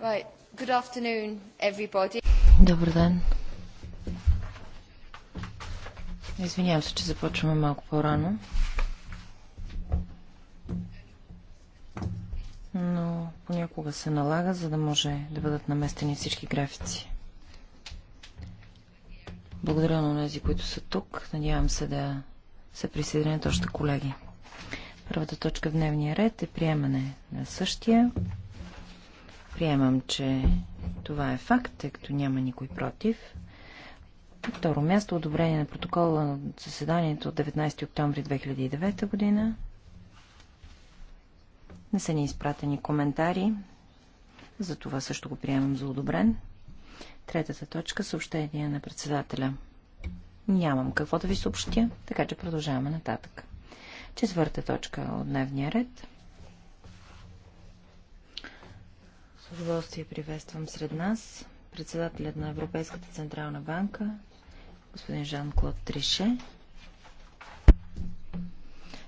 Right. Good afternoon, everybody. Добър ден. Извинявам се, че започваме малко по-рано. Но понякога се налага, за да може да бъдат наместени всички графици. Благодаря на тези, които са тук. Надявам се да се присъединят още колеги. Първата точка в дневния ред е приемане на същия. Приемам, че това е факт, тъй като няма никой против. На второ място одобрение на протокола на заседанието от 19 октомври 2009 година. Не са ни изпратени коментари, за това също го приемам за одобрен. Третата точка – съобщение на председателя. Нямам какво да ви съобщя, така че продължаваме нататък. Четвърта точка от дневния ред – С удоволствие приветствам сред нас председателят на Европейската Централна банка, господин Жан-Клод Трише.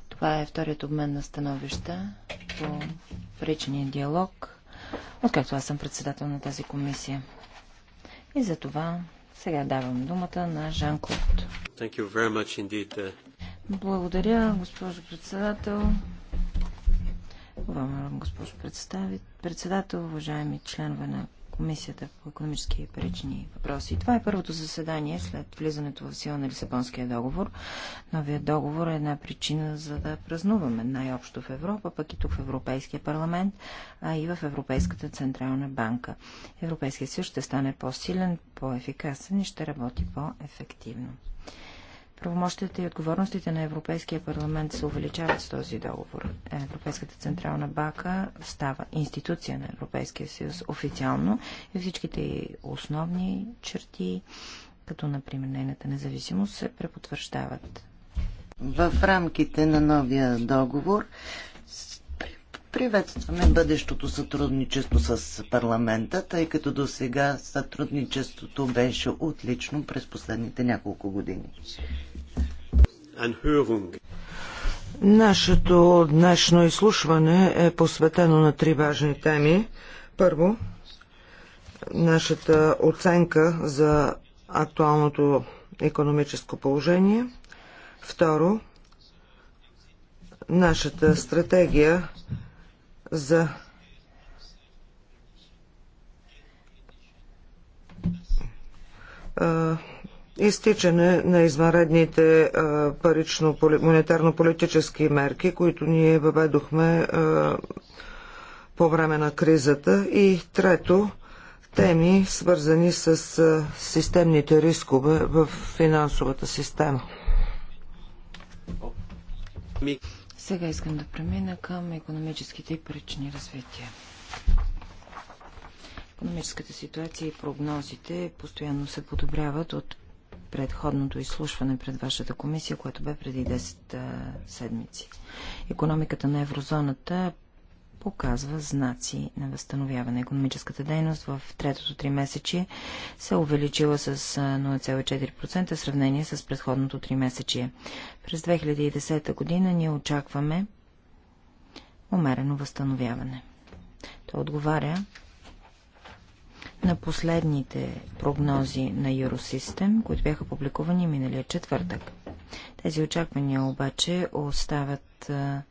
Това е вторият обмен на становища по речения диалог, откакто аз съм председател на тази комисия. И за това сега давам думата на Жан-Клод. Uh, Благодаря, госпожо председател. Благодаря, госпожо председател, уважаеми членове на Комисията по економически и парични въпроси. Това е първото заседание след влизането в сила на Лисабонския договор. Новият договор е една причина за да празнуваме най-общо в Европа, пък и тук в Европейския парламент, а и в Европейската централна банка. Европейския съюз ще стане по-силен, по-ефикасен и ще работи по-ефективно. Правомощите и отговорностите на Европейския парламент се увеличават с този договор. Европейската централна банка става институция на Европейския съюз официално и всичките основни черти, като например нейната независимост, се препотвърждават. В рамките на новия договор приветстваме бъдещото сътрудничество с парламента, тъй като до сега сътрудничеството беше отлично през последните няколко години. Нашето днешно изслушване е посветено на три важни теми. Първо, нашата оценка за актуалното економическо положение. Второ, нашата стратегия за а, изтичане на извънредните парично-монетарно-политически мерки, които ние въведохме по време на кризата. И трето, теми, свързани с системните рискове в финансовата система. Сега искам да премина към економическите и парични развития. Економическата ситуация и прогнозите постоянно се подобряват от предходното изслушване пред вашата комисия, което бе преди 10 седмици. Економиката на еврозоната показва знаци на възстановяване. Економическата дейност в третото три месече се е увеличила с 0,4% в сравнение с предходното три месече. През 2010 година ние очакваме умерено възстановяване. То отговаря на последните прогнози на Eurosystem, които бяха публикувани миналия четвъртък. Тези очаквания обаче остават а,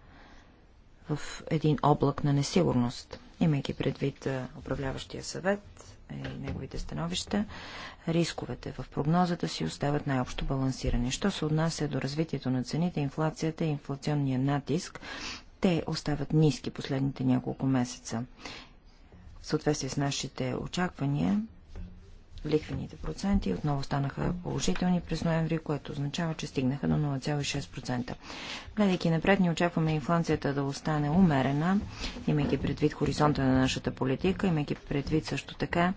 в един облак на несигурност, имайки предвид а, управляващия съвет и неговите становища, рисковете в прогнозата си остават най-общо балансирани. Що се отнася до развитието на цените, инфлацията и инфлационния натиск, те остават ниски последните няколко месеца съответствие с нашите очаквания, лихвените проценти отново станаха положителни през ноември, което означава, че стигнаха до 0,6%. Гледайки напред, ни очакваме инфлацията да остане умерена, имайки предвид хоризонта на нашата политика, имайки предвид също така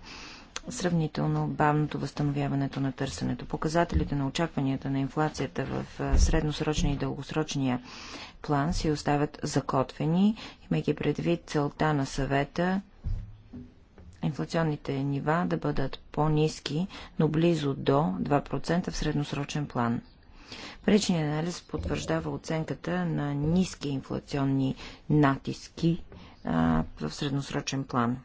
сравнително бавното възстановяването на търсенето. Показателите на очакванията на инфлацията в средносрочния и дългосрочния план си остават закотвени, имайки предвид целта на съвета инфлационните нива да бъдат по-низки, но близо до 2% в средносрочен план. Пречният анализ потвърждава оценката на ниски инфлационни натиски а, в средносрочен план.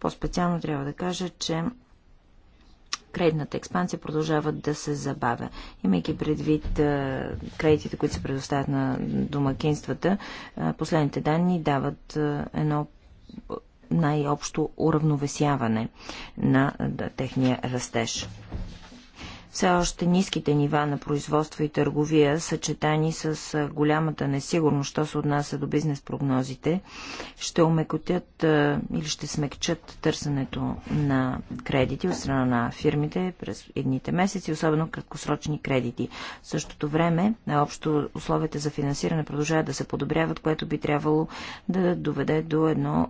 По-специално трябва да кажа, че кредитната експансия продължава да се забавя. Имайки предвид кредитите, които се предоставят на домакинствата, последните данни дават едно най-общо уравновесяване на техния растеж. Все още ниските нива на производство и търговия, съчетани с голямата несигурност, що се отнася до бизнес прогнозите, ще омекотят или ще смекчат търсенето на кредити от страна на фирмите през едните месеци, особено краткосрочни кредити. В същото време, общо условията за финансиране продължават да се подобряват, което би трябвало да доведе до едно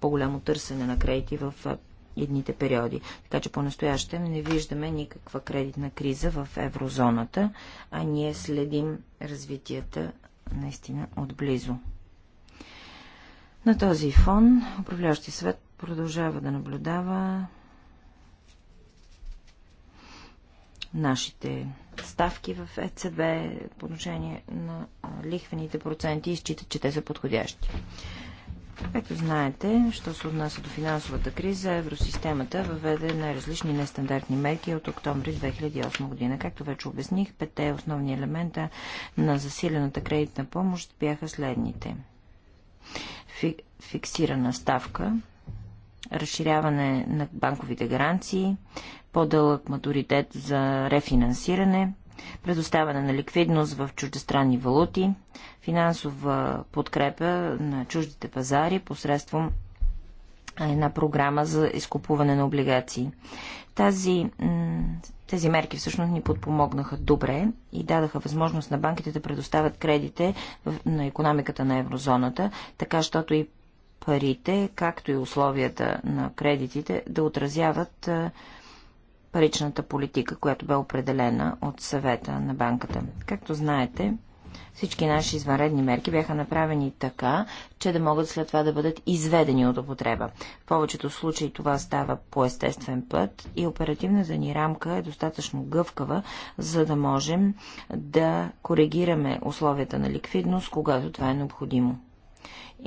по-голямо търсене на кредити в едните периоди. Така че по-настоящем не виждаме никаква кредитна криза в еврозоната, а ние следим развитията наистина отблизо. На този фон управляващи свет продължава да наблюдава нашите ставки в ЕЦБ по отношение на лихвените проценти и считат, че те са подходящи. Както знаете, що се отнася до финансовата криза, евросистемата въведе най-различни нестандартни мерки от октомври 2008 година. Както вече обясних, петте основни елемента на засилената кредитна помощ бяха следните. Фиксирана ставка, разширяване на банковите гаранции, по-дълъг матуритет за рефинансиране, предоставяне на ликвидност в чуждестранни валути, финансова подкрепа на чуждите пазари посредством една програма за изкупуване на облигации. Тази, тези мерки всъщност ни подпомогнаха добре и дадаха възможност на банките да предоставят кредите на економиката на еврозоната, така щото и парите, както и условията на кредитите да отразяват паричната политика, която бе определена от съвета на банката. Както знаете, всички наши извънредни мерки бяха направени така, че да могат след това да бъдат изведени от употреба. В повечето случаи това става по естествен път и оперативната ни рамка е достатъчно гъвкава, за да можем да коригираме условията на ликвидност, когато това е необходимо.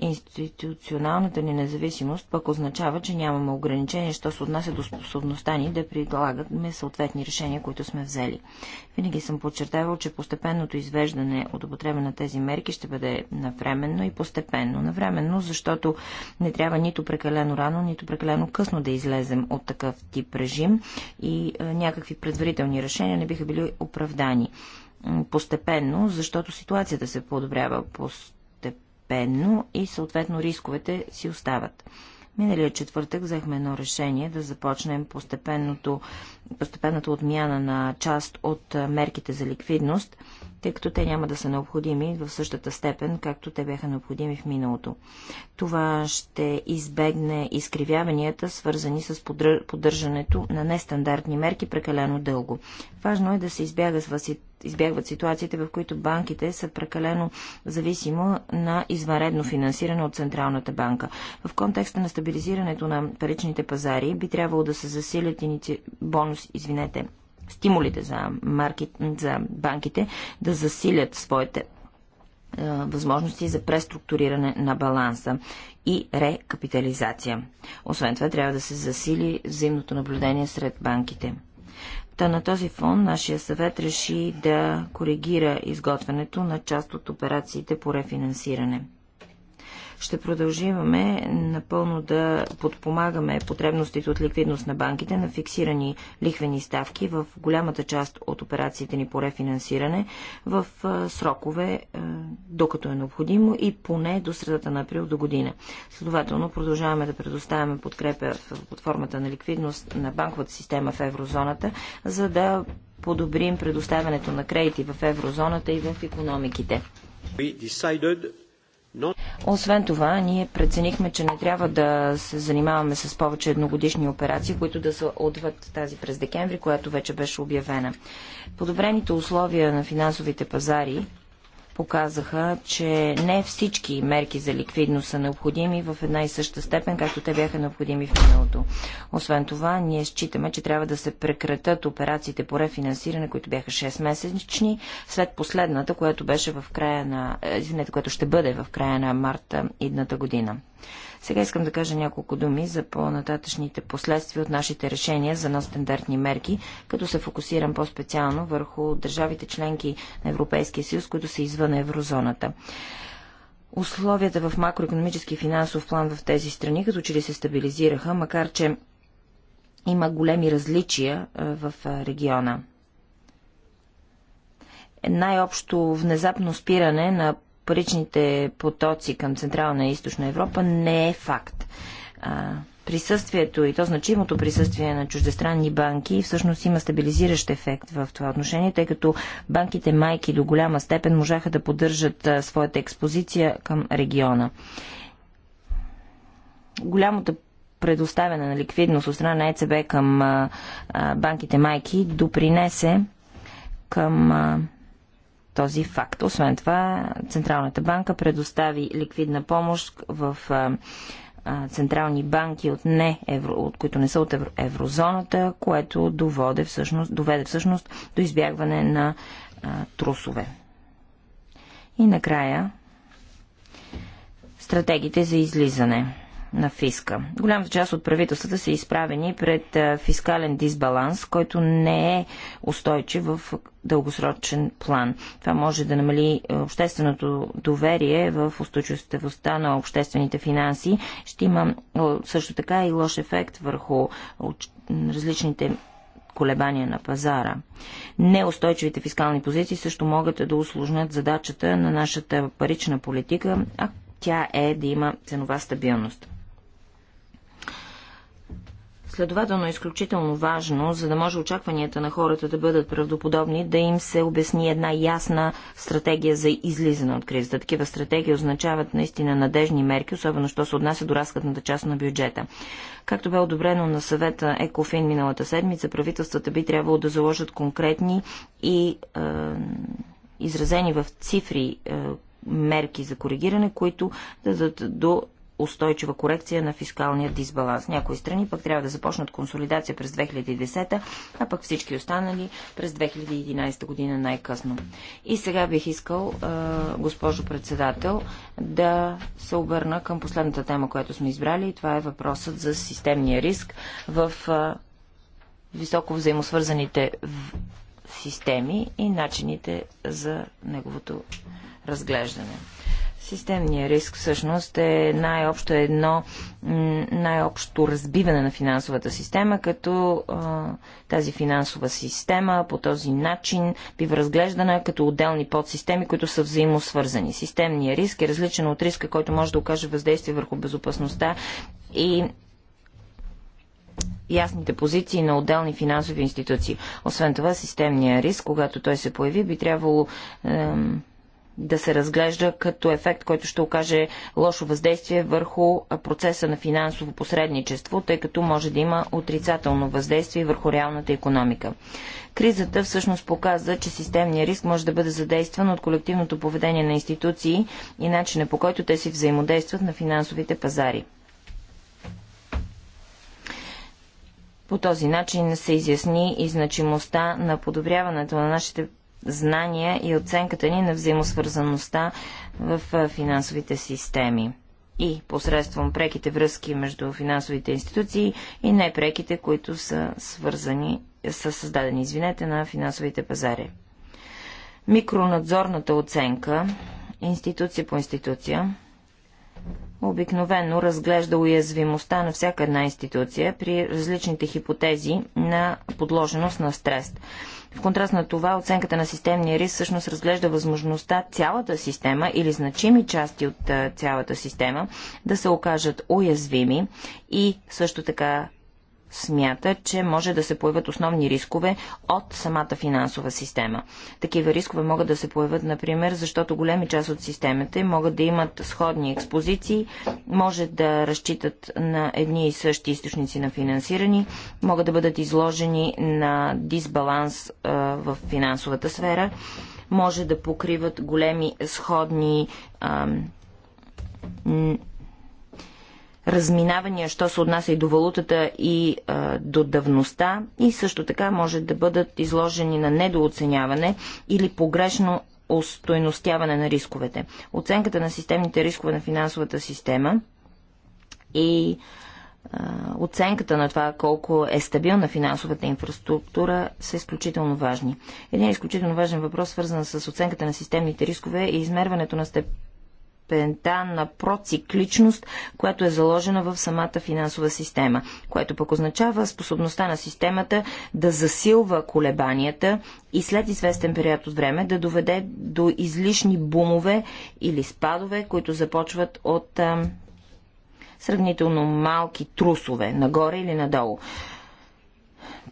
Институционалната ни независимост пък означава, че нямаме ограничения, що се отнася до способността ни да предлагаме съответни решения, които сме взели. Винаги съм подчертавал, че постепенното извеждане от употреба на тези мерки ще бъде навременно и постепенно. Навременно, защото не трябва нито прекалено рано, нито прекалено късно да излезем от такъв тип режим и някакви предварителни решения не биха били оправдани постепенно, защото ситуацията се подобрява постепенно постепенно и съответно рисковете си остават. Миналия четвъртък взехме едно решение да започнем постепенното, постепенната отмяна на част от мерките за ликвидност – тъй като те няма да са необходими в същата степен, както те бяха необходими в миналото. Това ще избегне изкривяванията, свързани с поддържането на нестандартни мерки прекалено дълго. Важно е да се избяга с избягват ситуациите, в които банките са прекалено зависимо на извънредно финансиране от Централната банка. В контекста на стабилизирането на паричните пазари би трябвало да се засилят иници... бонус, извинете, стимулите за, марки, за банките да засилят своите е, възможности за преструктуриране на баланса и рекапитализация. Освен това, трябва да се засили взаимното наблюдение сред банките. Та на този фон нашия съвет реши да коригира изготвянето на част от операциите по рефинансиране – ще продълживаме напълно да подпомагаме потребностите от ликвидност на банките на фиксирани лихвени ставки в голямата част от операциите ни по рефинансиране в е, срокове, е, докато е необходимо и поне до средата на април до година. Следователно продължаваме да предоставяме подкрепа под формата на ликвидност на банковата система в еврозоната, за да подобрим предоставянето на кредити в еврозоната и в економиките. Освен това, ние преценихме, че не трябва да се занимаваме с повече едногодишни операции, които да са отвъд тази през декември, която вече беше обявена. Подобрените условия на финансовите пазари показаха, че не всички мерки за ликвидност са необходими в една и съща степен, както те бяха необходими в миналото. Освен това, ние считаме, че трябва да се прекратят операциите по рефинансиране, които бяха 6 месечни, след последната, която беше в края на, извинете, която ще бъде в края на марта идната година. Сега искам да кажа няколко думи за по-нататъчните последствия от нашите решения за нестандартни мерки, като се фокусирам по-специално върху държавите членки на Европейския съюз, които са извън еврозоната. Условията в макроекономически и финансов план в тези страни като че ли се стабилизираха, макар че има големи различия в региона. Най-общо внезапно спиране на паричните потоци към Централна и Източна Европа не е факт. Присъствието и то значимото присъствие на чуждестранни банки всъщност има стабилизиращ ефект в това отношение, тъй като банките майки до голяма степен можаха да поддържат своята експозиция към региона. Голямото предоставяне на ликвидност от страна на ЕЦБ към банките майки допринесе към този факт. Освен това, Централната банка предостави ликвидна помощ в централни банки от, не евро, от които не са от евро, еврозоната, което доводе всъщност, доведе всъщност до избягване на а, трусове. И накрая стратегите за излизане на фиска. Голямата част от правителствата са изправени пред фискален дисбаланс, който не е устойчив в дългосрочен план. Това може да намали общественото доверие в устойчивостта на обществените финанси. Ще има също така и лош ефект върху различните колебания на пазара. Неустойчивите фискални позиции също могат да усложнят задачата на нашата парична политика, а тя е да има ценова стабилност. Следователно е изключително важно, за да може очакванията на хората да бъдат правдоподобни, да им се обясни една ясна стратегия за излизане от кризата. Такива стратегии означават наистина надежни мерки, особено що се отнася до разходната част на бюджета. Както бе одобрено на съвета ЕКОФИН миналата седмица, правителствата би трябвало да заложат конкретни и е, изразени в цифри е, мерки за коригиране, които да дадат до устойчива корекция на фискалния дисбаланс. Някои страни пък трябва да започнат консолидация през 2010, а пък всички останали през 2011 година най-късно. И сега бих искал, госпожо председател, да се обърна към последната тема, която сме избрали и това е въпросът за системния риск в високо взаимосвързаните в системи и начините за неговото разглеждане. Системният риск всъщност е най-общо едно най-общо разбиване на финансовата система, като а, тази финансова система по този начин бива разглеждана като отделни подсистеми, които са взаимосвързани. Системният риск е различен от риска, който може да окаже въздействие върху безопасността и ясните позиции на отделни финансови институции. Освен това, системният риск, когато той се появи, би трябвало. Е, да се разглежда като ефект, който ще окаже лошо въздействие върху процеса на финансово посредничество, тъй като може да има отрицателно въздействие върху реалната економика. Кризата всъщност показа, че системният риск може да бъде задействан от колективното поведение на институции и начина по който те си взаимодействат на финансовите пазари. По този начин се изясни и значимостта на подобряването на нашите знания и оценката ни на взаимосвързаността в финансовите системи и посредством преките връзки между финансовите институции и непреките, които са свързани, са създадени, извинете, на финансовите пазари. Микронадзорната оценка, институция по институция, обикновено разглежда уязвимостта на всяка една институция при различните хипотези на подложеност на стрес. В контраст на това, оценката на системния риск всъщност разглежда възможността цялата система или значими части от цялата система да се окажат уязвими и също така смята, че може да се появят основни рискове от самата финансова система. Такива рискове могат да се появят, например, защото големи част от системите могат да имат сходни експозиции, може да разчитат на едни и същи източници на финансирани, могат да бъдат изложени на дисбаланс а, в финансовата сфера, може да покриват големи сходни а, разминавания, що се отнася и до валутата и а, до давността и също така може да бъдат изложени на недооценяване или погрешно устойностяване на рисковете. Оценката на системните рискове на финансовата система и оценката на това колко е стабилна финансовата инфраструктура са изключително важни. Един изключително важен въпрос, свързан с оценката на системните рискове е измерването на степ степента на процикличност, която е заложена в самата финансова система, което пък означава способността на системата да засилва колебанията и след известен период от време да доведе до излишни бумове или спадове, които започват от а, сравнително малки трусове, нагоре или надолу.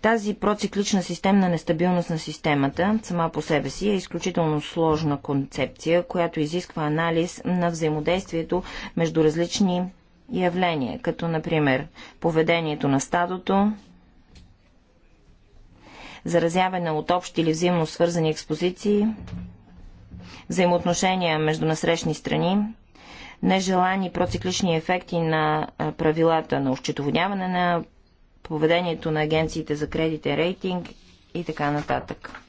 Тази проциклична системна нестабилност на системата сама по себе си е изключително сложна концепция, която изисква анализ на взаимодействието между различни явления, като например поведението на стадото, заразяване от общи или взаимно свързани експозиции, взаимоотношения между насрещни страни, нежелани проциклични ефекти на правилата на ощетоводяване на поведението на агенциите за кредитен рейтинг и така нататък.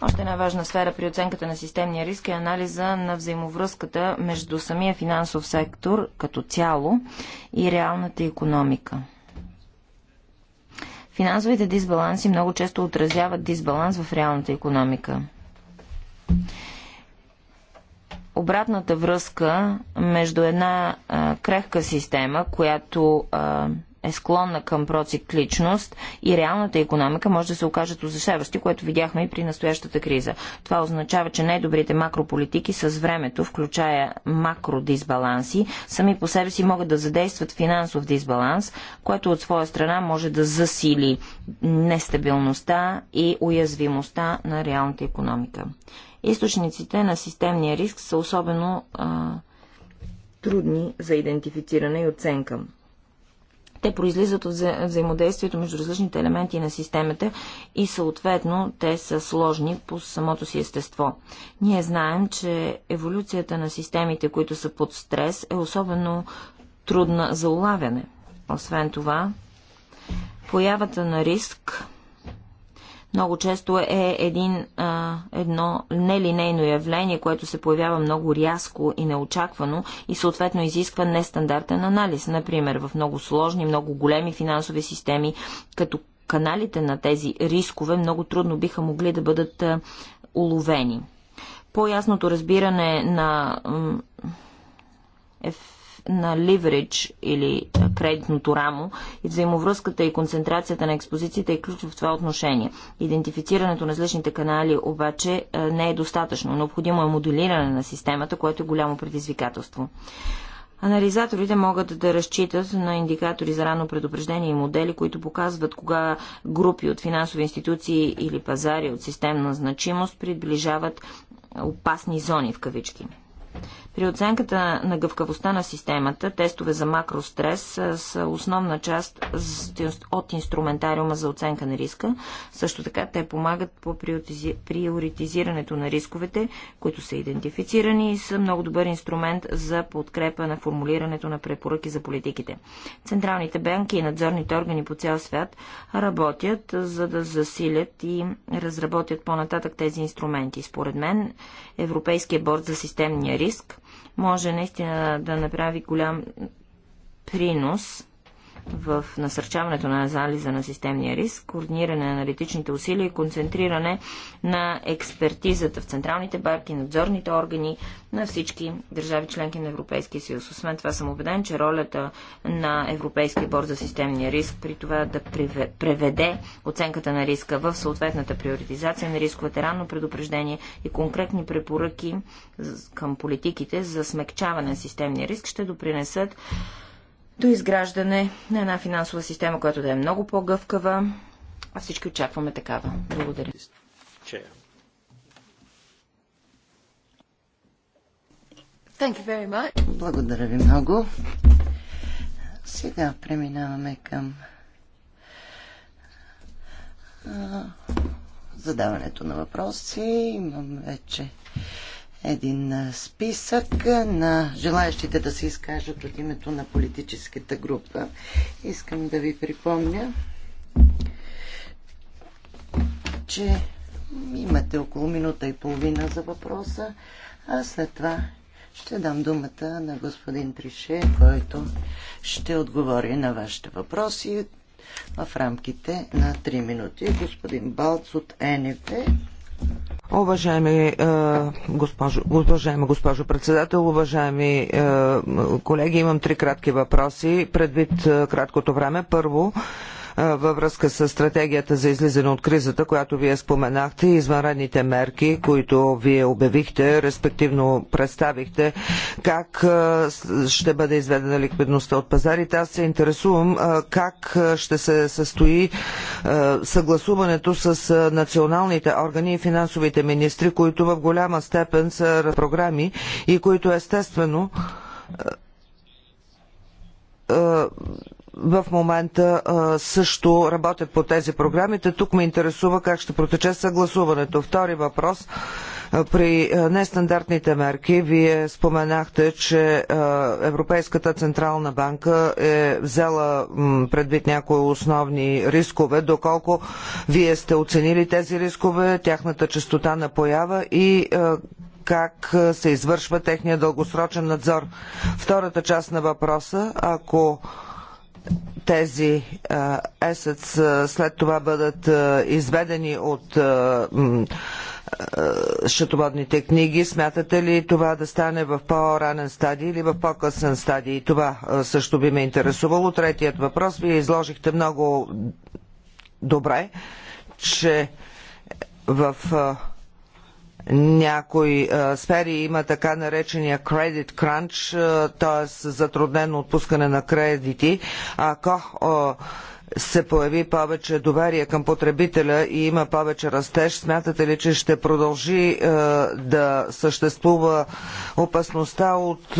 Още една важна сфера при оценката на системния риск е анализа на взаимовръзката между самия финансов сектор като цяло и реалната економика. Финансовите дисбаланси много често отразяват дисбаланс в реалната економика. Обратната връзка между една а, крехка система, която а, е склонна към процикличност и реалната економика може да се окажат озашеващи, което видяхме и при настоящата криза. Това означава, че най-добрите макрополитики с времето, включая макродисбаланси, сами по себе си могат да задействат финансов дисбаланс, което от своя страна може да засили нестабилността и уязвимостта на реалната економика. Източниците на системния риск са особено а, трудни за идентифициране и оценка. Те произлизат от вза... взаимодействието между различните елементи на системата и съответно те са сложни по самото си естество. Ние знаем, че еволюцията на системите, които са под стрес, е особено трудна за улавяне. Освен това, появата на риск много често е един, а, едно нелинейно явление, което се появява много рязко и неочаквано и съответно изисква нестандартен анализ. Например, в много сложни, много големи финансови системи, като каналите на тези рискове много трудно биха могли да бъдат а, уловени. По-ясното разбиране на еф на ливридж или кредитното рамо и взаимовръзката и концентрацията на експозицията е ключов в това отношение. Идентифицирането на различните канали обаче е, не е достатъчно. Необходимо е моделиране на системата, което е голямо предизвикателство. Анализаторите могат да разчитат на индикатори за рано предупреждение и модели, които показват кога групи от финансови институции или пазари от системна значимост приближават опасни зони в кавички. При оценката на гъвкавостта на системата, тестове за макрострес са основна част от инструментариума за оценка на риска. Също така те помагат по приоритизирането на рисковете, които са идентифицирани и са много добър инструмент за подкрепа на формулирането на препоръки за политиките. Централните банки и надзорните органи по цял свят работят за да засилят и разработят по-нататък тези инструменти. Според мен Европейския борт за системния риск риск може наистина да направи голям принос в насърчаването на анализа на системния риск, координиране на аналитичните усилия и концентриране на експертизата в централните банки, надзорните органи на всички държави членки на Европейския съюз. Освен това съм убеден, че ролята на Европейския борд за системния риск при това да преведе оценката на риска в съответната приоритизация на рисковете, ранно предупреждение и конкретни препоръки към политиките за смекчаване на системния риск ще допринесат до изграждане на една финансова система, която да е много по-гъвкава, а всички очакваме такава. Благодаря. Благодаря ви много. Сега преминаваме към задаването на въпроси. Имам вече един списък на желаящите да се изкажат от името на политическата група. Искам да ви припомня, че имате около минута и половина за въпроса, а след това ще дам думата на господин Трише, който ще отговори на вашите въпроси в рамките на 3 минути. Господин Балц от НФ. Уважаеми, е, госпожо, уважаема госпожо председател, уважаеми е, колеги, имам три кратки въпроси предвид е, краткото време. Първо, във връзка с стратегията за излизане от кризата, която вие споменахте, и извънредните мерки, които вие обявихте, респективно представихте, как ще бъде изведена ликвидността от пазарите. Аз се интересувам как ще се състои съгласуването с националните органи и финансовите министри, които в голяма степен са програми и които естествено в момента също работят по тези програмите. Тук ме интересува как ще протече съгласуването. Втори въпрос. При нестандартните мерки вие споменахте, че Европейската централна банка е взела предвид някои основни рискове. Доколко вие сте оценили тези рискове, тяхната частота на поява и как се извършва техния дългосрочен надзор. Втората част на въпроса, ако тези есец след това бъдат изведени от счетоводните книги. Смятате ли това да стане в по-ранен стадий или в по-късен стадий? това също би ме интересувало. Третият въпрос. Вие изложихте много добре, че в някои а, е, сфери има така наречения credit crunch, е, т.е. затруднено отпускане на кредити. Ако а, е, се появи повече доверие към потребителя и има повече растеж, смятате ли, че ще продължи а, да съществува опасността от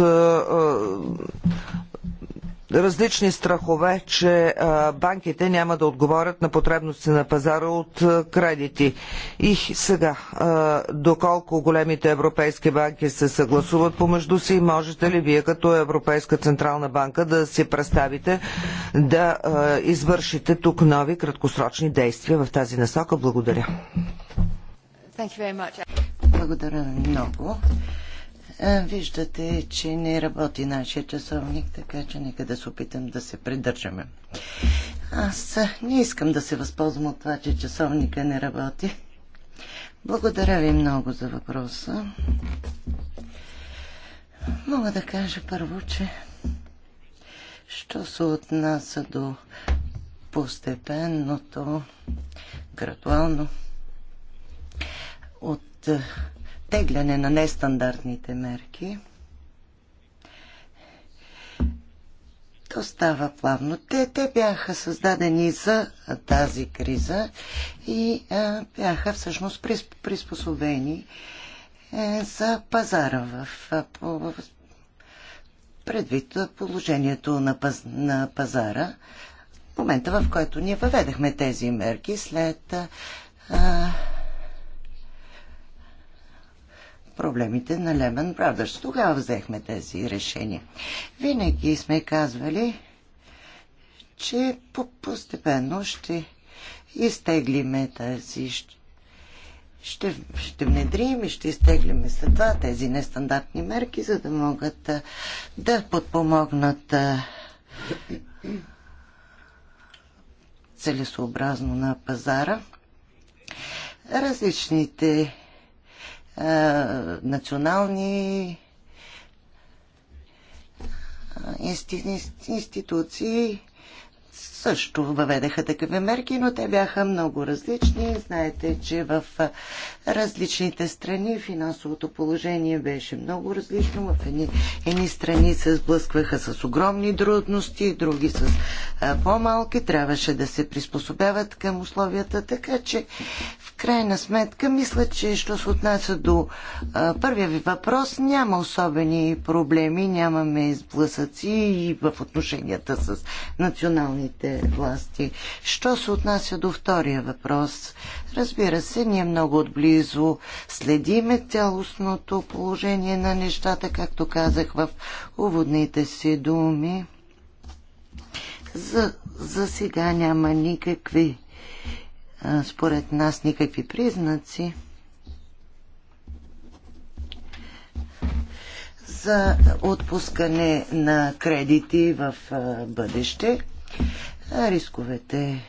различни страхове, че банките няма да отговорят на потребности на пазара от кредити. И сега, доколко големите европейски банки се съгласуват помежду си, можете ли вие като Европейска Централна банка да си представите да извършите тук нови краткосрочни действия в тази насока? Благодаря. Благодаря много. Е, виждате, че не работи нашия часовник, така че нека да се опитам да се придържаме. Аз е, не искам да се възползвам от това, че часовника не работи. Благодаря ви много за въпроса. Мога да кажа първо, че що се отнася до постепенното, градуално от е, оттегляне на нестандартните мерки. То става плавно. Те, те бяха създадени за тази криза и а, бяха всъщност приспособени е, за пазара в, в, в предвид положението на, паз, на пазара. В момента, в който ние въведахме тези мерки след а, проблемите на Лемен Брадърс. Тогава взехме тези решения. Винаги сме казвали, че постепенно ще изтеглиме тази ще, ще внедрим и ще изтеглиме след това тези нестандартни мерки, за да могат да подпомогнат целесообразно на пазара различните е, национални е, институции също въведеха такива мерки, но те бяха много различни. Знаете, че в различните страни финансовото положение беше много различно. В едни, едни страни се сблъскваха с огромни трудности, други с по-малки. Трябваше да се приспособяват към условията, така че в крайна сметка мисля, че що се отнася до а, първия ви въпрос, няма особени проблеми, нямаме сблъсъци и в отношенията с националните местните власти. Що се отнася до втория въпрос? Разбира се, ние много отблизо следиме цялостното положение на нещата, както казах в уводните си думи. За, за сега няма никакви, според нас, никакви признаци. за отпускане на кредити в бъдеще рисковете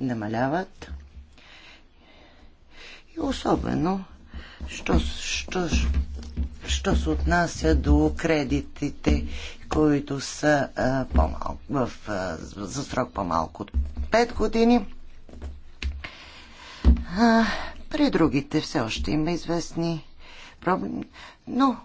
намаляват. И особено, що, що, що се отнася до кредитите, които са а, по-малко, в, а, за срок по-малко от 5 години. А, при другите все още има известни проблеми. Но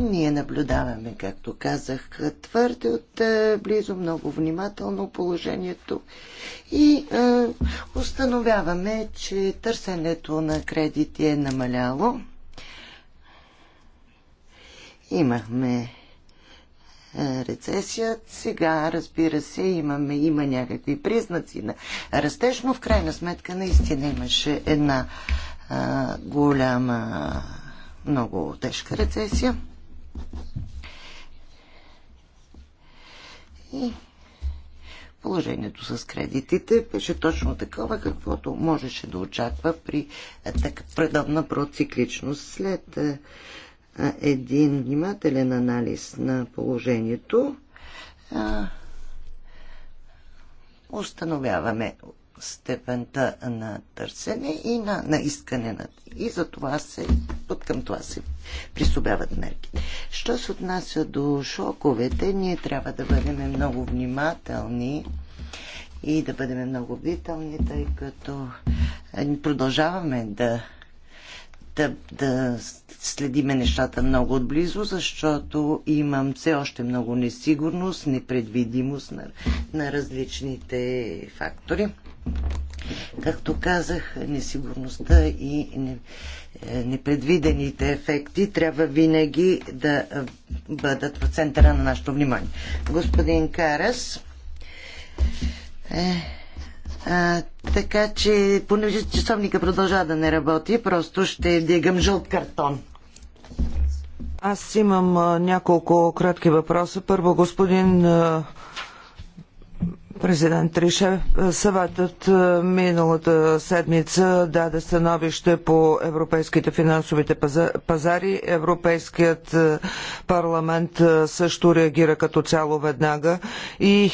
Ние наблюдаваме, както казах, твърде от е, близо, много внимателно положението и е, установяваме, че търсенето на кредити е намаляло. Имахме е, рецесия. Сега, разбира се, имаме, има някакви признаци на растеж, но в крайна сметка наистина имаше една а, е, голяма, много тежка рецесия. И положението с кредитите беше точно такова, каквото можеше да очаква при е, така предавна процикличност. След е, е, един внимателен анализ на положението, установяваме степента на търсене и на, на искане на. И за това се, под към това се присобяват мерките. Що се отнася до шоковете, ние трябва да бъдем много внимателни и да бъдем много бдителни, тъй като е, продължаваме да, да, да следиме нещата много отблизо, защото имам все още много несигурност, непредвидимост на, на различните фактори. Както казах, несигурността и е, непредвидените ефекти трябва винаги да е, бъдат в центъра на нашето внимание. Господин Карас, е, а, така че, понеже часовника продължава да не работи, просто ще дигам жълт картон. Аз имам а, няколко кратки въпроса. Първо, господин а, Президент Тришев. съветът е, миналата седмица даде становище по европейските финансовите пазари. Европейският е, парламент е, също реагира като цяло веднага и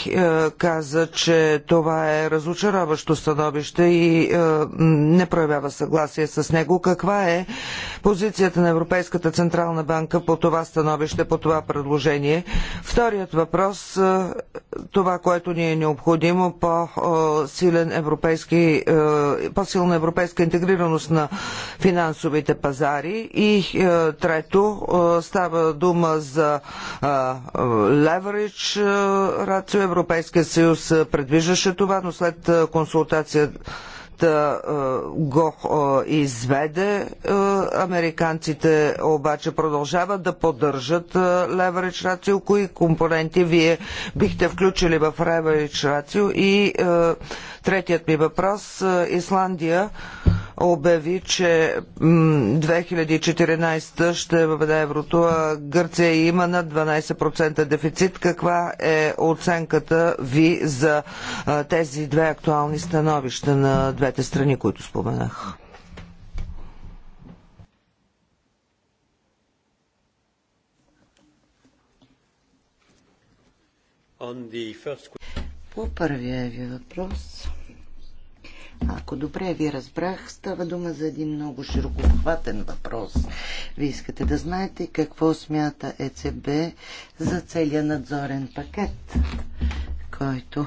каза, че това е разочароващо становище и не проявява съгласие с него. Каква е позицията на Европейската централна банка по това становище, по това предложение? Вторият въпрос, това, което ни е необходимо по-силен европейски, е, по-силна европейска интегрираност на финансовите пазари. И е, трето, е, става дума за леверидж рацио. Европейския съюз предвиждаше това, но след консултация го изведе. Американците обаче продължават да поддържат леверидж рацио. Кои компоненти вие бихте включили в леверидж рацио? И третият ми въпрос. Исландия обяви, че 2014 ще въведе еврото, а Гърция има над 12% дефицит. Каква е оценката ви за тези две актуални становища на двете страни, които споменах? По първия ви въпрос. Ако добре ви разбрах, става дума за един много широкохватен въпрос. Вие искате да знаете какво смята ЕЦБ за целия надзорен пакет, който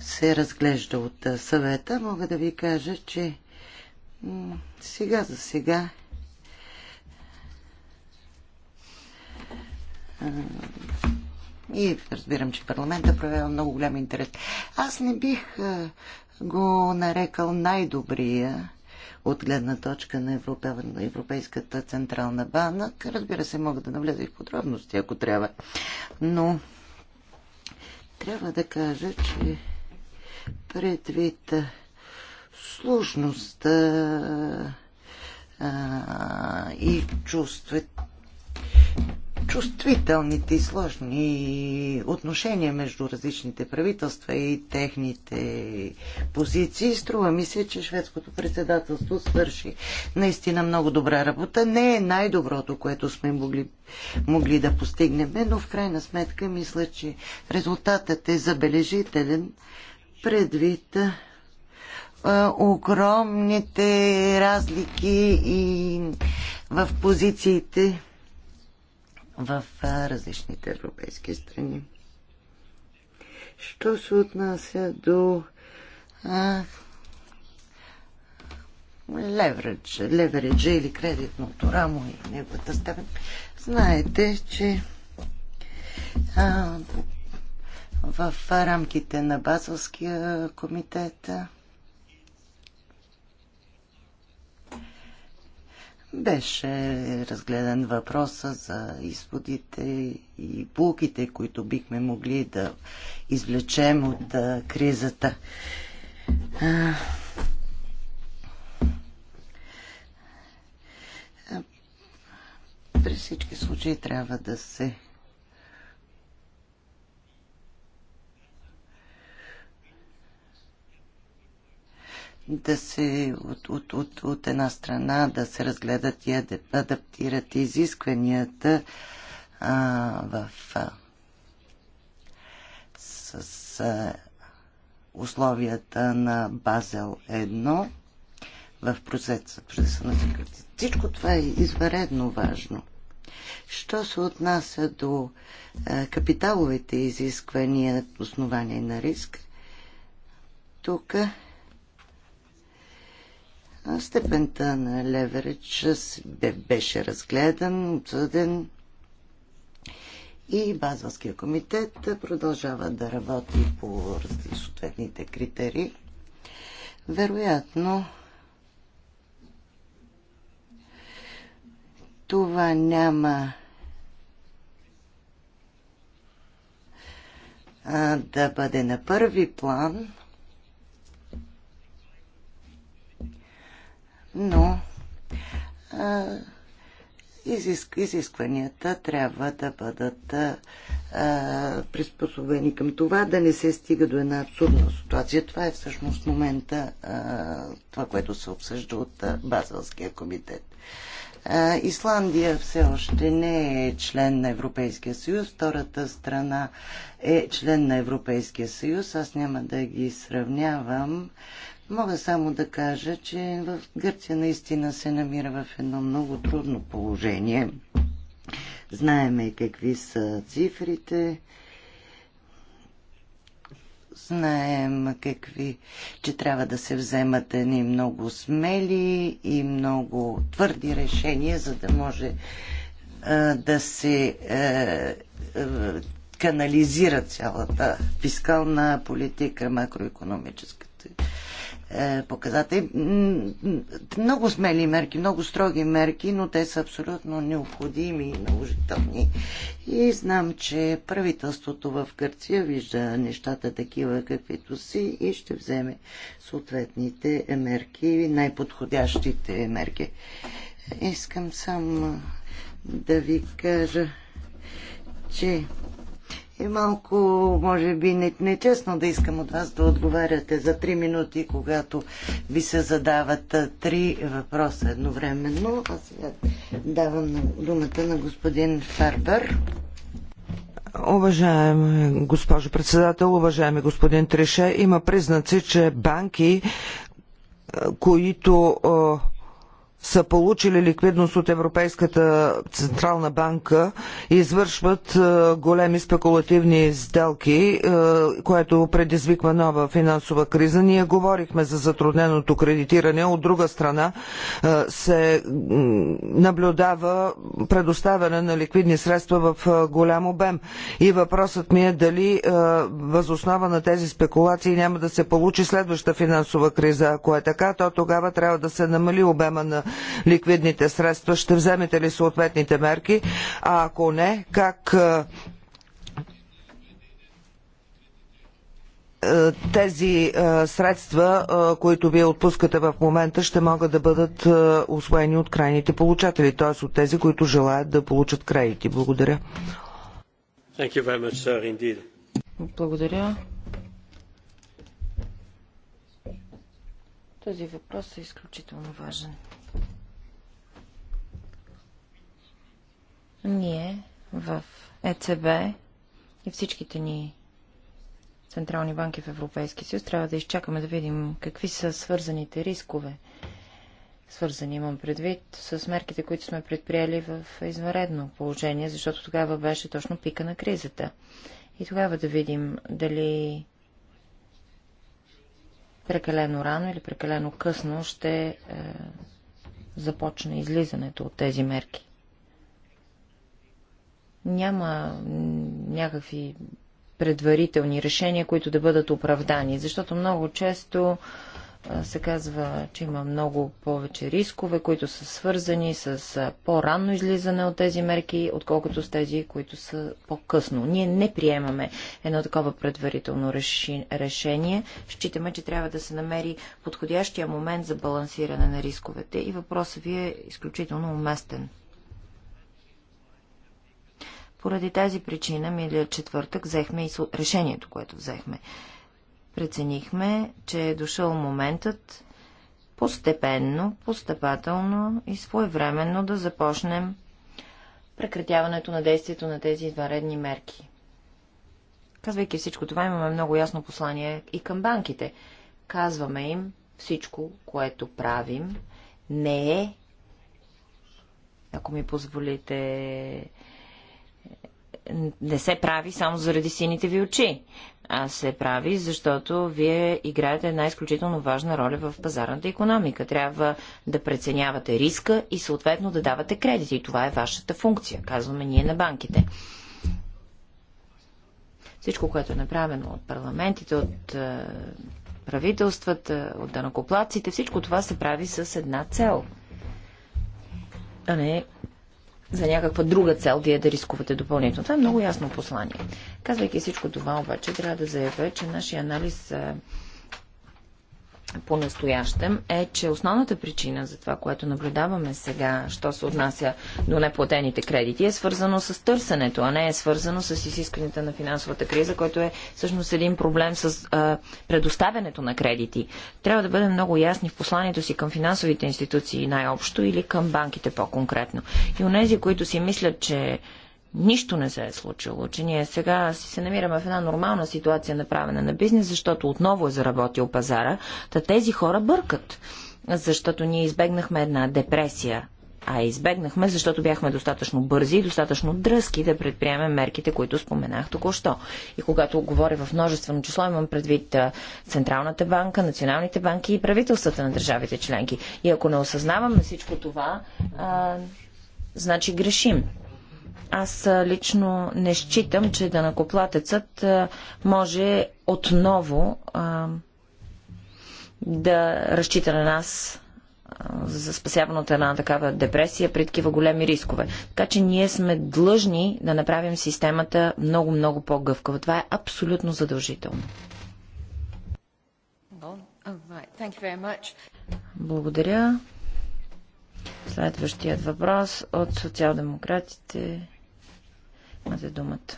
се разглежда от съвета. Мога да ви кажа, че сега за сега и разбирам, че парламента проявява много голям интерес. Аз не бих го нарекал най-добрия от гледна точка на Европейската централна банка. Разбира се, мога да навляза и в подробности, ако трябва. Но трябва да кажа, че предвид сложността и чувствата, чувствителните и сложни отношения между различните правителства и техните позиции. Струва ми се, че шведското председателство свърши наистина много добра работа. Не е най-доброто, което сме могли, могли да постигнем, но в крайна сметка мисля, че резултатът е забележителен предвид огромните разлики и в позициите в различните европейски страни. Що се отнася до а, леверидж, или кредитното рамо и неговата степен, знаете, че а, в рамките на Базовския комитет беше разгледан въпроса за изходите и булките, които бихме могли да извлечем от кризата. При всички случаи трябва да се да се от, от, от, от една страна да се разгледат и адаптират изискванията а, в а, с а, условията на Базел 1 в процеса, процеса на секретите. Всичко това е изваредно важно. Що се отнася до а, капиталовите изисквания, основания на риск, тук Степента на леверидж беше разгледан, обсъден и Базовския комитет продължава да работи по съответните критерии. Вероятно, това няма да бъде на първи план – но а, изиск, изискванията трябва да бъдат а, приспособени към това, да не се стига до една абсурдна ситуация. Това е всъщност момента а, това, което се обсъжда от а, Базелския комитет. А, Исландия все още не е член на Европейския съюз. Втората страна е член на Европейския съюз. Аз няма да ги сравнявам Мога само да кажа, че в Гърция наистина се намира в едно много трудно положение. Знаеме какви са цифрите, знаем какви, че трябва да се вземат едни много смели и много твърди решения, за да може а, да се а, а, канализира цялата фискална политика, макроекономическата е, показатели. Много смели мерки, много строги мерки, но те са абсолютно необходими и наложителни. И знам, че правителството в Гърция вижда нещата такива каквито си и ще вземе съответните мерки, най-подходящите мерки. Искам само да ви кажа, че е малко, може би, не, нечестно е да искам от вас да отговаряте за 3 минути, когато ви се задават три въпроса едновременно. А сега давам думата на господин Фарбър. Уважаема госпожо председател, уважаеми господин Трише, има признаци, че банки, които са получили ликвидност от Европейската централна банка, и извършват е, големи спекулативни сделки, е, което предизвиква нова финансова криза. Ние говорихме за затрудненото кредитиране. От друга страна е, се наблюдава предоставяне на ликвидни средства в голям обем. И въпросът ми е дали възоснова на тези спекулации няма да се получи следваща финансова криза. Ако е така, то тогава трябва да се намали обема на ликвидните средства, ще вземете ли съответните мерки, а ако не, как е, е, тези е, средства, които вие отпускате в момента, ще могат да бъдат освоени от крайните получатели, т.е. от тези, които желаят да получат кредити. Благодаря. Much, Благодаря. Този въпрос е изключително важен. Ние в ЕЦБ и всичките ни централни банки в Европейския съюз трябва да изчакаме да видим какви са свързаните рискове. Свързани имам предвид с мерките, които сме предприели в извънредно положение, защото тогава беше точно пика на кризата. И тогава да видим дали прекалено рано или прекалено късно ще е, започне излизането от тези мерки няма някакви предварителни решения, които да бъдат оправдани, защото много често се казва, че има много повече рискове, които са свързани с по-ранно излизане от тези мерки, отколкото с тези, които са по-късно. Ние не приемаме едно такова предварително решение. Считаме, че трябва да се намери подходящия момент за балансиране на рисковете и въпросът ви е изключително уместен. Поради тази причина, милия четвъртък, взехме и решението, което взехме. Преценихме, че е дошъл моментът постепенно, постъпателно и своевременно да започнем прекратяването на действието на тези извънредни мерки. Казвайки всичко това, имаме много ясно послание и към банките. Казваме им всичко, което правим, не е, ако ми позволите не се прави само заради сините ви очи, а се прави, защото вие играете една изключително важна роля в пазарната економика. Трябва да преценявате риска и съответно да давате кредити. И това е вашата функция, казваме ние на банките. Всичко, което е направено от парламентите, от е, правителствата, от данакоплаците, всичко това се прави с една цел, а не за някаква друга цел вие да рискувате допълнително. Това е много ясно послание. Казвайки всичко това, обаче, трябва да заявя, че нашия анализ е, по-настоящем е, че основната причина за това, което наблюдаваме сега, що се отнася до неплатените кредити, е свързано с търсенето, а не е свързано с изискването на финансовата криза, който е всъщност един проблем с а, предоставянето на кредити. Трябва да бъдем много ясни в посланието си към финансовите институции най-общо или към банките по-конкретно. И у нези, които си мислят, че нищо не се е случило, че ние сега си се намираме в една нормална ситуация на правене на бизнес, защото отново е заработил пазара, та тези хора бъркат, защото ние избегнахме една депресия. А избегнахме, защото бяхме достатъчно бързи и достатъчно дръзки да предприемем мерките, които споменах току-що. И когато говоря в множествено число, имам предвид Централната банка, националните банки и правителствата на държавите членки. И ако не осъзнаваме всичко това, а, значи грешим. Аз лично не считам, че накоплатецът може отново а, да разчита на нас за спасяване от една такава депресия при такива големи рискове. Така че ние сме длъжни да направим системата много-много по-гъвкава. Това е абсолютно задължително. Благодаря. Следващият въпрос от социал-демократите за думата.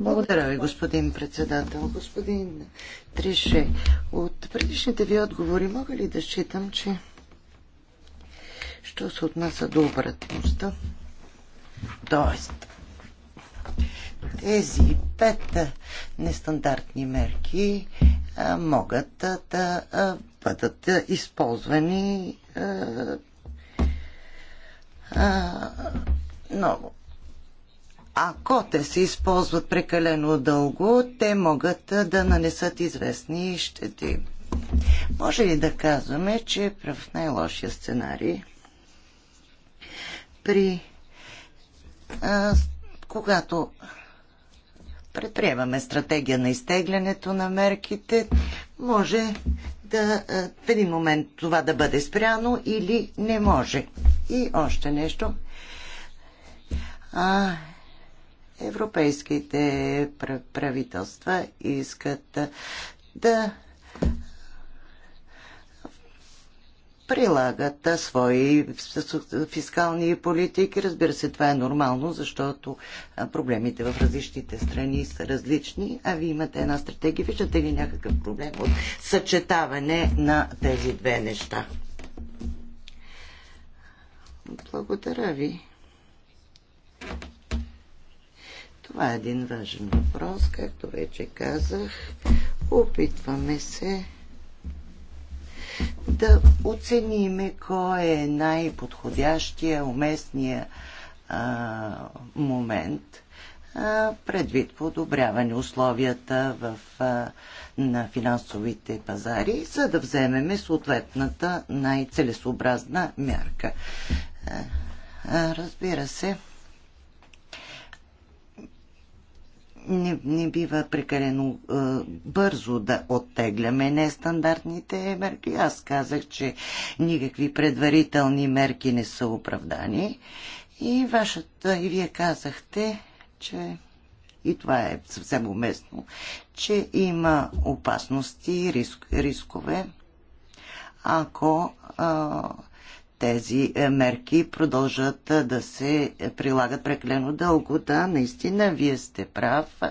Благодаря ви, господин председател. Господин Трише, от предишните ви отговори мога ли да считам, че що се отнася до обратността, т.е. тези пет нестандартни мерки а, могат а, да а, бъдат а, използвани а, а, много ако те се използват прекалено дълго, те могат да нанесат известни щети. Може ли да казваме, че е в най-лошия сценарий при а, когато предприемаме стратегия на изтеглянето на мерките, може да в един момент това да бъде спряно или не може. И още нещо. А, европейските правителства искат да прилагат свои фискални политики. Разбира се, това е нормално, защото проблемите в различните страни са различни, а вие имате една стратегия. Виждате ли някакъв проблем от съчетаване на тези две неща? Благодаря ви. Това е един важен въпрос, както вече казах. Опитваме се да оцениме кой е най-подходящия, уместния а, момент а, предвид подобряване условията в, а, на финансовите пазари, за да вземеме съответната най-целесообразна мярка. А, а, разбира се, не, не бива прекалено е, бързо да оттегляме нестандартните мерки. Аз казах, че никакви предварителни мерки не са оправдани. И вашата, и вие казахте, че и това е съвсем уместно, че има опасности, риск, рискове, ако а, е, тези е, мерки продължат е, да се прилагат преклено дълго. Да, наистина, вие сте прав, е,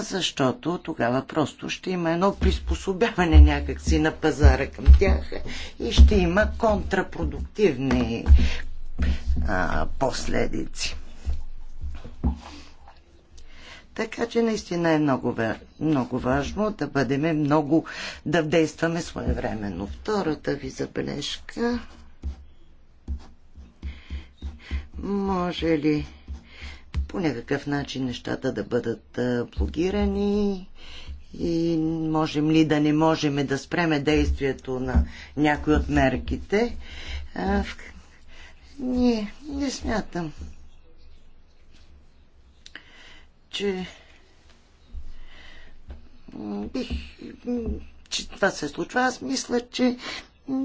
защото тогава просто ще има едно приспособяване някакси на пазара към тях и ще има контрапродуктивни а, последици. Така че наистина е много, много важно да бъдем много, да действаме своевременно. Втората ви забележка може ли по някакъв начин нещата да бъдат блогирани и можем ли да не можем да спреме действието на някои от мерките? Не, не смятам, че бих, че това се случва. Аз мисля, че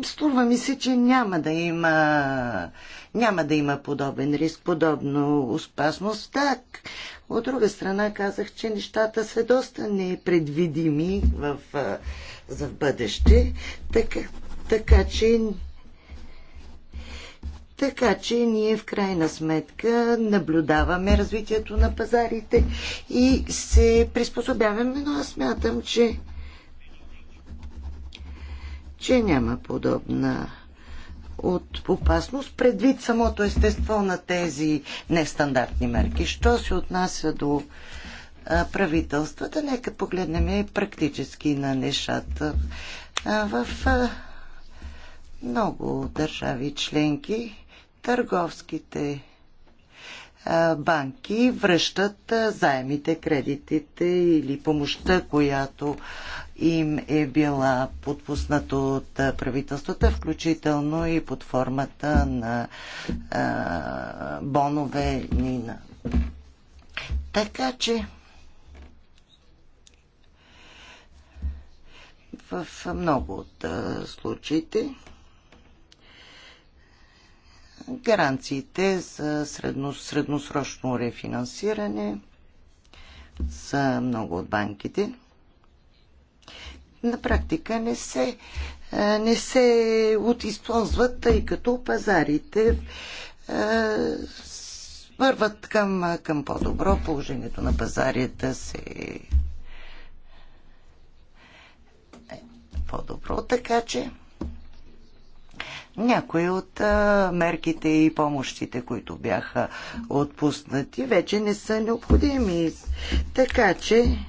Струва ми се, че няма да има, няма да има подобен риск, подобно опасност. Так, от друга страна казах, че нещата са доста непредвидими в, за в бъдеще, така, така че така че ние в крайна сметка наблюдаваме развитието на пазарите и се приспособяваме, но аз смятам, че че няма подобна от опасност, предвид самото естество на тези нестандартни мерки. Що се отнася до правителствата, нека погледнем и практически на нещата. В много държави членки търговските банки връщат заемите, кредитите или помощта, която им е била подпусната от правителствата, включително и под формата на а, бонове Нина. Така че в много от а, случаите гаранциите за средно, средносрочно рефинансиране са много от банките на практика не се, не се използват, тъй като пазарите върват към, към по-добро. Положението на пазарите се е, по-добро, така че някои от а, мерките и помощите, които бяха отпуснати, вече не са необходими. Така че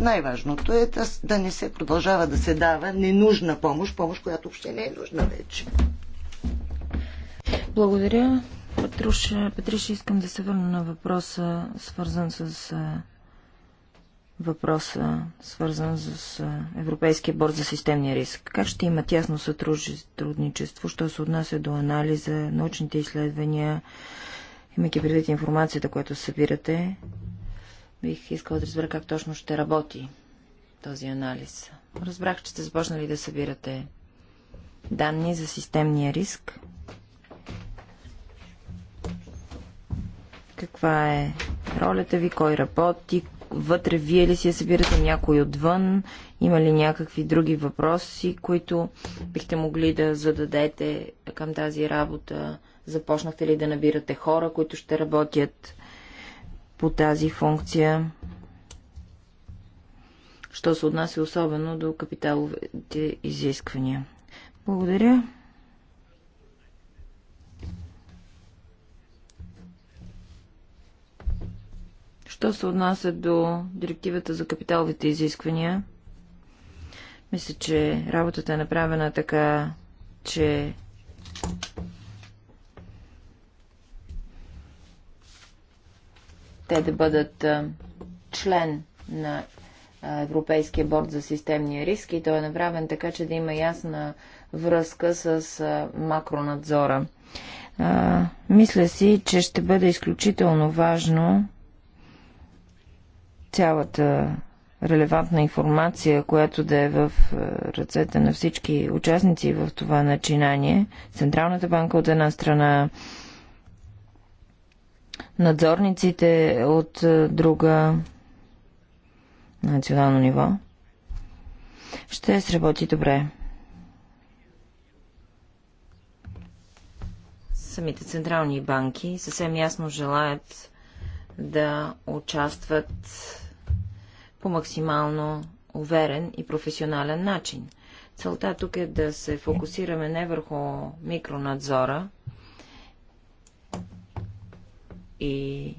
най-важното е да, да не се продължава да се дава ненужна помощ, помощ, която въобще не е нужна вече. Благодаря. Петруша, Петриша, искам да се върна на въпроса, свързан с въпроса, свързан с Европейския борд за системния риск. Как ще има тясно сътрудничество, що се отнася до анализа, научните изследвания, имайки предвид информацията, която събирате, Бих искала да разбера как точно ще работи този анализ. Разбрах, че сте започнали да събирате данни за системния риск. Каква е ролята ви, кой работи, вътре вие ли си я събирате някой отвън, има ли някакви други въпроси, които бихте могли да зададете към тази работа, започнахте ли да набирате хора, които ще работят по тази функция, що се отнася особено до капиталовите изисквания. Благодаря. Що се отнася до директивата за капиталовите изисквания, мисля, че работата е направена така, че те да бъдат член на Европейския борд за системния риск и той е направен така, че да има ясна връзка с макронадзора. мисля си, че ще бъде изключително важно цялата релевантна информация, която да е в ръцете на всички участници в това начинание. Централната банка от една страна, надзорниците от е, друга национално ниво, ще сработи добре. Самите централни банки съвсем ясно желаят да участват по максимално уверен и професионален начин. Целта тук е да се фокусираме не върху микронадзора, и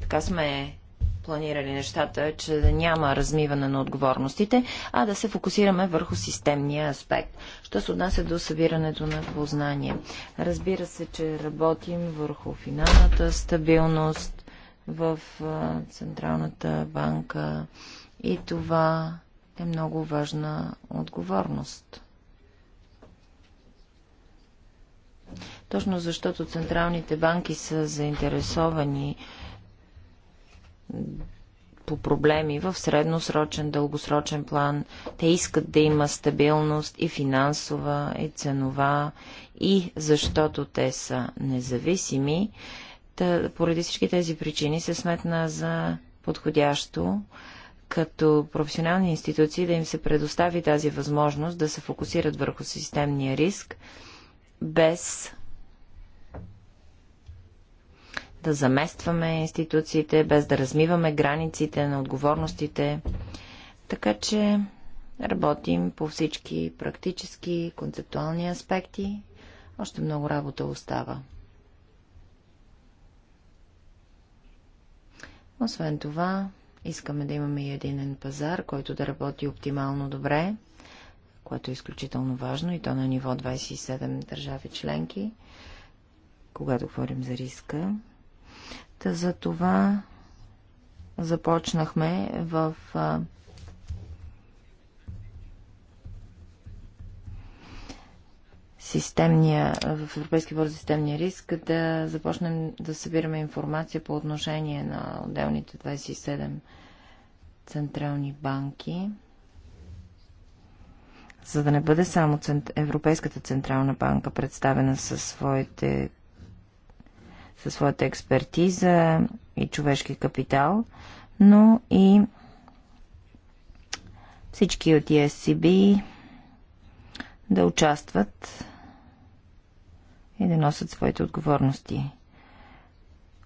така сме планирали нещата, че да няма размиване на отговорностите, а да се фокусираме върху системния аспект. Що се отнася до събирането на познание? Разбира се, че работим върху финалната стабилност в Централната банка и това е много важна отговорност. Точно защото централните банки са заинтересовани по проблеми в средносрочен, дългосрочен план. Те искат да има стабилност и финансова, и ценова, и защото те са независими. Та, поради всички тези причини се сметна за подходящо като професионални институции да им се предостави тази възможност да се фокусират върху системния риск без да заместваме институциите, без да размиваме границите на отговорностите. Така че работим по всички практически, концептуални аспекти. Още много работа остава. Освен това, искаме да имаме и единен пазар, който да работи оптимално добре – което е изключително важно и то на ниво 27 държави членки, когато говорим за риска. Та за това започнахме в системния, в Европейски борд за системния риск да започнем да събираме информация по отношение на отделните 27 централни банки за да не бъде само Европейската Централна банка представена със, своите, със своята експертиза и човешки капитал, но и всички от ESCB е да участват и да носят своите отговорности.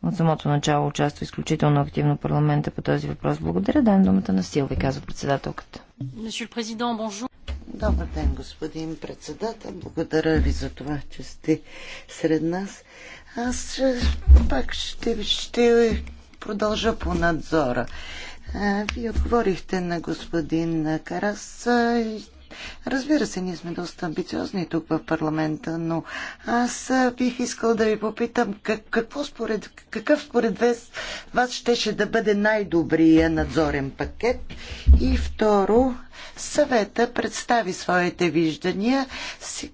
От самото начало участва изключително активно парламента по този въпрос. Благодаря. Дам думата на Силви, казва председателката. Добър ден, господин председател. Благодаря ви за това, че сте сред нас. Аз ще, пак ще, ще продължа по надзора. Е, вие отговорихте на господин Карас и Разбира се, ние сме доста амбициозни тук в парламента, но аз бих искал да ви попитам как, какво според, какъв според вас, вас щеше да бъде най-добрия надзорен пакет. И второ, съвета представи своите виждания.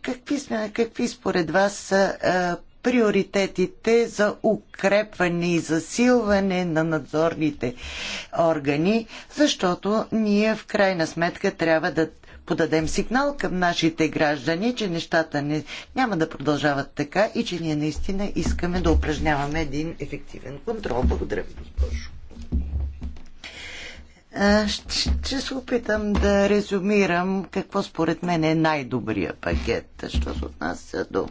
Какви, сме, какви според вас са а, приоритетите за укрепване и засилване на надзорните органи, защото ние в крайна сметка трябва да подадем сигнал към нашите граждани, че нещата не, няма да продължават така и че ние наистина искаме да упражняваме един ефективен контрол. Благодаря ви, госпожо. Ще, ще се опитам да резюмирам какво според мен е най-добрия пакет, що се отнася до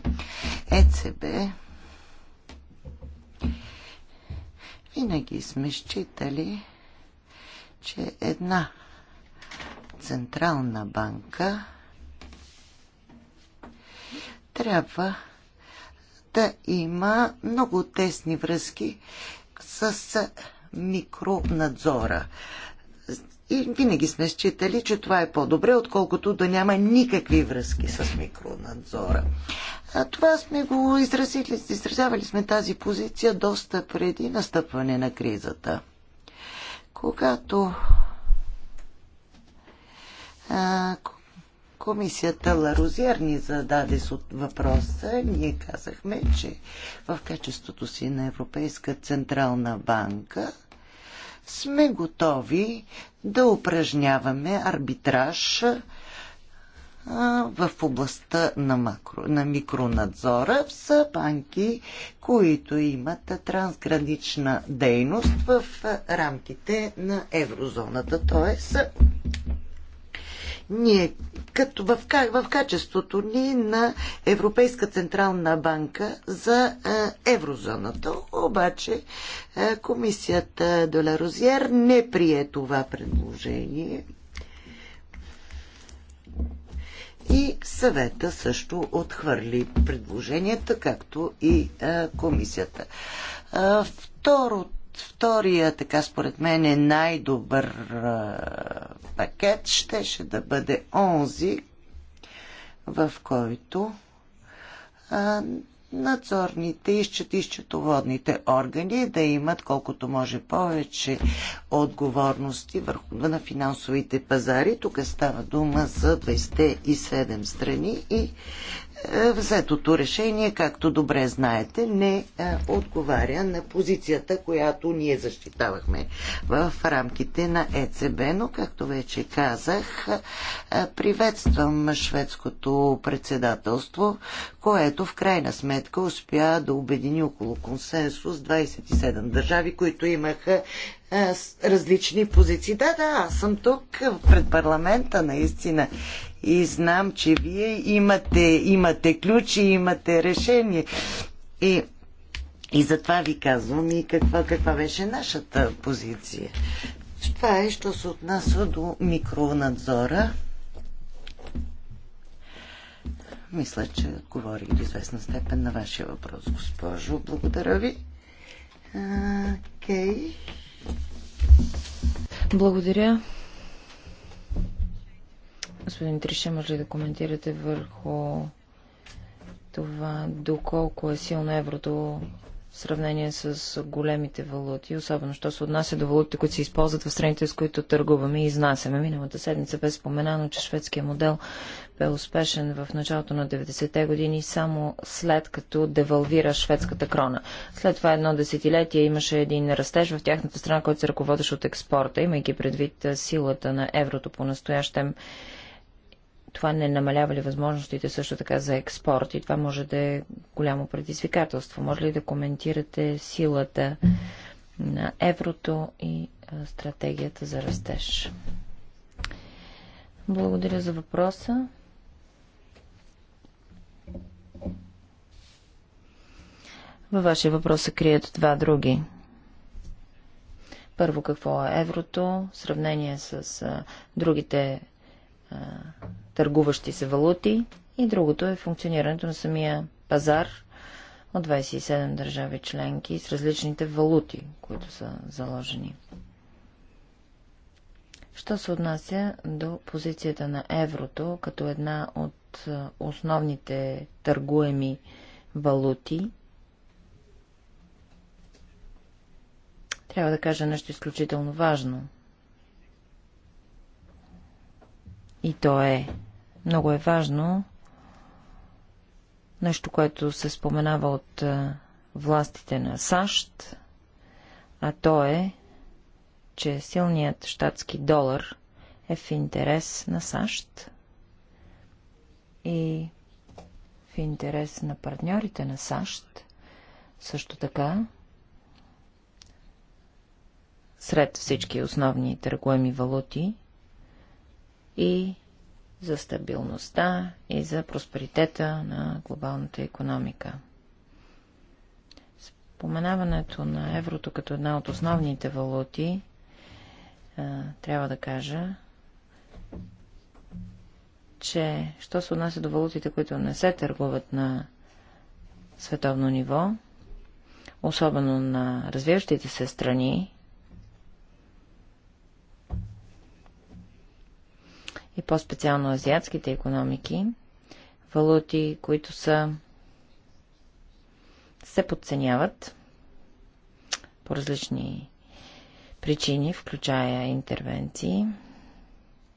ЕЦБ. Винаги сме считали, че една Централна банка трябва да има много тесни връзки с микронадзора. И винаги сме считали, че това е по-добре, отколкото да няма никакви връзки с микронадзора. А това сме го изразили, изразявали сме тази позиция доста преди настъпване на кризата. Когато Комисията Ларузиер ни зададе въпроса. Ние казахме, че в качеството си на Европейска Централна банка сме готови да упражняваме арбитраж в областта на, макро, на микронадзора са банки, които имат трансгранична дейност в рамките на еврозоната, Тоест ние като в, в качеството ни на Европейска централна банка за е, еврозоната. Обаче е, комисията Доларозиер не прие това предложение. И съвета също отхвърли предложенията, както и е, комисията. Е, второто втория, така според мен е най-добър пакет, щеше да бъде онзи, в който а, надзорните и счетоводните органи да имат колкото може повече отговорности върху на финансовите пазари. Тук става дума за 27 страни и е, взетото решение, както добре знаете, не е, отговаря на позицията, която ние защитавахме в рамките на ЕЦБ, но както вече казах, е, приветствам шведското председателство, което в крайна сметка успя да обедини около консенсус 27 държави, които имаха различни позиции. Да, да, аз съм тук пред парламента, наистина и знам, че вие имате, имате ключи, имате решение. И, и затова ви казвам и каква, каква беше нашата позиция. Това е, що се отнася до микронадзора. Мисля, че говори до известна степен на вашия въпрос, госпожо. Благодаря ви. Окей. Okay. Благодаря. Господин Трише, може ли да коментирате върху това, доколко е силно еврото в сравнение с големите валути, особено що се отнася до валутите, които се използват в страните, с които търгуваме и изнасяме. Миналата седмица бе споменано, че шведския модел бе успешен в началото на 90-те години, само след като девалвира шведската крона. След това едно десетилетие имаше един растеж в тяхната страна, който се ръководеше от експорта, имайки предвид силата на еврото по настоящем това не намалява ли възможностите също така за експорт и това може да е голямо предизвикателство. Може ли да коментирате силата на еврото и стратегията за растеж? Благодаря за въпроса. Във вашия въпрос се крият два други. Първо, какво е еврото, в сравнение с другите а, търгуващи се валути и другото е функционирането на самия пазар от 27 държави членки с различните валути, които са заложени. Що се отнася до позицията на еврото като една от основните търгуеми валути, трябва да кажа нещо изключително важно – И то е много е важно нещо, което се споменава от властите на САЩ, а то е, че силният щатски долар е в интерес на САЩ и в интерес на партньорите на САЩ, също така, сред всички основни търгуеми валути, и за стабилността и за просперитета на глобалната економика. Споменаването на еврото като една от основните валути, трябва да кажа, че, що се отнася до валутите, които не се търгуват на световно ниво, особено на развиващите се страни, и по-специално азиатските економики, валути, които са се подценяват по различни причини, включая интервенции,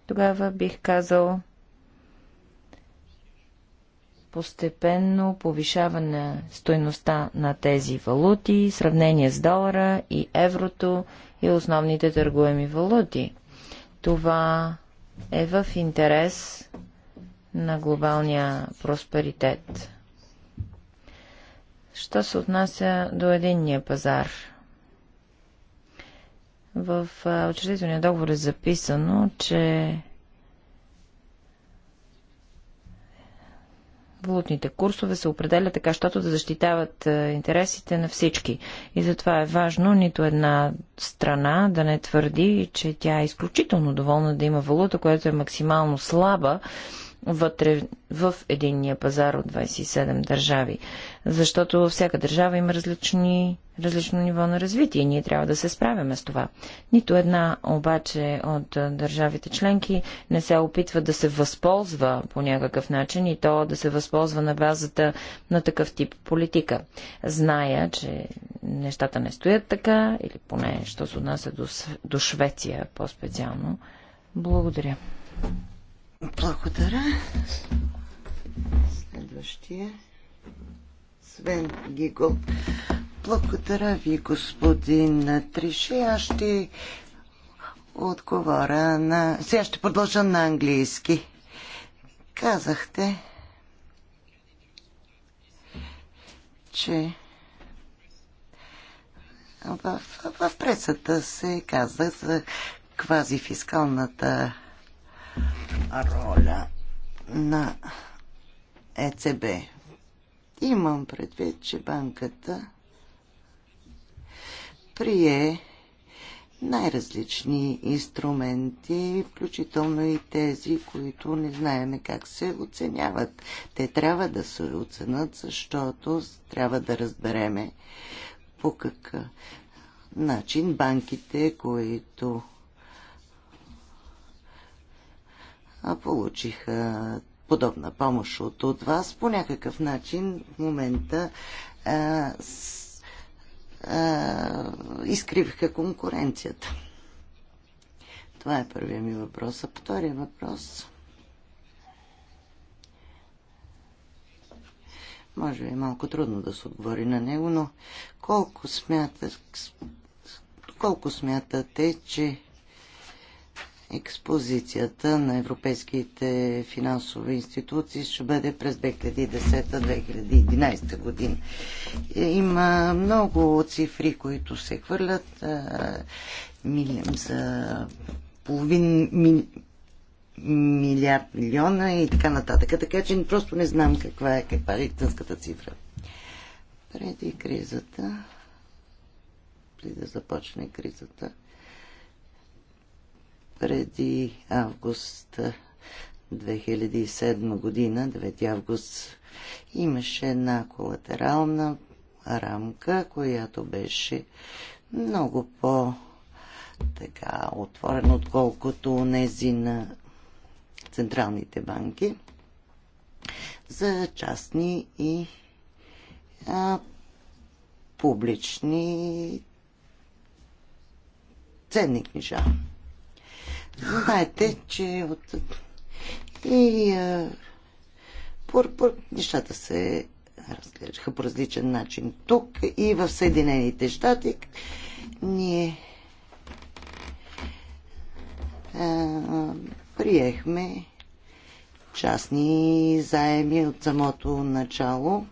тогава бих казал постепенно повишаване стойността на тези валути, сравнение с долара и еврото и основните търгуеми валути. Това е в интерес на глобалния просперитет. Що се отнася до единния пазар? В учредителния договор е записано, че валутните курсове се определят така, щото да защитават е, интересите на всички. И затова е важно нито една страна да не твърди, че тя е изключително доволна да има валута, която е максимално слаба вътре в единния пазар от 27 държави. Защото всяка държава има различни, различно ниво на развитие и ние трябва да се справяме с това. Нито една обаче от държавите членки не се опитва да се възползва по някакъв начин и то да се възползва на базата на такъв тип политика. Зная, че нещата не стоят така, или поне, що се отнася до, до Швеция по-специално. Благодаря. Благодаря. Следващия. Свен Гигол. Благодаря ви, господин Триши. Аз ще отговоря на... Сега ще продължа на английски. Казахте, че в, в пресата се каза за квазифискалната роля на ЕЦБ. Имам предвид, че банката прие най-различни инструменти, включително и тези, които не знаеме как се оценяват. Те трябва да се оценят, защото трябва да разбереме по какъв начин банките, които получиха подобна помощ от, от вас. По някакъв начин в момента а, с, а, изкривиха конкуренцията. Това е първия ми въпрос. А втория въпрос. Може би е малко трудно да се отговори на него, но колко смятате, колко смятате че експозицията на европейските финансови институции ще бъде през 2010-2011 година. Има много цифри, които се хвърлят милим за половин милиард милиона и така нататък. Така че просто не знам каква е, каква е истинската цифра. Преди кризата, преди да започне кризата, преди август 2007 година, 9 август, имаше една колатерална рамка, която беше много по- така отворена, отколкото нези на централните банки за частни и а, публични ценни книжа. Знаете, че от... и а... Пор, пор... нещата се разглеждаха по различен начин тук и в Съединените щати. Ние а, приехме частни заеми от самото начало.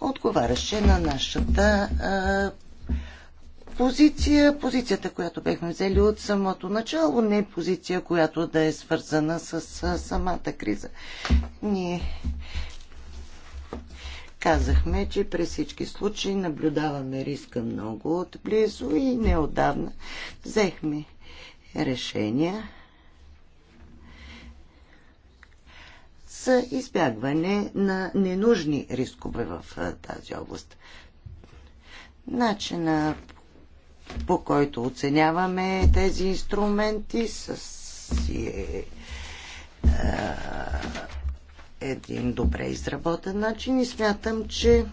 Отговаряше на нашата а, позиция, позицията, която бехме взели от самото начало, не е позиция, която да е свързана с, с самата криза. Ние казахме, че при всички случаи наблюдаваме риска много отблизо и неодавна взехме решения за избягване на ненужни рискове в тази област. Начина по който оценяваме тези инструменти с е, е, един добре изработен начин и смятам, че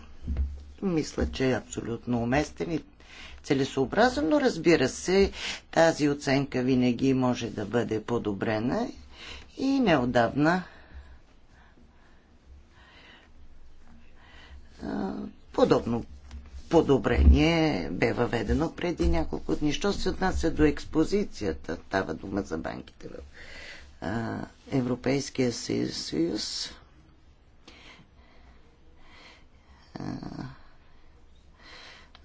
мисля, че е абсолютно уместен и целесообразен, но разбира се, тази оценка винаги може да бъде подобрена и неодавна подобно подобрение бе въведено преди няколко дни. Що се отнася до експозицията, става дума за банките в Европейския съюз.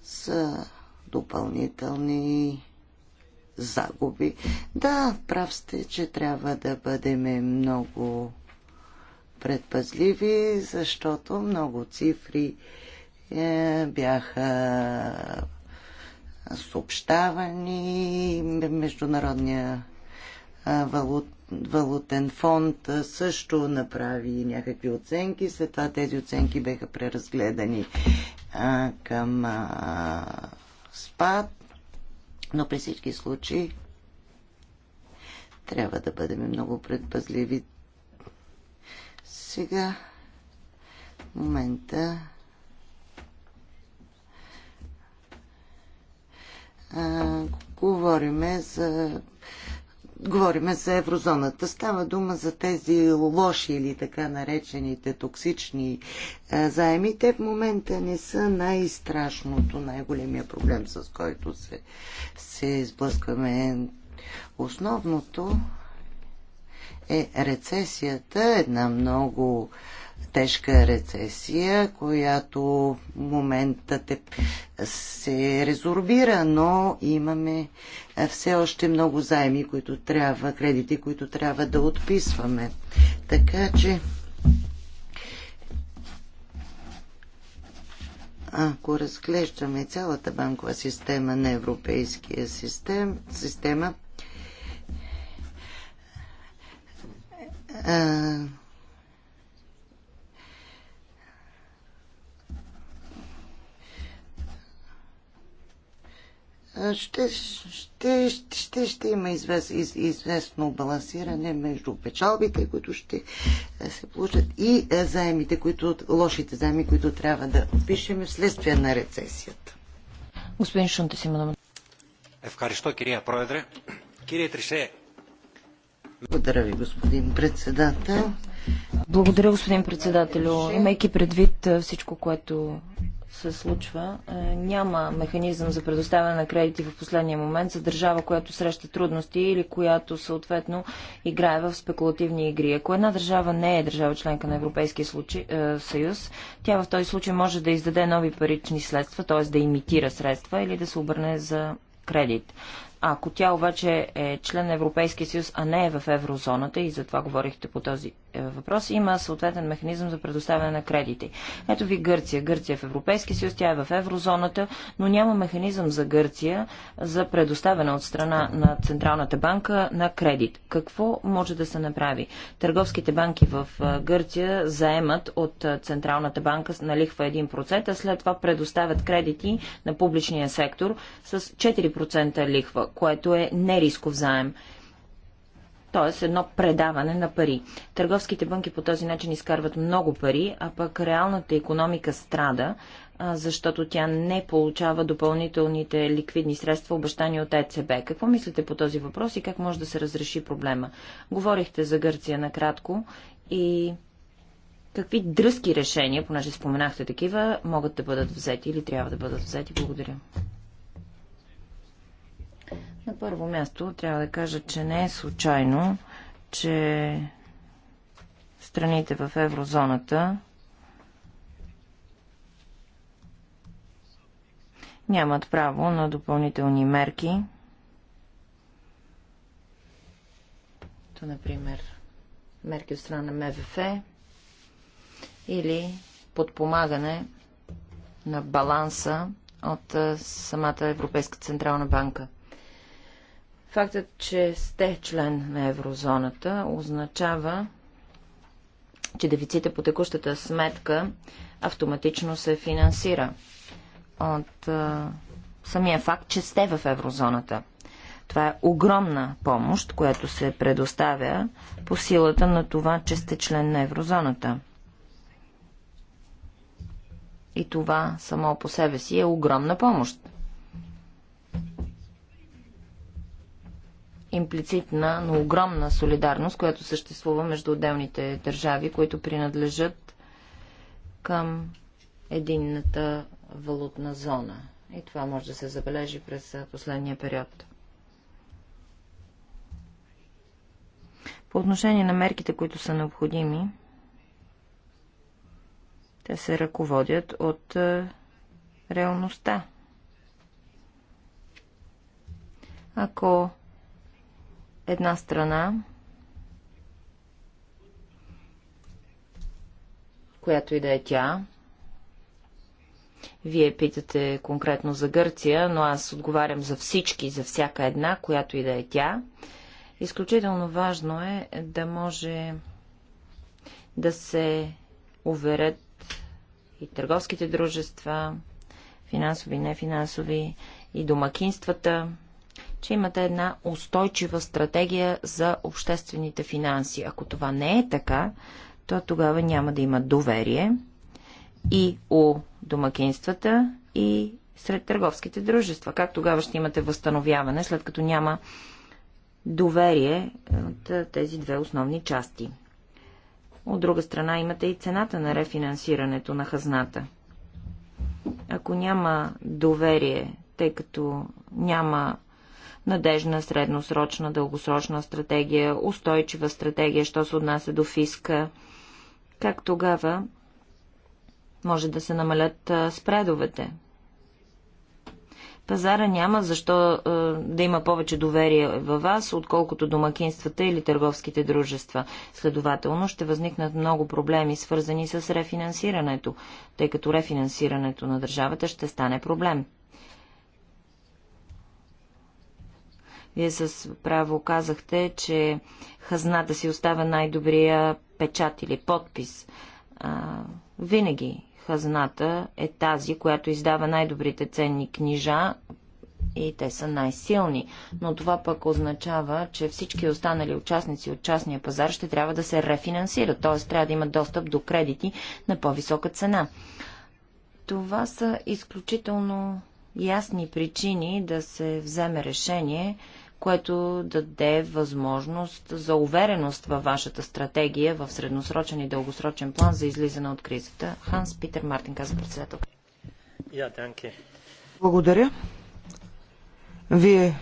за допълнителни загуби. Да, прав сте, че трябва да бъдем много предпазливи, защото много цифри е, бяха съобщавани. Международния валут, валутен фонд също направи някакви оценки. След това тези оценки бяха преразгледани а, към а, спад. Но при всички случаи трябва да бъдем много предпазливи. Сега момента говориме за говориме за еврозоната. Става дума за тези лоши или така наречените токсични заеми. Те в момента не са най-страшното, най-големия проблем, с който се, се изблъскваме. Основното е рецесията, една много тежка рецесия, която моментът е, се резорбира, но имаме все още много заеми, които трябва, кредити, които трябва да отписваме. Така че ако разглеждаме цялата банкова система на европейския систем, система, ще, ще, ще, ще ще има извест, из, известно балансиране между печалбите, които ще е, се получат и е, заемите, които, лошите заеми, които трябва да отпишем вследствие на рецесията. Господин Шунте, си мадам. Евкаристо, кирия Проедре. Кирия Трише. Благодаря ви, господин председател. Благодаря, господин председател. Имайки предвид е, всичко, което се случва. Е, няма механизъм за предоставяне на кредити в последния момент за държава, която среща трудности или която съответно играе в спекулативни игри. Ако една държава не е държава членка на Европейския случай, е, съюз, тя в този случай може да издаде нови парични средства, т.е. да имитира средства или да се обърне за кредит. Ако тя обаче е член на Европейския съюз, а не е в еврозоната, и затова говорихте по този е, въпрос, има съответен механизъм за предоставяне на кредити. Ето ви Гърция. Гърция е в Европейския съюз, тя е в еврозоната, но няма механизъм за Гърция за предоставяне от страна на Централната банка на кредит. Какво може да се направи? Търговските банки в е, Гърция заемат от е, Централната банка на лихва 1%, а след това предоставят кредити на публичния сектор с 4% лихва което е нерисков заем т.е. едно предаване на пари. Търговските банки по този начин изкарват много пари, а пък реалната економика страда, защото тя не получава допълнителните ликвидни средства, обещани от ЕЦБ. Какво мислите по този въпрос и как може да се разреши проблема? Говорихте за Гърция накратко и какви дръзки решения, понеже споменахте такива, могат да бъдат взети или трябва да бъдат взети? Благодаря. На първо място трябва да кажа, че не е случайно, че страните в еврозоната нямат право на допълнителни мерки. То, например, мерки от страна на МВФ или подпомагане на баланса от самата Европейска Централна банка. Фактът, че сте член на еврозоната, означава, че дефицита по текущата сметка автоматично се финансира от а, самия факт, че сте в еврозоната. Това е огромна помощ, която се предоставя по силата на това, че сте член на еврозоната. И това само по себе си е огромна помощ. имплицитна, но огромна солидарност, която съществува между отделните държави, които принадлежат към единната валутна зона. И това може да се забележи през последния период. По отношение на мерките, които са необходими, те се ръководят от е, реалността. Ако една страна, която и да е тя. Вие питате конкретно за Гърция, но аз отговарям за всички, за всяка една, която и да е тя. Изключително важно е да може да се уверят и търговските дружества, финансови, нефинансови, и домакинствата, че имате една устойчива стратегия за обществените финанси. Ако това не е така, то тогава няма да има доверие и у домакинствата, и сред търговските дружества. Как тогава ще имате възстановяване, след като няма доверие от тези две основни части? От друга страна имате и цената на рефинансирането на хазната. Ако няма доверие, тъй като няма надежна средносрочна, дългосрочна стратегия, устойчива стратегия, що се отнася до фиска. Как тогава може да се намалят спредовете? Пазара няма защо да има повече доверие във вас, отколкото домакинствата или търговските дружества. Следователно ще възникнат много проблеми, свързани с рефинансирането, тъй като рефинансирането на държавата ще стане проблем. Вие с право казахте, че хазната си остава най-добрия печат или подпис. А, винаги хазната е тази, която издава най-добрите ценни книжа и те са най-силни. Но това пък означава, че всички останали участници от частния пазар ще трябва да се рефинансират, т.е. трябва да имат достъп до кредити на по-висока цена. Това са изключително ясни причини да се вземе решение което даде възможност за увереност във вашата стратегия в средносрочен и дългосрочен план за излизане от кризата. Ханс Питер Мартин каза председател. Благодаря. Вие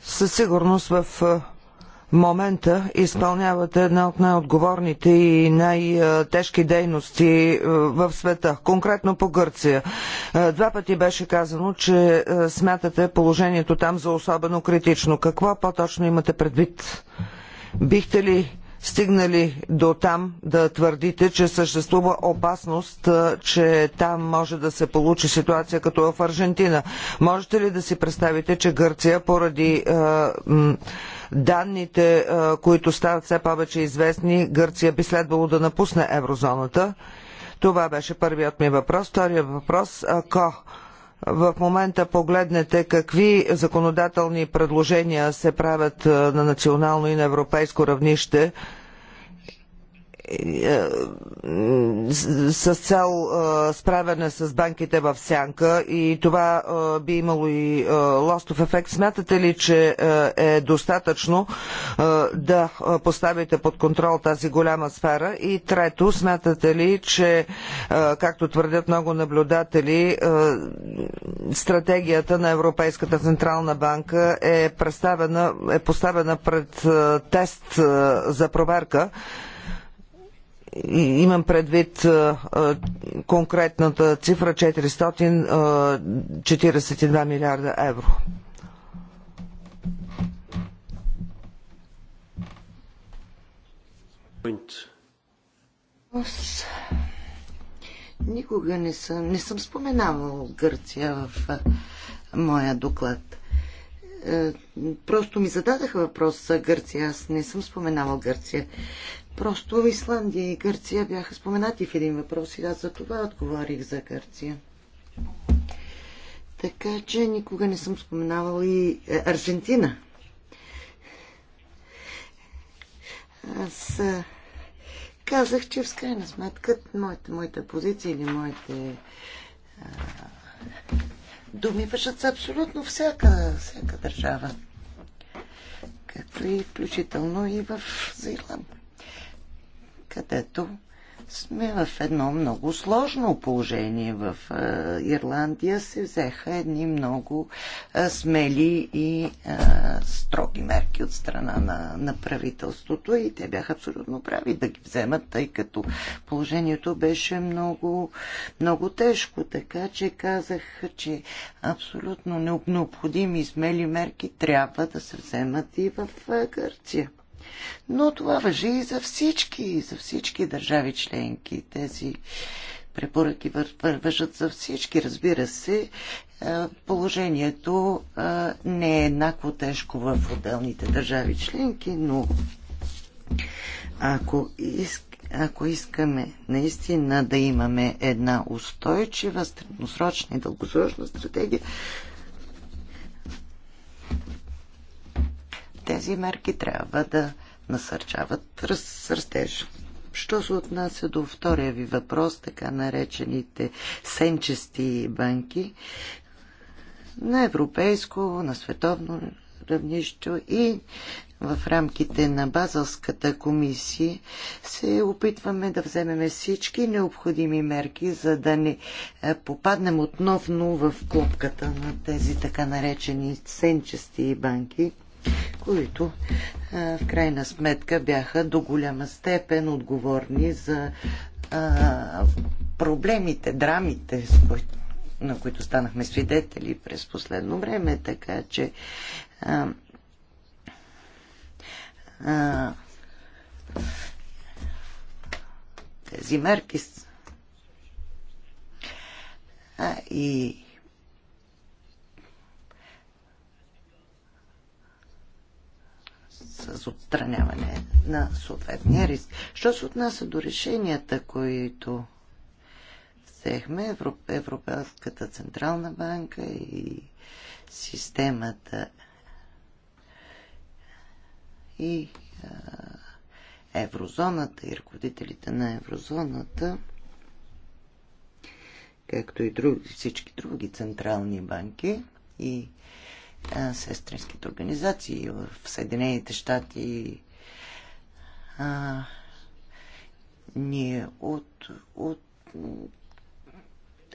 със сигурност в момента изпълнявате една от най-отговорните и най-тежки дейности е, в света, конкретно по Гърция. Е, два пъти беше казано, че е, смятате положението там за особено критично. Какво по-точно имате предвид? Бихте ли стигнали до там да твърдите, че съществува опасност, че там може да се получи ситуация като в Аржентина? Можете ли да си представите, че Гърция поради е, данните, които стават все повече известни, Гърция би следвало да напусне еврозоната. Това беше първият ми въпрос. Вторият въпрос, ако в момента погледнете какви законодателни предложения се правят на национално и на европейско равнище, с цел справяне с банките в сянка и това би имало и лостов ефект. Смятате ли, че е достатъчно да поставите под контрол тази голяма сфера? И трето, смятате ли, че, както твърдят много наблюдатели, стратегията на Европейската Централна банка е, е поставена пред тест за проверка? имам предвид конкретната цифра 442 милиарда евро. Аз никога не съм, не съм споменавал Гърция в моя доклад е, просто ми зададаха въпрос за Гърция. Аз не съм споменавал Гърция. Просто Исландия и Гърция бяха споменати в един въпрос и аз за това отговорих за Гърция. Така че никога не съм споменавал и е, Аржентина. Аз е, казах, че в крайна сметка моите, моите позиции или моите а, е, думи вършат за абсолютно всяка, всяка държава. Както и включително и в Зайландия където сме в едно много сложно положение. В е, Ирландия се взеха едни много е, смели и е, строги мерки от страна на, на правителството и те бяха абсолютно прави да ги вземат, тъй като положението беше много, много тежко. Така че казах, че абсолютно необходими смели мерки трябва да се вземат и в Гърция. Но това въжи и за всички, и за всички държави членки. Тези препоръки въжат за всички. Разбира се, е, положението е, не е еднакво тежко в отделните държави членки, но ако иск, ако искаме наистина да имаме една устойчива, средносрочна и дългосрочна стратегия, тези мерки трябва да насърчават раз, растежа. Що се отнася до втория ви въпрос, така наречените сенчести банки, на европейско, на световно равнище и в рамките на Базълската комисия се опитваме да вземем всички необходими мерки, за да не е, попаднем отновно в клопката на тези така наречени сенчести банки които в крайна сметка бяха до голяма степен отговорни за проблемите, драмите, на които станахме свидетели през последно време, така че тези мерки а, и с отстраняване на съответния риск. Що се отнася до решенията, които взехме, Европейската Централна банка и системата и а, еврозоната и ръководителите на еврозоната, както и друг, всички други централни банки и сестринските организации в Съединените щати. А, ние от, от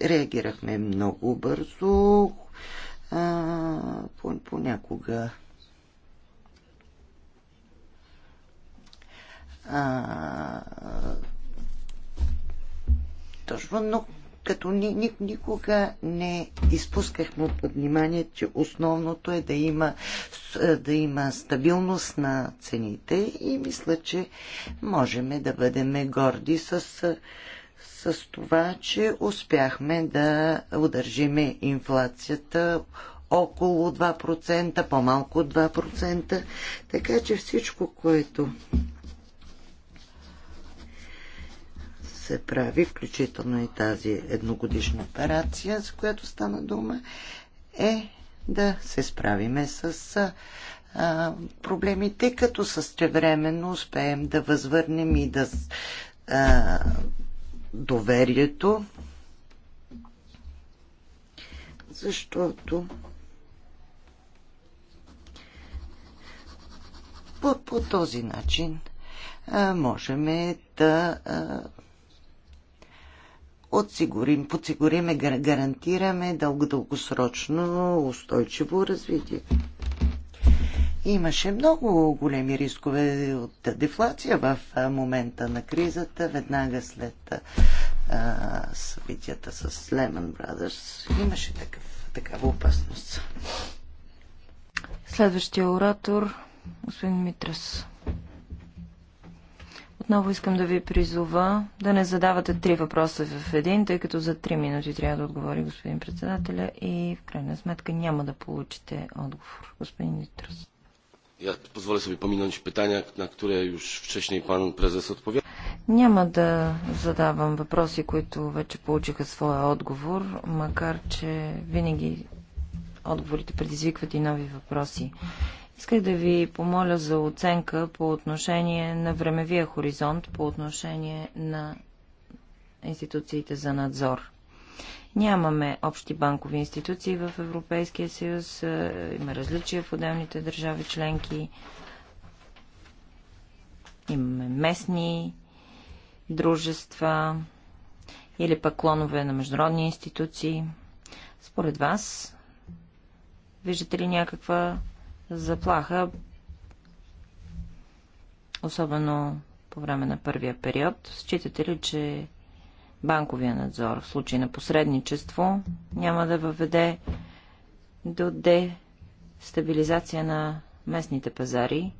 реагирахме много бързо, а, понякога а, точно, много като ни, никога не изпускахме под внимание, че основното е да има, е, да има стабилност на цените и мисля, че можем да бъдем горди с, е, с това, че успяхме да удържиме инфлацията около 2%, по-малко от 2%, така че всичко, което се прави, включително и тази едногодишна операция, за която стана дума, е да се справиме с а, проблемите, като същевременно успеем да възвърнем и да а, доверието, защото по, по този начин а, можем да а, отсигурим, и гарантираме дългосрочно устойчиво развитие. Имаше много големи рискове от дефлация в момента на кризата, веднага след а, събитията с Lehman Brothers. Имаше такъв, такава опасност. Следващия оратор, господин Митрес. Отново искам да ви призова да не задавате три въпроса в един, тъй като за три минути трябва да отговори господин председателя и в крайна сметка няма да получите отговор. Господин Нитрос. Ja pozwolę питания, на pytania, na które już wcześniej pan prezes отповя. Няма да задавам въпроси, които вече получиха своя отговор, макар че винаги отговорите предизвикват и нови въпроси. Исках да ви помоля за оценка по отношение на времевия хоризонт, по отношение на институциите за надзор. Нямаме общи банкови институции в Европейския съюз, има различия в отделните държави членки, имаме местни дружества или пък клонове на международни институции. Според вас, виждате ли някаква заплаха, особено по време на първия период. Считате ли, че банковия надзор в случай на посредничество няма да въведе до дестабилизация на местните пазари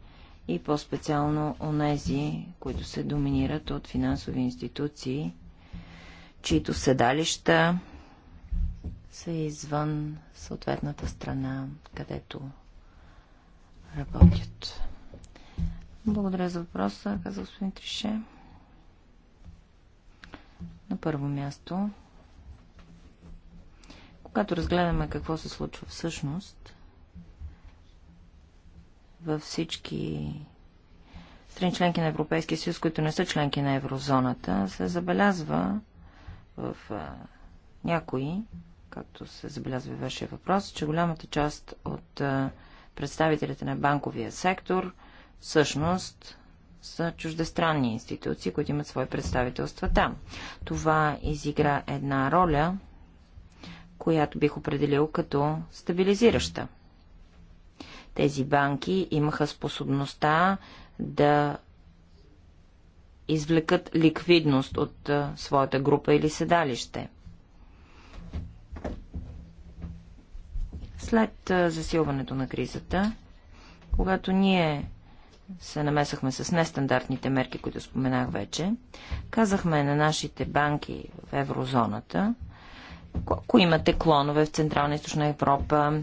и по-специално онези, които се доминират от финансови институции, чието седалища са извън съответната страна, където работят. Благодаря за въпроса, каза господин Трише. На първо място, когато разгледаме какво се случва всъщност, във всички страни членки на Европейския съюз, които не са членки на еврозоната, се забелязва в а, някои, както се забелязва вашия въпрос, че голямата част от а, представителите на банковия сектор всъщност са чуждестранни институции, които имат свои представителства там. Това изигра една роля, която бих определил като стабилизираща. Тези банки имаха способността да извлекат ликвидност от своята група или седалище. След засилването на кризата, когато ние се намесахме с нестандартните мерки, които споменах вече, казахме на нашите банки в еврозоната, ако имате клонове в Централна и Източна Европа,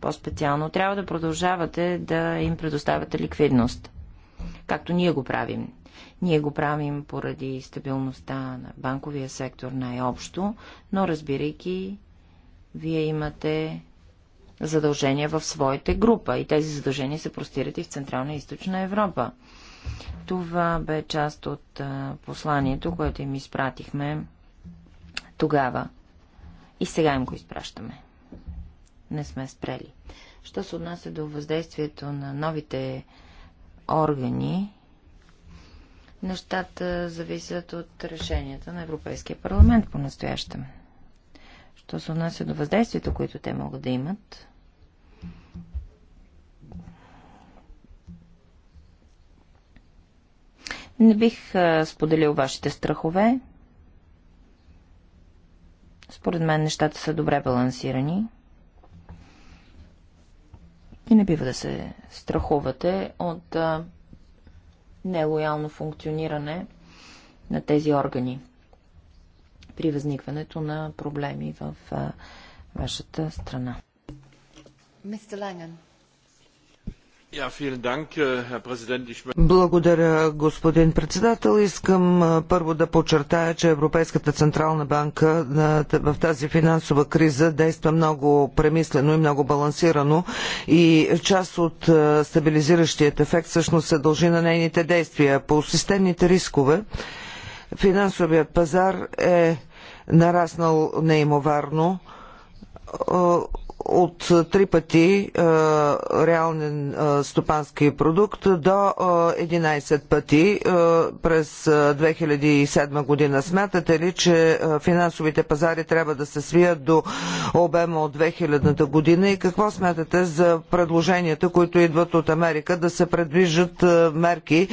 по-специално, трябва да продължавате да им предоставяте ликвидност. Както ние го правим. Ние го правим поради стабилността на банковия сектор най-общо, но разбирайки, вие имате задължения в своите група. И тези задължения се простират и в Централна и Източна Европа. Това бе част от посланието, което им изпратихме тогава. И сега им го изпращаме. Не сме спрели. Що се отнася до въздействието на новите органи, нещата зависят от решенията на Европейския парламент по-настоящем. Що се отнася до въздействието, които те могат да имат, Не бих а, споделил вашите страхове. Според мен нещата са добре балансирани. И не бива да се страхувате от а, нелоялно функциониране на тези органи при възникването на проблеми в а, вашата страна. Мистер Ланген. Äh, Благодаря, господин председател. Искам първо да подчертая, че Европейската централна банка в тази финансова криза действа много премислено и много балансирано и част от стабилизиращият ефект всъщност се дължи на нейните действия. По системните рискове финансовият пазар е нараснал неимоварно от три пъти е, реален е, стопански продукт до 11 е, пъти през 2007 година. Смятате ли, че финансовите пазари трябва да се свият до обема от 2000-та година и какво смятате за предложенията, които идват от Америка да се предвижат мерки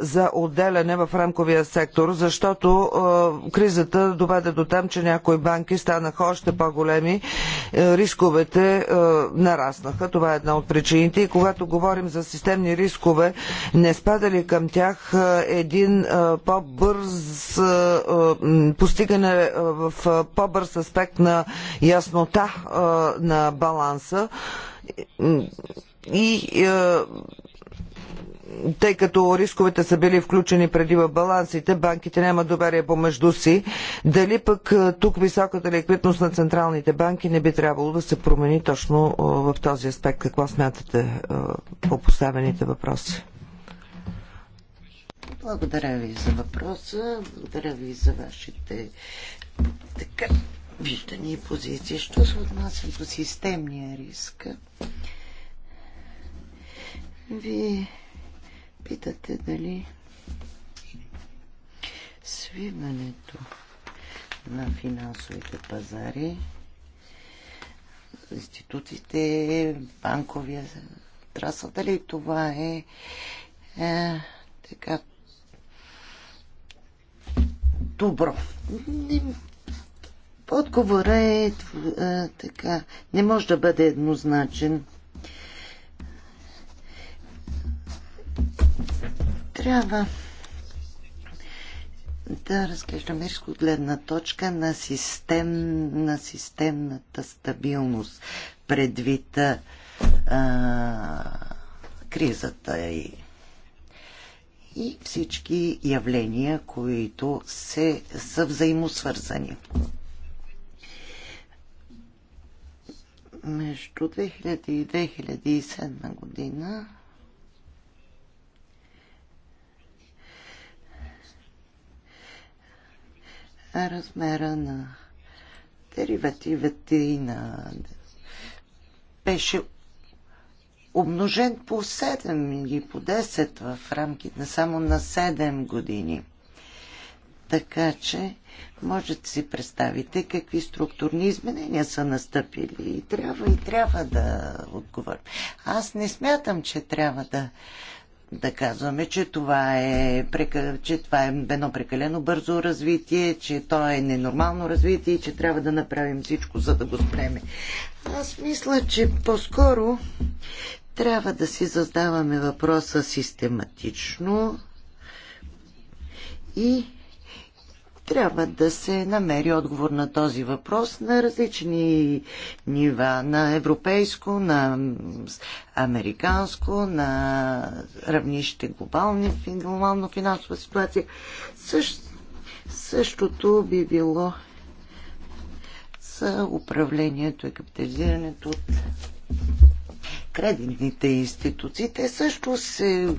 за отделяне в рамковия сектор, защото кризата доведе до там, че някои банки станаха още по-големи. Риск рисковете е, нараснаха. Това е една от причините. И когато говорим за системни рискове, не спада ли към тях е, един е, по-бърз постигане в по-бърз аспект на яснота на баланса? и тъй като рисковете са били включени преди в балансите, банките няма доверие помежду си. Дали пък тук високата ликвидност на централните банки не би трябвало да се промени точно в този аспект? Какво смятате по поставените въпроси? Благодаря ви за въпроса, благодаря ви за вашите така виждани позиции. Що се отнася до системния риск? Вие. Питате дали свиването на финансовите пазари, институтите, банковия траса. дали това е, е така добро. Отговора е, е така, не може да бъде еднозначен. Трябва да разглеждаме риско гледна точка на, систем, на системната стабилност предвид а, кризата и, и всички явления, които се, са взаимосвързани. Между 2000 и 2007 година размера на деривативите и на... беше умножен по 7 или по 10 в рамките само на 7 години. Така че може да си представите какви структурни изменения са настъпили и трябва и трябва да отговорим. Аз не смятам, че трябва да да казваме, че това е, че това е едно прекалено бързо развитие, че то е ненормално развитие и че трябва да направим всичко, за да го спреме. Аз мисля, че по-скоро трябва да си задаваме въпроса систематично и трябва да се намери отговор на този въпрос на различни нива, на европейско, на американско, на равнище глобални, глобална финансова ситуация. Също, същото би било за управлението и капитализирането от кредитните институции. Те също се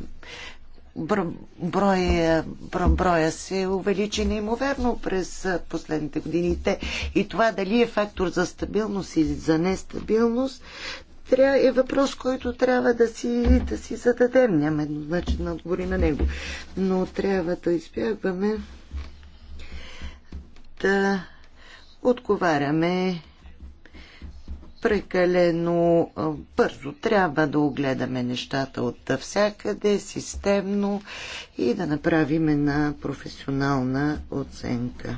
броя, броя се увеличи неимоверно през последните години. И това дали е фактор за стабилност или за нестабилност, е въпрос, който трябва да си, да си зададем. Няма еднозначен да отговори на него. Но трябва да избягваме да отговаряме прекалено бързо. Трябва да огледаме нещата от всякъде, системно и да направим една професионална оценка.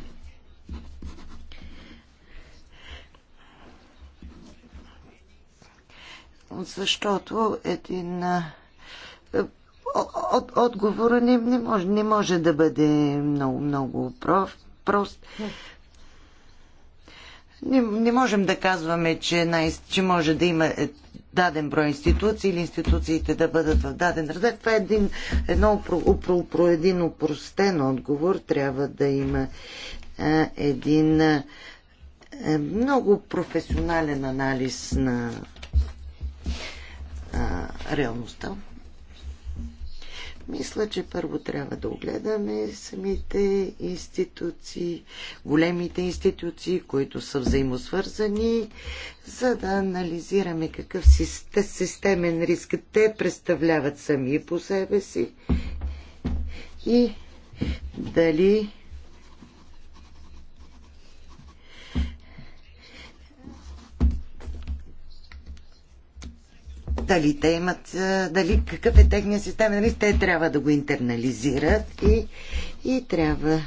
Защото един от, отговора не, не, може, не може да бъде много, много прост. прост. Не, не можем да казваме, че, най, че може да има е, даден брой институции или институциите да бъдат в даден раздел. Това е един, едно, упро, един упростен отговор. Трябва да има а, е, един а, е, много професионален анализ на а, реалността. Мисля, че първо трябва да огледаме самите институции, големите институции, които са взаимосвързани, за да анализираме какъв системен риск те представляват сами по себе си и дали дали те имат, дали какъв е техния систем, дали те трябва да го интернализират и, и трябва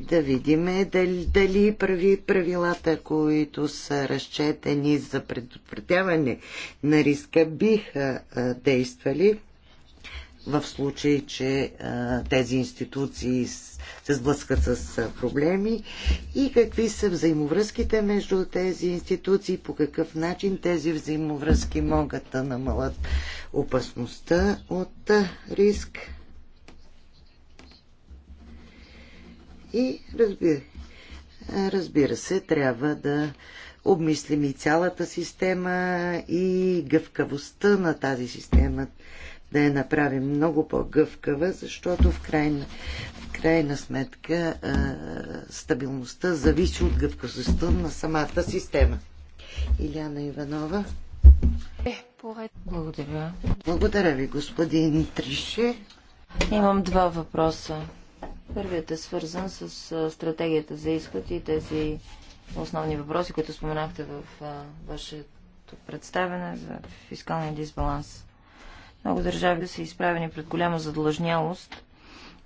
да видим дали, дали прави правилата, които са разчетени за предотвратяване на риска, биха действали в случай, че тези институции се сблъскат с проблеми и какви са взаимовръзките между тези институции, по какъв начин тези взаимовръзки могат да намалят опасността от риск. И разбира, разбира се, трябва да обмислим и цялата система и гъвкавостта на тази система да я направим много по-гъвкава, защото в крайна, в крайна сметка а, стабилността зависи от гъвкавостта на самата система. Иляна Иванова. Благодаря. Благодаря ви, господин Трише. Имам два въпроса. Първият е свързан с стратегията за изход и тези основни въпроси, които споменахте в вашето представяне за фискалния дисбаланс. Много държави са изправени пред голяма задлъжнялост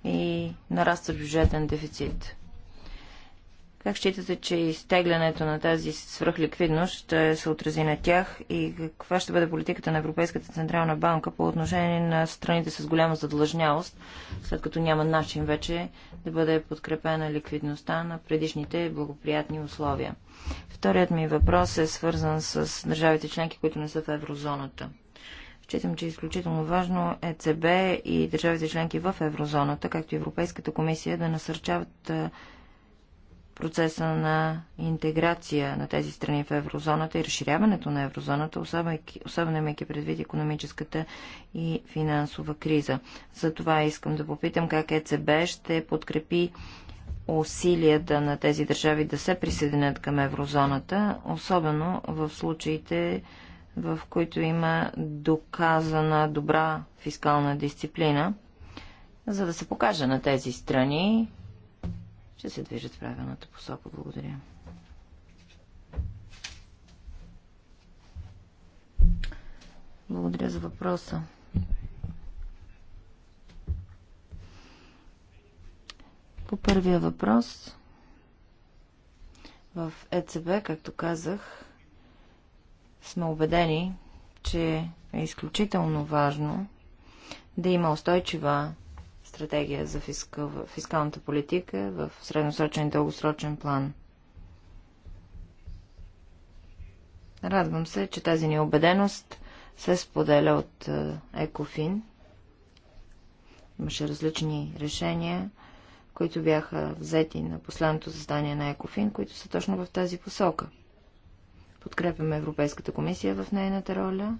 и нараства бюджетен дефицит. Как считате, че изтеглянето на тази свръхликвидност ще се отрази на тях и каква ще бъде политиката на Европейската Централна банка по отношение на страните с голяма задлъжнялост, след като няма начин вече да бъде подкрепена ликвидността на предишните благоприятни условия? Вторият ми въпрос е свързан с държавите членки, които не са в еврозоната. Считам, че е изключително важно ЕЦБ и държавите членки в еврозоната, както и Европейската комисия, да насърчават процеса на интеграция на тези страни в еврозоната и разширяването на еврозоната, особено имайки предвид економическата и финансова криза. За това искам да попитам как ЕЦБ ще подкрепи усилията на тези държави да се присъединят към еврозоната, особено в случаите, в които има доказана добра фискална дисциплина, за да се покаже на тези страни, че се движат в правилната посока. Благодаря. Благодаря за въпроса. По първия въпрос в ЕЦБ, както казах, сме убедени, че е изключително важно да има устойчива стратегия за фискал, фискалната политика в средносрочен и дългосрочен план. Радвам се, че тази ни убеденост се споделя от е, Екофин. Имаше различни решения, които бяха взети на последното създание на Екофин, които са точно в тази посока – Подкрепяме Европейската комисия в нейната роля.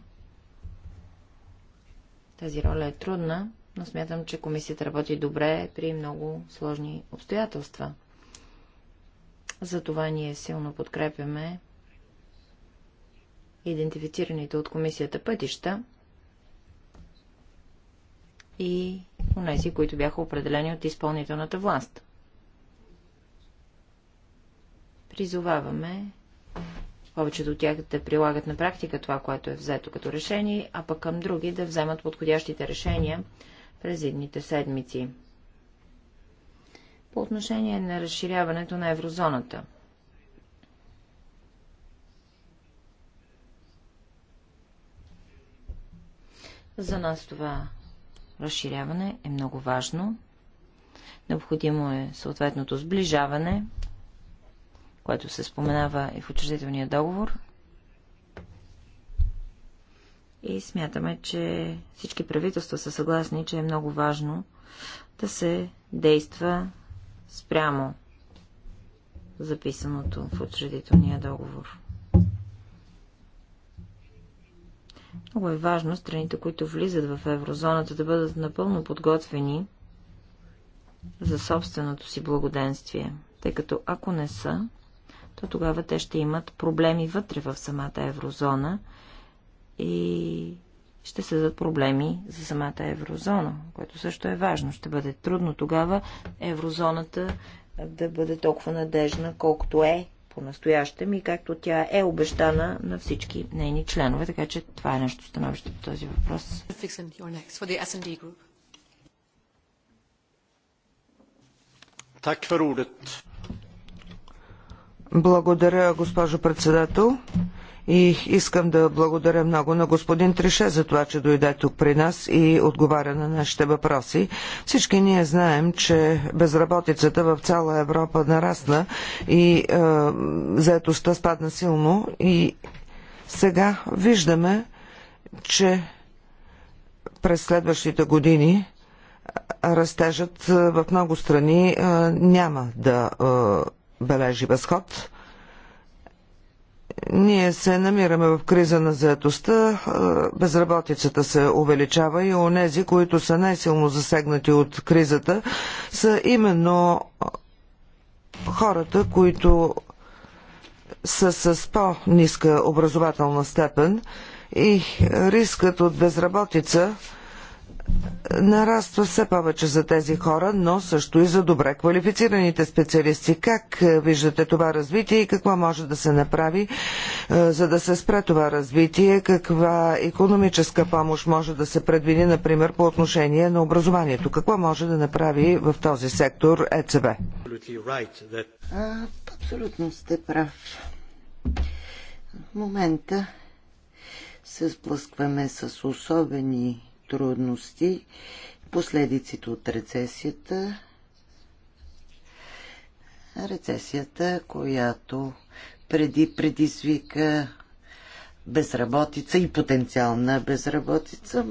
Тази роля е трудна, но смятам, че комисията работи добре при много сложни обстоятелства. Затова ние силно подкрепяме идентифицираните от комисията пътища и унези, които бяха определени от изпълнителната власт. Призоваваме повечето от тях да прилагат на практика това, което е взето като решение, а пък към други да вземат подходящите решения през едните седмици. По отношение на разширяването на еврозоната. За нас това разширяване е много важно. Необходимо е съответното сближаване което се споменава и в учредителния договор. И смятаме, че всички правителства са съгласни, че е много важно да се действа спрямо записаното в учредителния договор. Много е важно страните, които влизат в еврозоната, да бъдат напълно подготвени за собственото си благоденствие, тъй като ако не са, то тогава те ще имат проблеми вътре в самата еврозона и ще създадат проблеми за самата еврозона, което също е важно. Ще бъде трудно тогава еврозоната да бъде толкова надежна, колкото е по-настоящем и както тя е обещана на всички нейни членове. Така че това е нещо становище по този въпрос. Така благодаря, госпожо председател. И искам да благодаря много на господин Трише за това, че дойде тук при нас и отговаря на нашите въпроси. Всички ние знаем, че безработицата в цяла Европа нарасна и е, заетостта спадна силно и сега виждаме, че през следващите години е, растежът е, в много страни е, няма да е, бележи възход. Ние се намираме в криза на заетостта, е, безработицата се увеличава и онези, които са най-силно засегнати от кризата, са именно хората, които са с по-ниска образователна степен и рискът от безработица – нараства все повече за тези хора, но също и за добре квалифицираните специалисти. Как е, виждате това развитие и какво може да се направи, е, за да се спре това развитие? Каква економическа помощ може да се предвиди, например, по отношение на образованието? Какво може да направи в този сектор ЕЦБ? абсолютно сте прав. В момента се сблъскваме с особени трудности, последиците от рецесията, рецесията, която преди предизвика безработица и потенциална безработица.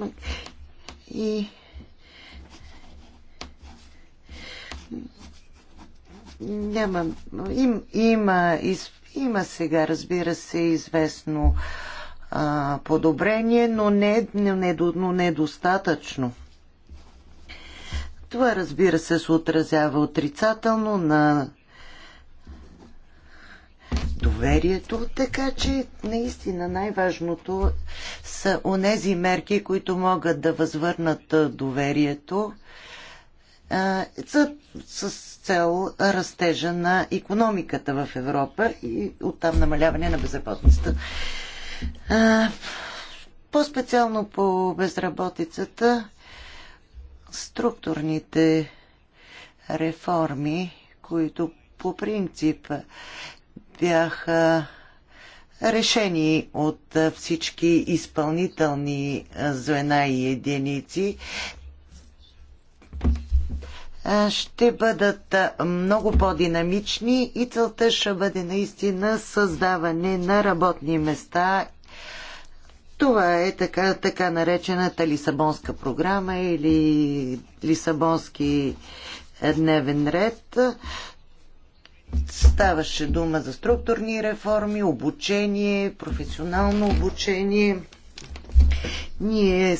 И няма, им, има, из, има сега, разбира се, известно подобрение, но не, не, но не достатъчно. Това, разбира се, се отразява отрицателно на доверието, така че наистина най-важното са онези мерки, които могат да възвърнат доверието а, за, с цел растежа на економиката в Европа и оттам намаляване на безработността. По-специално по безработицата, структурните реформи, които по принцип бяха решени от всички изпълнителни звена и единици, ще бъдат много по-динамични и целта ще бъде наистина създаване на работни места. Това е така, така наречената Лисабонска програма или Лисабонски е, дневен ред. Ставаше дума за структурни реформи, обучение, професионално обучение. Ние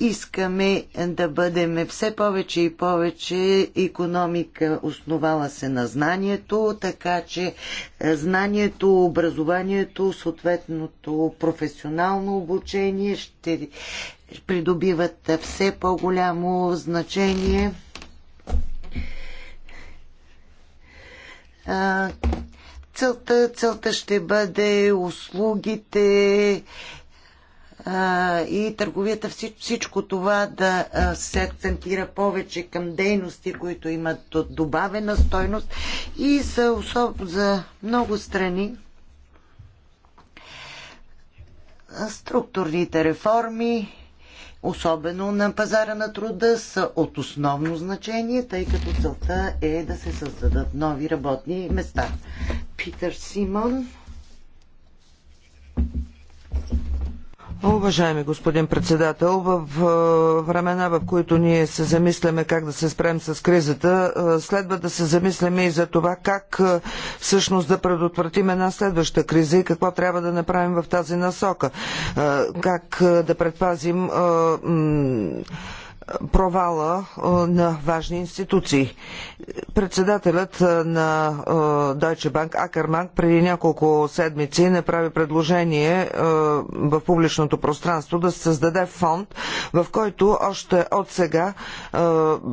искаме да бъдем все повече и повече економика, основала се на знанието, така че е, знанието, образованието, съответното професионално обучение ще придобиват все по-голямо значение. Целта, целта ще бъде услугите, и търговията, всичко това да се акцентира повече към дейности, които имат добавена стойност и за, особ... за много страни структурните реформи, особено на пазара на труда, са от основно значение, тъй като целта е да се създадат нови работни места. Питър Симон. Уважаеми господин председател, в е, времена, в които ние се замисляме как да се спрем с кризата, е, следва да се замисляме и за това как е, всъщност да предотвратим една следваща криза и какво трябва да направим в тази насока. Как да предпазим провала на важни институции. Председателят на Deutsche Bank, Акерман, преди няколко седмици направи предложение в публичното пространство да се създаде фонд, в който още от сега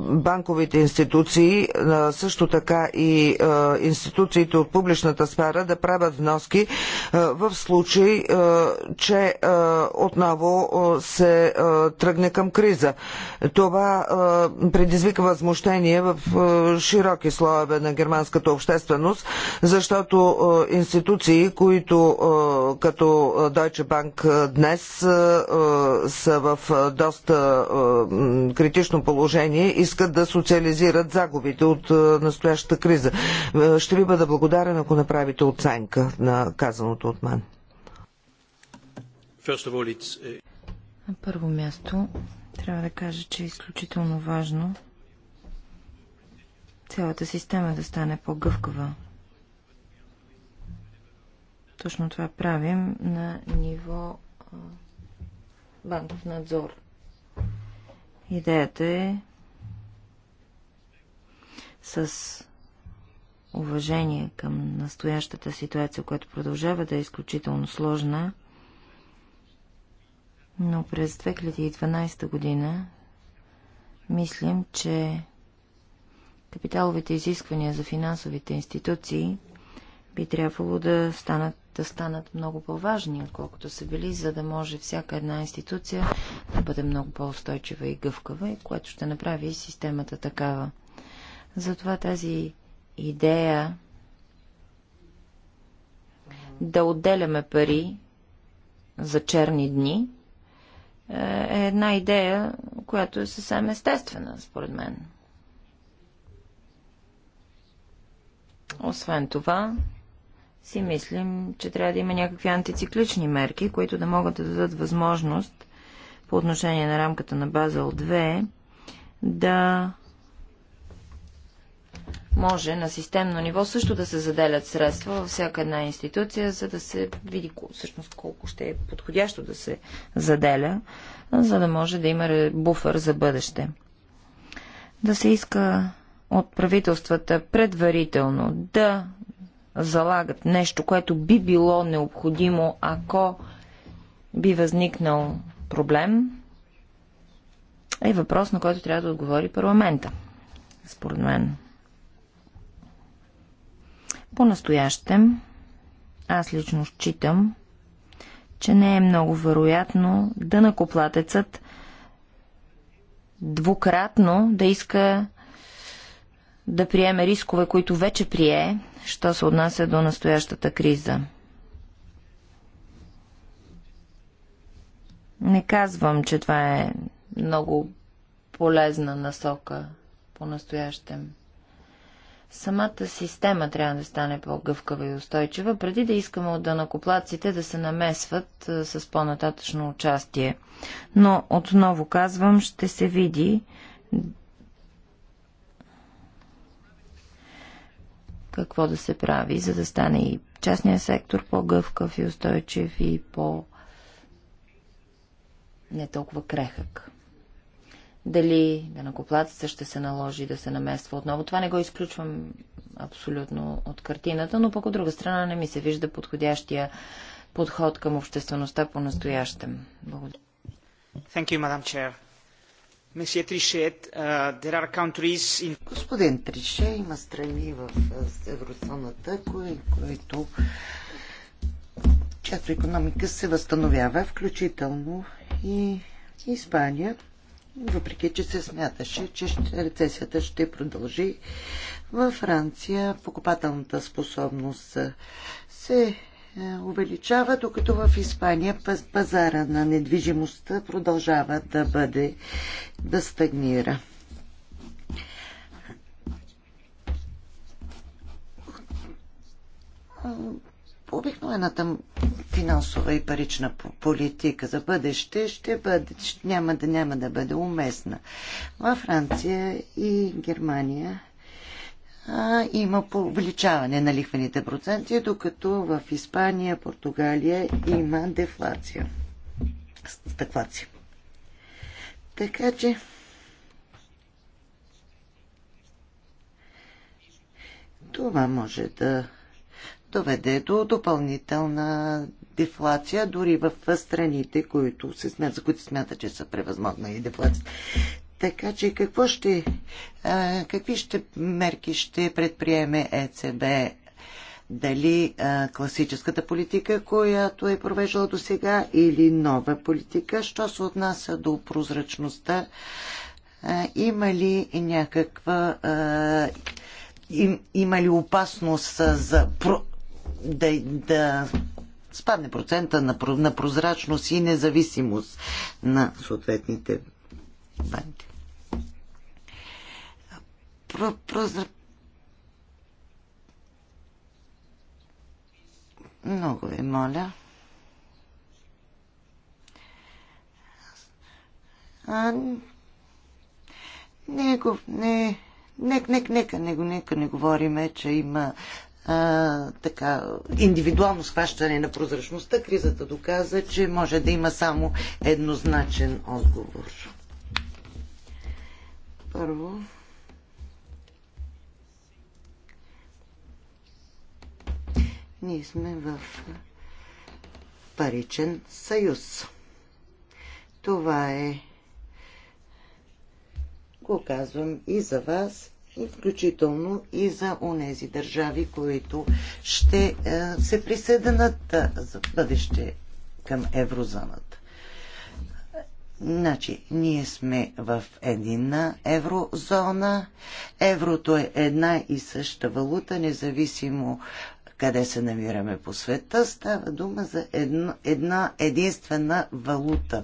банковите институции, също така и институциите от публичната сфера да правят вноски в случай, че отново се тръгне към криза. Това предизвика възмущение в широки слоеве на германската общественост, защото институции, които като Deutsche Bank днес са в доста критично положение, искат да социализират загубите от настоящата криза. Ще ви бъда благодарен, ако направите оценка на казаното от мен. Е, на първо място трябва да кажа, че е изключително важно цялата система да стане по-гъвкава. Точно това правим на ниво банков надзор. Идеята е с уважение към настоящата ситуация, която продължава да е изключително сложна, но през 2012 година мислим, че капиталовите изисквания за финансовите институции би трябвало да станат, да станат много по-важни, отколкото са били, за да може всяка една институция да бъде много по-устойчива и гъвкава, и което ще направи системата такава. Затова тази идея да отделяме пари за черни дни е една идея, която е съвсем естествена, според мен. Освен това, си мислим, че трябва да има някакви антициклични мерки, които да могат да дадат възможност по отношение на рамката на Базел 2 да може на системно ниво също да се заделят средства във всяка една институция, за да се види всъщност колко ще е подходящо да се заделя, за да може да има буфер за бъдеще. Да се иска от правителствата предварително да залагат нещо, което би било необходимо, ако би възникнал проблем, е въпрос, на който трябва да отговори парламента, според мен. По-настоящем аз лично считам, че не е много вероятно да накоплатецът двукратно да иска да приеме рискове, които вече прие, що се отнася до настоящата криза. Не казвам, че това е много полезна насока по-настоящем самата система трябва да стане по-гъвкава и устойчива, преди да искаме от данакоплаците да се намесват а, с по-нататъчно участие. Но отново казвам, ще се види какво да се прави, за да стане и частния сектор по-гъвкав и устойчив и по- не толкова крехък. Дали данакоплатеца ще се наложи да се намества отново. Това не го изключвам абсолютно от картината, но пък от друга страна не ми се вижда подходящия подход към обществеността по настоящем. Благодаря. Thank you, Madam Chair. Uh, Господин Трише, има страни в еврозоната, кои, които чиято економика се възстановява, включително и Испания въпреки че се смяташе, че рецесията ще продължи. Във Франция покупателната способност се е, увеличава, докато в Испания пазара на недвижимостта продължава да бъде да стагнира обикновената финансова и парична политика за бъдеще ще бъде, ще, няма, да, няма да бъде уместна. Във Франция и Германия а, има увеличаване на лихвените проценти, докато в Испания, Португалия има дефлация. Стъклация. Така че това може да доведе до допълнителна дефлация, дори в страните, които се смят, за които се смята, че са превъзможна и дефлация. Така че какво ще, а, какви ще мерки ще предприеме ЕЦБ? Дали а, класическата политика, която е провеждала до сега, или нова политика? Що се отнася до прозрачността? А, има ли някаква. А, им, има ли опасност за про, да, да спадне процента на, на прозрачност и независимост на съответните банки. Про, прозра... Много ви моля. А, не, не, нека, нека, нека, нека не говориме, че има а, така, индивидуално схващане на прозрачността, кризата доказа, че може да има само еднозначен отговор. Първо. Ние сме в паричен съюз. Това е го казвам и за вас, включително и за онези държави, които ще е, се присъединят е, за бъдеще към еврозоната. Значи, ние сме в единна еврозона. Еврото е една и съща валута, независимо къде се намираме по света. Става дума за една, една единствена валута.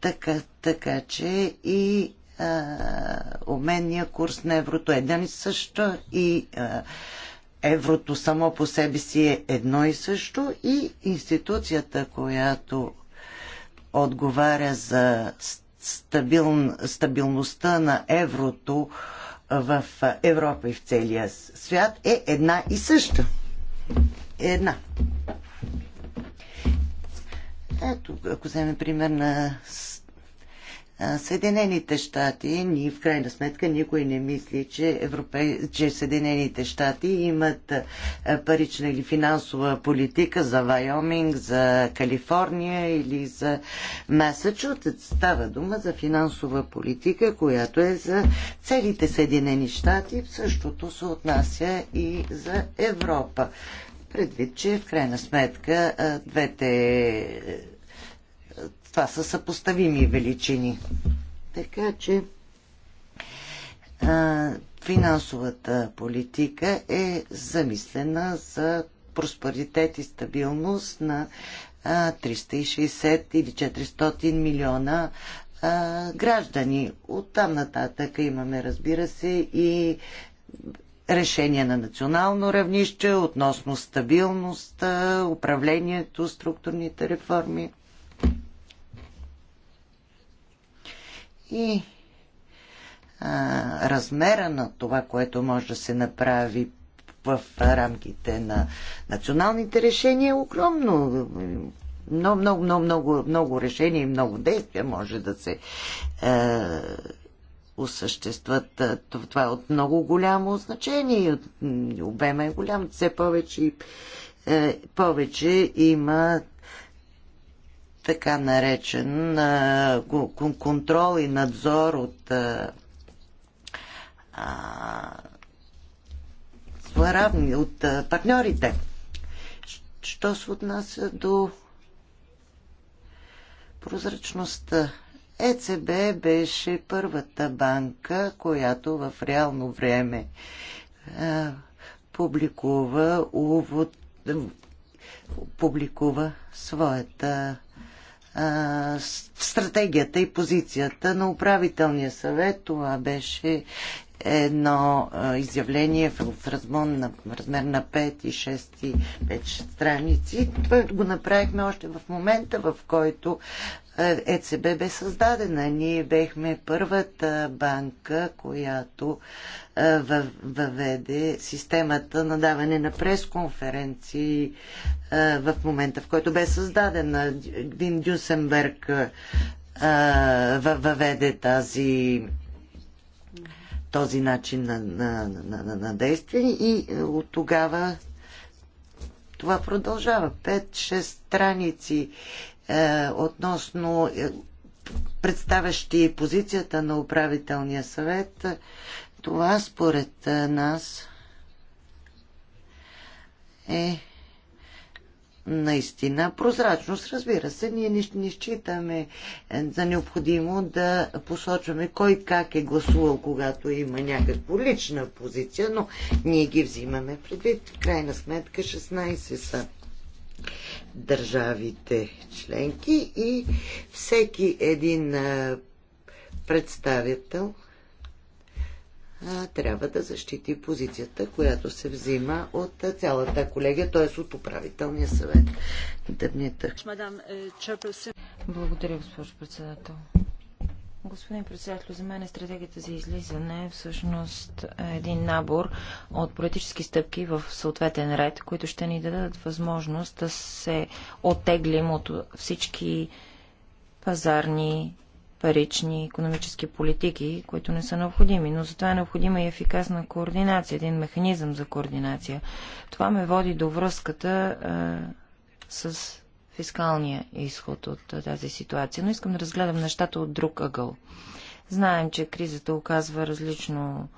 Така, така че и умения, е, курс на еврото е един и също и е, еврото само по себе си е едно и също и институцията, която отговаря за стабил, стабилността на еврото в Европа и в целия свят е една и съща. Е една. Ето, ако вземем пример на Съединените щати, ни в крайна сметка никой не мисли, че, Европе... че Съединените щати имат парична или финансова политика за Вайоминг, за Калифорния или за Масачусетс. Става дума за финансова политика, която е за целите Съединени щати. Същото се отнася и за Европа. Предвид, че в крайна сметка двете това са съпоставими величини. Така че а, финансовата политика е замислена за проспоритет и стабилност на а, 360 или 400 милиона а, граждани. От там нататък имаме, разбира се, и решение на национално равнище относно стабилност, управлението, структурните реформи. и а, размера на това, което може да се направи в рамките на националните решения е огромно. Много, много, много, много, много решения и много действия може да се е, осъществат. Това е от много голямо значение и обема е голям. Все повече, е, повече има така наречен а, контрол и надзор от а, равни, от а, партньорите. Що се отнася до прозрачността? ЕЦБ беше първата банка, която в реално време а, публикува увод, публикува своята в стратегията и позицията на управителния съвет. Това беше едно изявление в, в размон на в размер на 5 и 6 и 5 страници. Това го направихме още в момента, в който ЕЦБ е бе създадена. Ние бехме първата банка, която е, въведе системата на даване на пресконференции е, в момента, в който бе създадена. Вин Дюсенберг въведе тази този начин на, на, на, на, на действие и от тогава това продължава. 5-6 страници е, относно е, представящи позицията на управителния съвет. Това според е, нас е наистина прозрачност. Разбира се, ние не, не считаме е, за необходимо да посочваме кой как е гласувал, когато има някаква лична позиция, но ние ги взимаме предвид. крайна сметка 16 са държавите членки и всеки един представител трябва да защити позицията, която се взима от цялата колегия, т.е. от управителния съвет. Дъбнита. Е, Благодаря, госпожо председател. Господин председател, за мен стратегията за излизане всъщност е един набор от политически стъпки в съответен ред, които ще ни дадат възможност да се отеглим от всички пазарни, парични, економически политики, които не са необходими. Но затова е необходима и ефикасна координация, един механизъм за координация. Това ме води до връзката е, с фискалния изход от тази ситуация, но искам да разгледам нещата от друг ъгъл. Знаем, че кризата оказва различно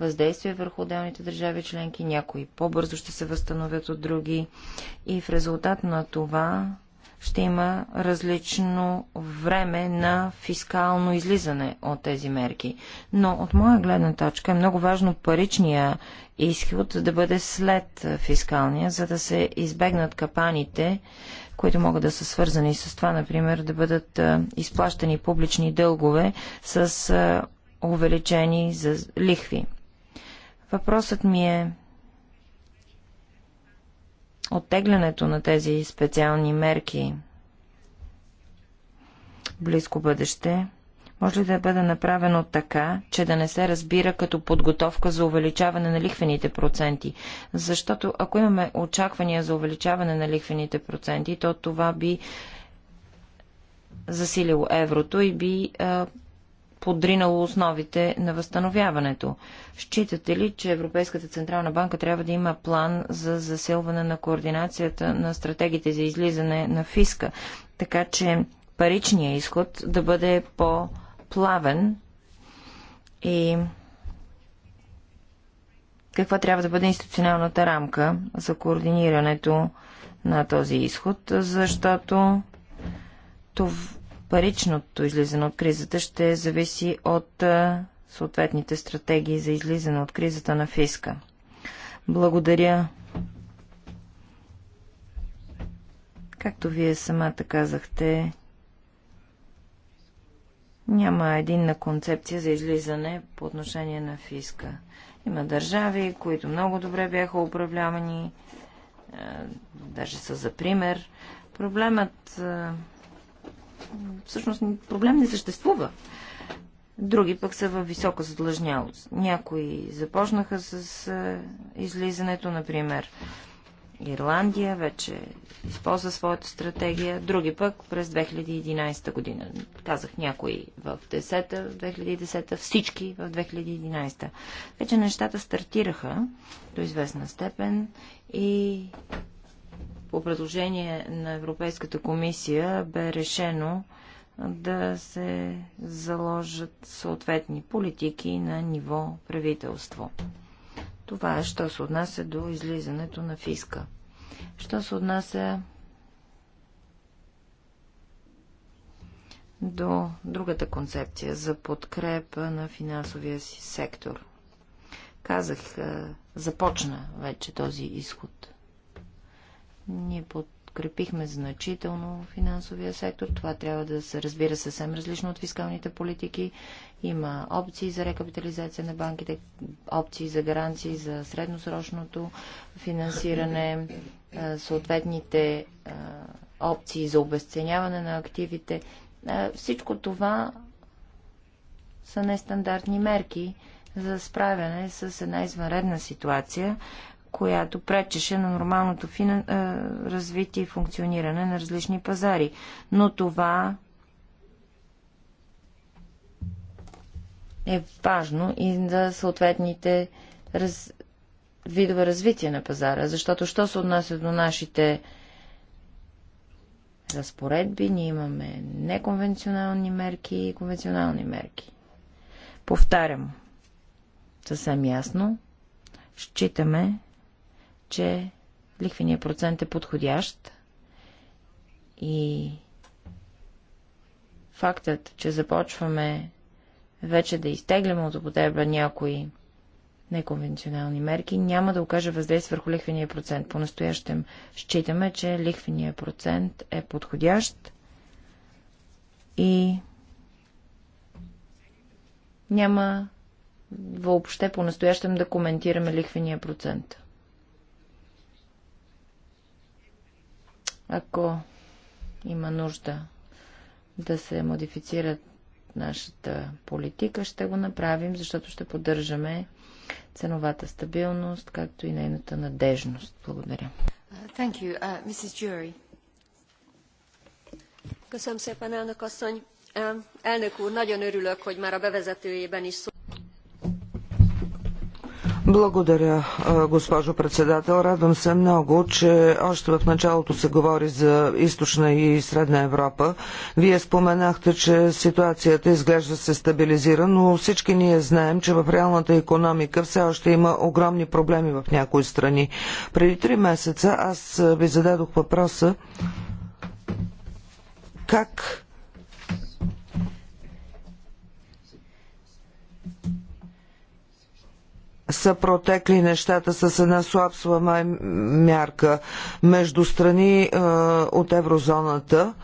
въздействие върху отделните държави членки, някои по-бързо ще се възстановят от други и в резултат на това ще има различно време на фискално излизане от тези мерки. Но от моя гледна точка е много важно паричния изход да бъде след фискалния, за да се избегнат капаните, които могат да са свързани с това, например, да бъдат изплащани публични дългове с увеличени за лихви. Въпросът ми е оттеглянето на тези специални мерки близко бъдеще – може ли да бъде направено така, че да не се разбира като подготовка за увеличаване на лихвените проценти? Защото ако имаме очаквания за увеличаване на лихвените проценти, то това би засилило еврото и би а, подринало основите на възстановяването. Считате ли, че Европейската Централна банка трябва да има план за засилване на координацията на стратегите за излизане на фиска, така че паричния изход да бъде по- плавен и каква трябва да бъде институционалната рамка за координирането на този изход, защото паричното излизане от кризата ще зависи от съответните стратегии за излизане от кризата на фиска. Благодаря. Както вие самата казахте, няма единна концепция за излизане по отношение на фиска. Има държави, които много добре бяха управлявани, е, даже са за пример. Проблемът е, всъщност проблем не съществува. Други пък са във висока задлъжнялост. Някои започнаха с е, излизането, например, Ирландия вече използва своята стратегия, други пък през 2011 година. Казах някои в 10-та, 2010-та, всички в 2011-та. Вече нещата стартираха до известна степен и по предложение на Европейската комисия бе решено да се заложат съответни политики на ниво правителство. Това е, що се отнася до излизането на фиска. Що се отнася до другата концепция за подкрепа на финансовия си сектор. Казах, е, започна вече този изход. Ние подкрепихме значително финансовия сектор. Това трябва да се разбира съвсем различно от фискалните политики има опции за рекапитализация на банките, опции за гаранции за средносрочното финансиране, съответните опции за обесценяване на активите. Всичко това са нестандартни мерки за справяне с една извънредна ситуация, която пречеше на нормалното развитие и функциониране на различни пазари. Но това е важно и за съответните раз... видове развитие на пазара, защото що се отнася до нашите разпоредби, ние имаме неконвенционални мерки и конвенционални мерки. Повтарям съвсем ясно, считаме, че лихвения процент е подходящ и фактът, че започваме вече да изтегляме от употреба някои неконвенционални мерки, няма да окаже въздействие върху лихвения процент. По-настоящем считаме, че лихвения процент е подходящ и няма въобще по-настоящем да коментираме лихвения процент. Ако има нужда да се модифицират нашата политика, ще го направим, защото ще поддържаме ценовата стабилност, както и нейната надежност. Благодаря. Thank you. Uh, Mrs. Jury. Köszönöm szépen, elnök asszony. Elnök úr, nagyon örülök, hogy már a bevezetőjében is szó. Благодаря, госпожо председател. Радвам се много, че още в началото се говори за източна и средна Европа. Вие споменахте, че ситуацията изглежда се стабилизира, но всички ние знаем, че в реалната економика все още има огромни проблеми в някои страни. Преди три месеца аз ви зададох въпроса как са протекли нещата с една слабства мярка между страни е, от еврозоната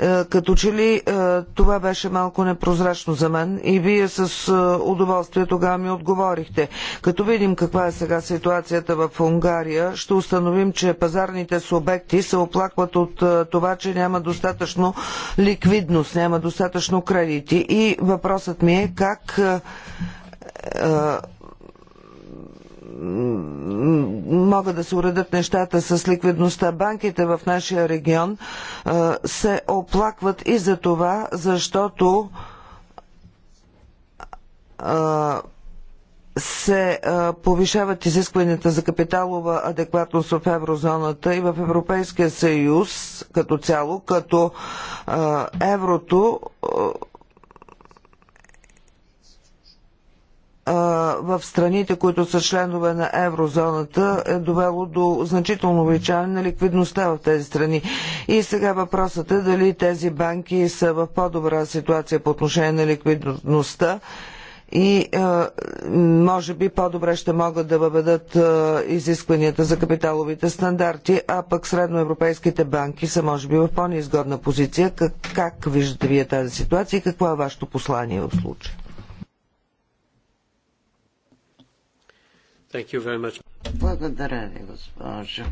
е, като че ли е, това беше малко непрозрачно за мен и вие с удоволствие тогава ми отговорихте. Като видим каква е сега ситуацията в Унгария, ще установим, че пазарните субекти се оплакват от това, че няма достатъчно ликвидност, няма достатъчно кредити. И въпросът ми е как могат да се уредят нещата с ликвидността. Банките в нашия регион се оплакват и за това, защото се повишават изискванията за капиталова адекватност в еврозоната и в Европейския съюз като цяло, като еврото в страните, които са членове на еврозоната, е довело до значително увеличаване на ликвидността в тези страни. И сега въпросът е дали тези банки са в по-добра ситуация по отношение на ликвидността и е, може би по-добре ще могат да въведат е, изискванията за капиталовите стандарти, а пък средноевропейските банки са може би в по-неизгодна позиция. Как, как виждате вие тази ситуация и какво е вашето послание в случая? Thank you very much. Благодаря ви, госпожо.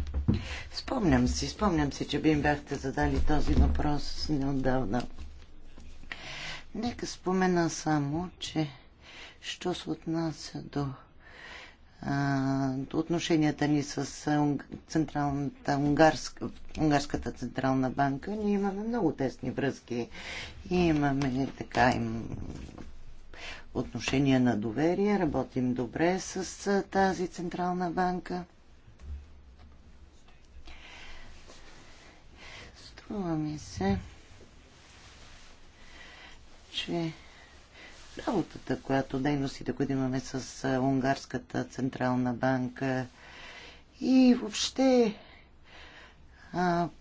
Спомням си, спомням си, че би им бяхте задали този въпрос неотдавна. Нека спомена само, че що се отнася до а, отношенията ни с Централната унгарска, Унгарската Централна банка, ние имаме много тесни връзки и имаме така им отношение на доверие. Работим добре с тази Централна банка. Струва ми се, че работата, която дейностите, които имаме с Унгарската Централна банка и въобще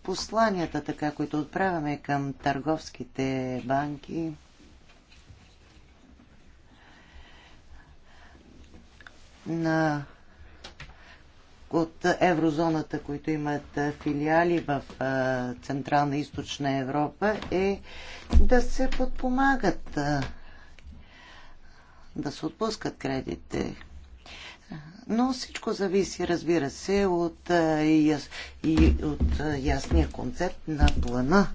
посланията, така, които отправяме към търговските банки, на от еврозоната, които имат филиали в Централна и Източна Европа, е да се подпомагат, да се отпускат кредите. Но всичко зависи, разбира се, от, и от ясния концепт на плана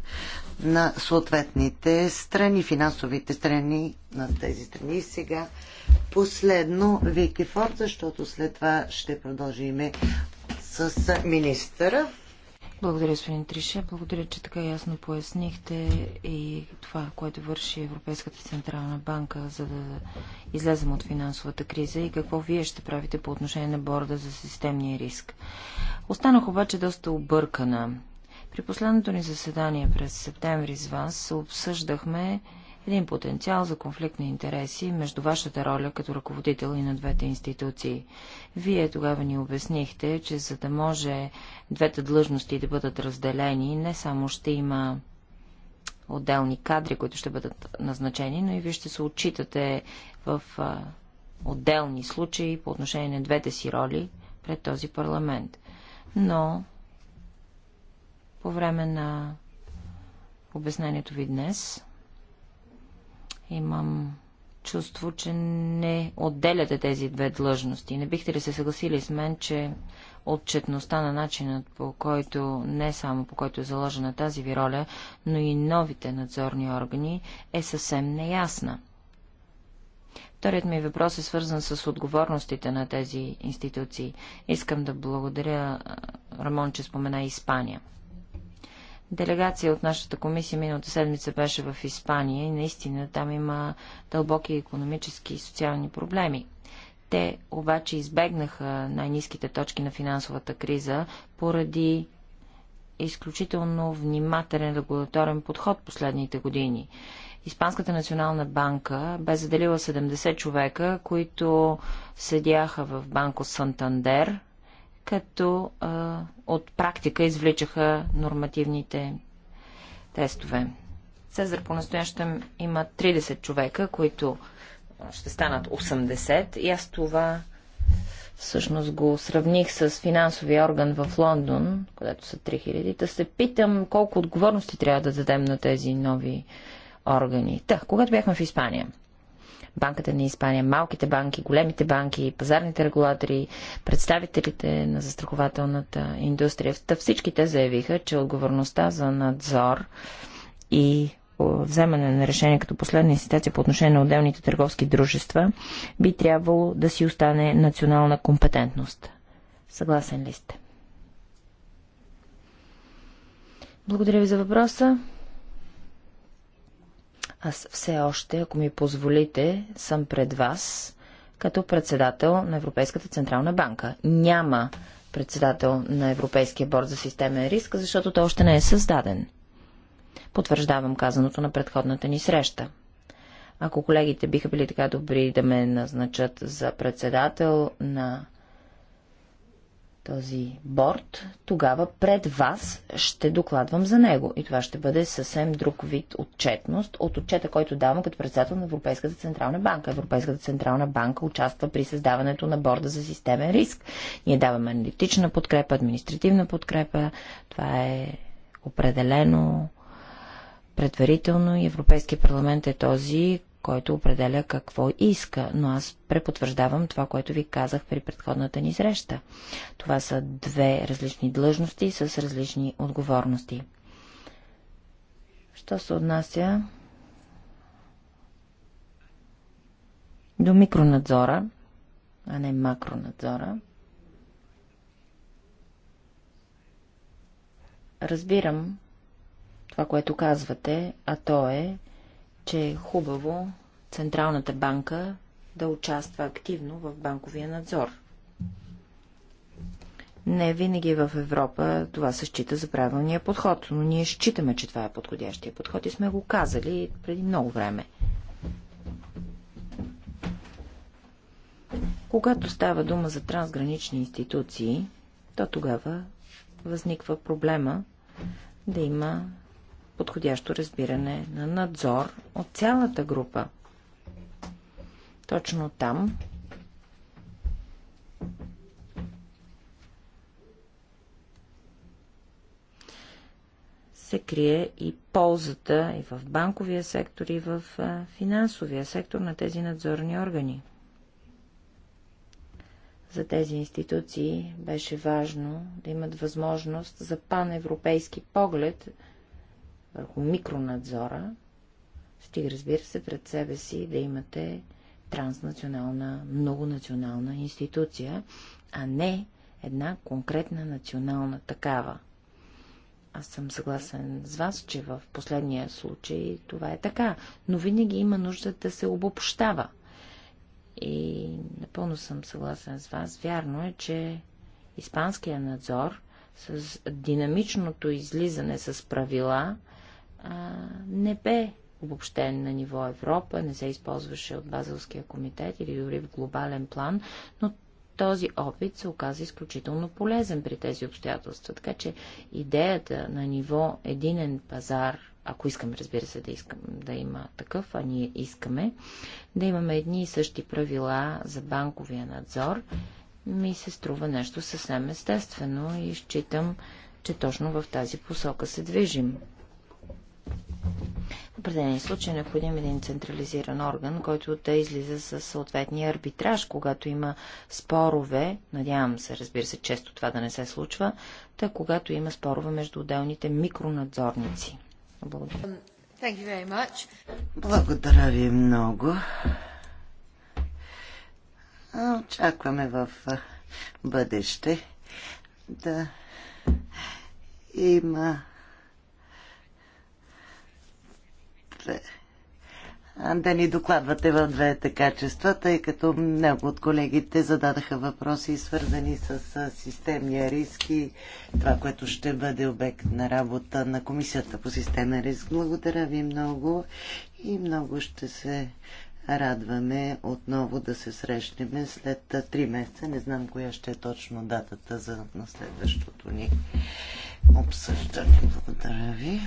на съответните страни, финансовите страни на тези страни. И сега последно Вики Форд, защото след това ще продължим с министъра. Благодаря, господин Трише. Благодаря, че така ясно пояснихте и това, което върши Европейската централна банка, за да излезем от финансовата криза и какво вие ще правите по отношение на борда за системния риск. Останах обаче доста объркана. При последното ни заседание през септември с вас обсъждахме един потенциал за конфликт на интереси между вашата роля като ръководител и на двете институции. Вие тогава ни обяснихте, че за да може двете длъжности да бъдат разделени, не само ще има отделни кадри, които ще бъдат назначени, но и вие ще се отчитате в отделни случаи по отношение на двете си роли пред този парламент. Но по време на обяснението ви днес. Имам чувство, че не отделяте тези две длъжности. Не бихте ли се съгласили с мен, че отчетността на начинът, по който не само по който е заложена тази ви роля, но и новите надзорни органи е съвсем неясна? Вторият ми въпрос е свързан с отговорностите на тези институции. Искам да благодаря Рамон, че спомена Испания. Делегация от нашата комисия миналата седмица беше в Испания и наистина там има дълбоки економически и социални проблеми. Те обаче избегнаха най-низките точки на финансовата криза поради изключително внимателен регулаторен подход последните години. Испанската национална банка бе заделила 70 човека, които седяха в Банко Сантандер, като а, от практика извличаха нормативните тестове. Цезар по-настоящем има 30 човека, които ще станат 80 и аз това всъщност го сравних с финансовия орган в Лондон, където са 3000, да се питам колко отговорности трябва да дадем на тези нови органи. Та, когато бяхме в Испания – Банката на Испания, малките банки, големите банки, пазарните регулатори, представителите на застрахователната индустрия. всички те заявиха, че отговорността за надзор и вземане на решение като последна институция по отношение на отделните търговски дружества би трябвало да си остане национална компетентност. Съгласен ли сте? Благодаря ви за въпроса. Аз все още, ако ми позволите, съм пред вас като председател на Европейската Централна банка. Няма председател на Европейския борд за системен риск, защото той още не е създаден. Потвърждавам казаното на предходната ни среща. Ако колегите биха били така добри да ме назначат за председател на този борт, тогава пред вас ще докладвам за него. И това ще бъде съвсем друг вид отчетност от отчета, който давам като председател на Европейската Централна банка. Европейската Централна банка участва при създаването на борда за системен риск. Ние даваме аналитична подкрепа, административна подкрепа. Това е определено предварително и Европейския парламент е този, който определя какво иска, но аз препотвърждавам това, което ви казах при предходната ни среща. Това са две различни длъжности с различни отговорности. Що се отнася до микронадзора, а не макронадзора, разбирам това, което казвате, а то е, че е хубаво Централната банка да участва активно в банковия надзор. Не винаги в Европа това се счита за правилния подход, но ние считаме, че това е подходящия подход и сме го казали преди много време. Когато става дума за трансгранични институции, то тогава възниква проблема да има подходящо разбиране на надзор от цялата група. Точно там се крие и ползата и в банковия сектор, и в финансовия сектор на тези надзорни органи. За тези институции беше важно да имат възможност за паневропейски поглед върху микронадзора, стига разбира се пред себе си да имате транснационална, многонационална институция, а не една конкретна национална такава. Аз съм съгласен с вас, че в последния случай това е така, но винаги има нужда да се обобщава. И напълно съм съгласен с вас. Вярно е, че испанския надзор с динамичното излизане с правила а, не бе обобщен на ниво Европа, не се използваше от Базелския комитет или дори в глобален план, но този опит се оказа изключително полезен при тези обстоятелства. Така че идеята на ниво единен пазар, ако искаме, разбира се, да, искам, да има такъв, а ние искаме, да имаме едни и същи правила за банковия надзор, ми се струва нещо съвсем естествено и считам, че точно в тази посока се движим. В определен случай е необходим един централизиран орган, който да излиза с съответния арбитраж, когато има спорове, надявам се, разбира се, често това да не се случва, да когато има спорове между отделните микронадзорници. Благодаря. Благодаря ви много. Очакваме в бъдеще да има да ни докладвате в двете качества, тъй като много от колегите зададаха въпроси, свързани с системния риск и това, което ще бъде обект на работа на Комисията по системен риск. Благодаря ви много и много ще се радваме отново да се срещнем след 3 месеца. Не знам коя ще е точно датата за на следващото ни обсъждане. Благодаря ви.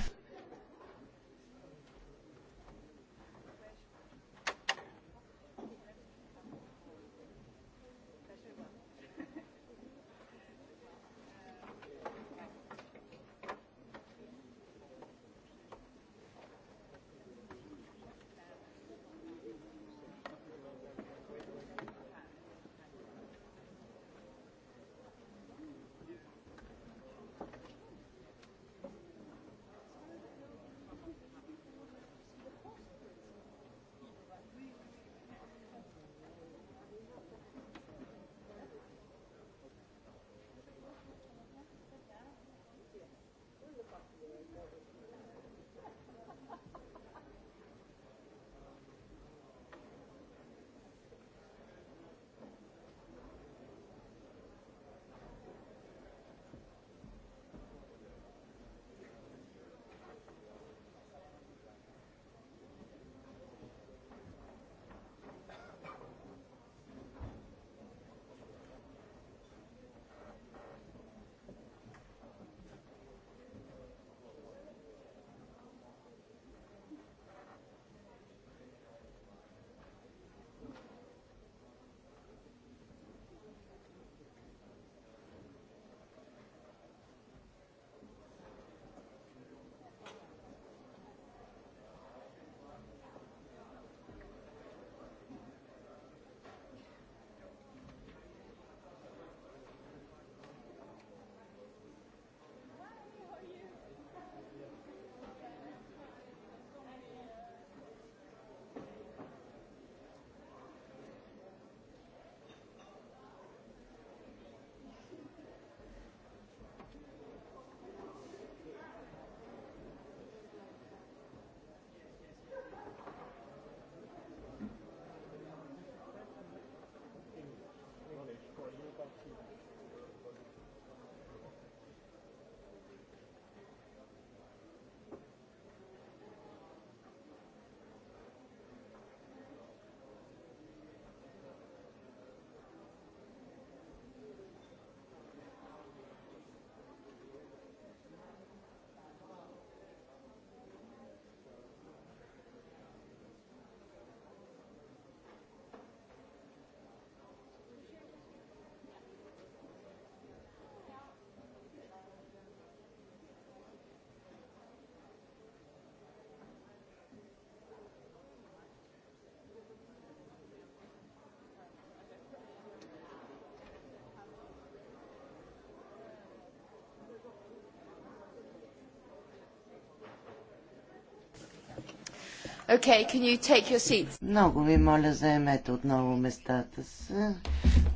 Okay, can you take your Много ви моля, заемете отново местата си.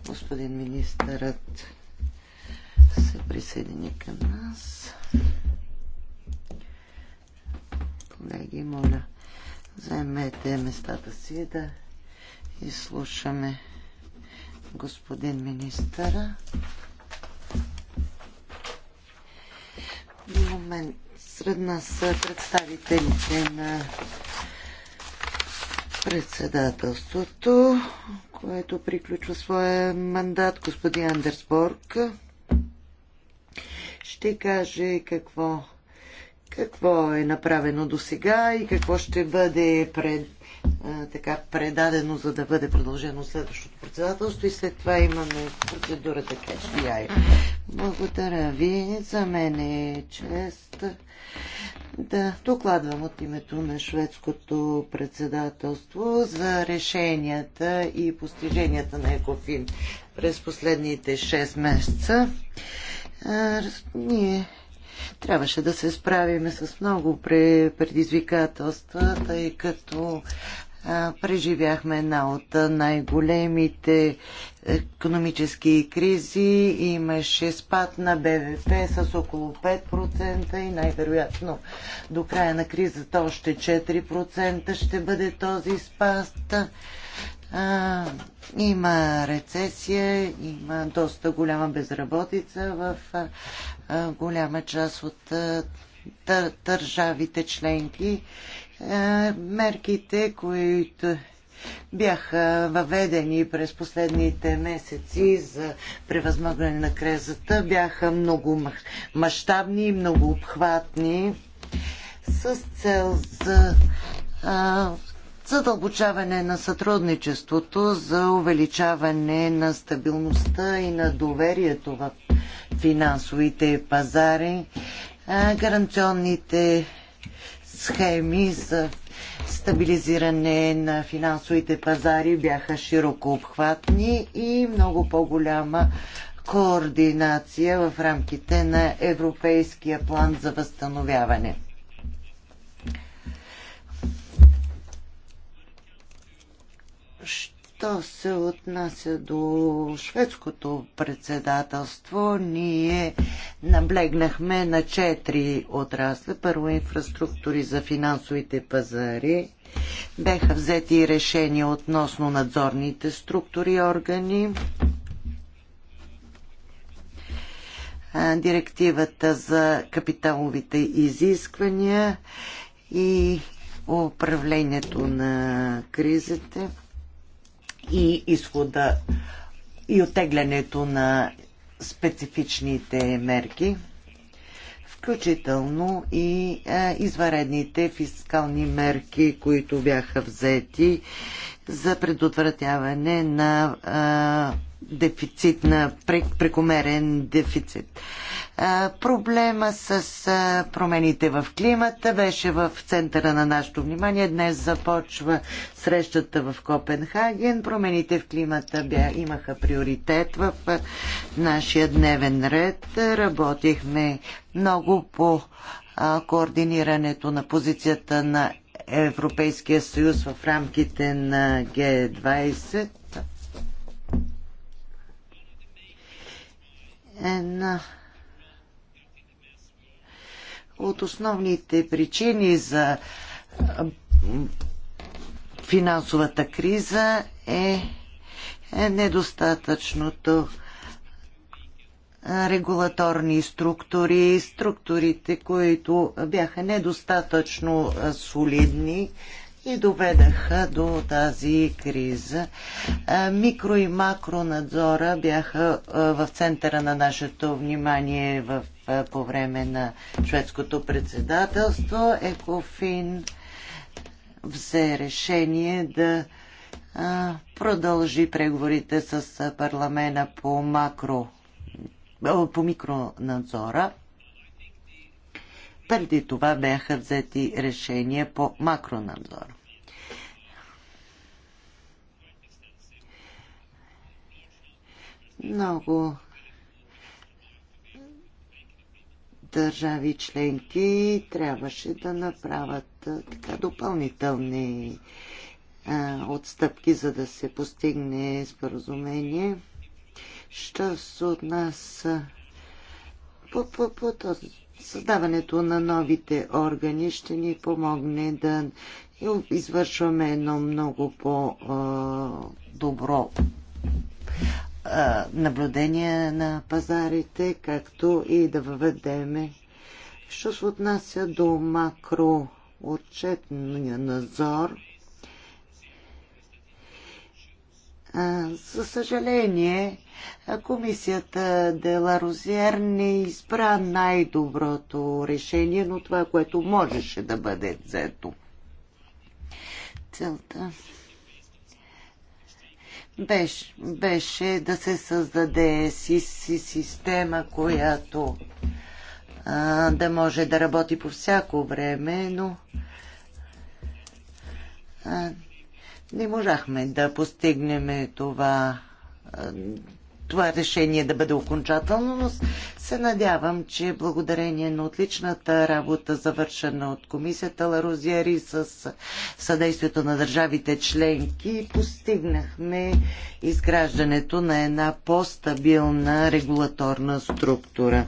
Господин министърът се присъедини към нас. Колеги, моля, заемете местата си да изслушаме господин министъра. До момент сред нас са представителите на председателството, което приключва своя мандат, господин Андерсборг, ще каже какво, какво е направено до сега и какво ще бъде пред, а, така, предадено, за да бъде продължено следващото председателство и след това имаме процедурата Кешвияй. Благодаря ви. За мен е чест да докладвам от името на шведското председателство за решенията и постиженията на Екофин през последните 6 месеца. Ние трябваше да се справиме с много предизвикателства, тъй като преживяхме една от най-големите економически кризи. Имаше спад на БВП с около 5% и най-вероятно до края на кризата още 4% ще бъде този спад. има рецесия, има доста голяма безработица в голяма част от държавите членки е, мерките, които бяха въведени през последните месеци за превъзмогване на кризата, бяха много мащабни и много обхватни с цел за задълбочаване на сътрудничеството, за увеличаване на стабилността и на доверието в финансовите пазари, гаранционните схеми за стабилизиране на финансовите пазари бяха широко обхватни и много по-голяма координация в рамките на Европейския план за възстановяване. Ще Що се отнася до шведското председателство, ние наблегнахме на четири отрасли. Първо инфраструктури за финансовите пазари. Беха взети решения относно надзорните структури и органи. Директивата за капиталовите изисквания и управлението на кризите и изхода и отеглянето на специфичните мерки, включително и е, изваредните фискални мерки, които бяха взети за предотвратяване на дефицит, на прекомерен дефицит. Проблема с промените в климата беше в центъра на нашето внимание. Днес започва срещата в Копенхаген. Промените в климата бя, имаха приоритет в нашия дневен ред. Работихме много по координирането на позицията на Европейския съюз в рамките на Г20. една от основните причини за финансовата криза е, е недостатъчното регулаторни структури, структурите, които бяха недостатъчно солидни, и доведаха до тази криза. Микро и макро надзора бяха в центъра на нашето внимание в, по време на шведското председателство. Екофин взе решение да продължи преговорите с парламента по макро по микронадзора. Преди това бяха взети решения по макронадзора. Много държави членки трябваше да направят така допълнителни а, отстъпки, за да се постигне споразумение. Що се от нас по, по, по този, създаването на новите органи ще ни помогне да извършваме едно много по-добро наблюдение на пазарите, както и да въведеме. Що се отнася до макроотчетния надзор, за съжаление, комисията Дела Розиер не избра най-доброто решение, но това, което можеше да бъде взето. Целта беше, беше да се създаде си, си система, която а, да може да работи по всяко време, но а, не можахме да постигнем това това решение да бъде окончателно, но се надявам, че благодарение на отличната работа, завършена от комисията Ларузиери с съдействието на държавите членки, постигнахме изграждането на една по-стабилна регулаторна структура.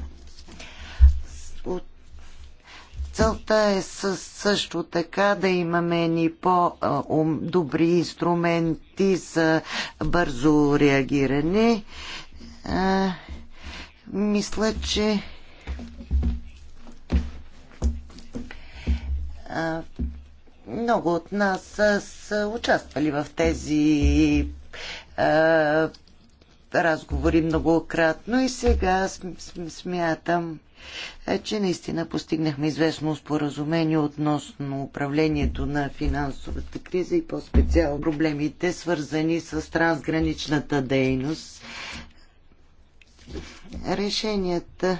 Целта е също така да имаме ни по-добри инструменти за бързо реагиране. Мисля, че много от нас са участвали в тези разговори многократно и сега смятам, е, че наистина постигнахме известно споразумение относно управлението на финансовата криза и по-специално проблемите, свързани с трансграничната дейност. Решенията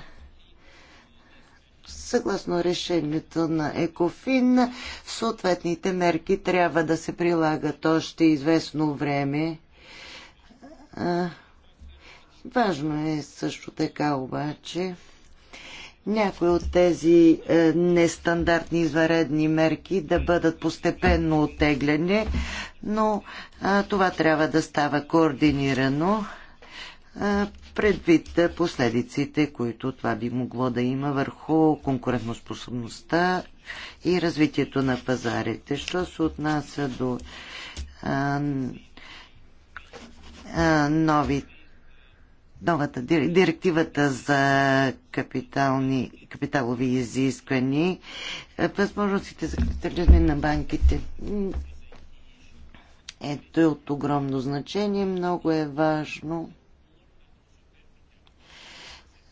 съгласно решението на ЕКОФИН, съответните мерки трябва да се прилагат още известно време. Важно е също така обаче някои от тези е, нестандартни изваредни мерки да бъдат постепенно оттегляни, но е, това трябва да става координирано е, предвид последиците, които това би могло да има върху конкурентоспособността и развитието на пазарите. Що се отнася до е, новите новата директивата за капитални, капиталови изисквания, е, възможностите за капитализми на банките. Ето е от огромно значение. Много е важно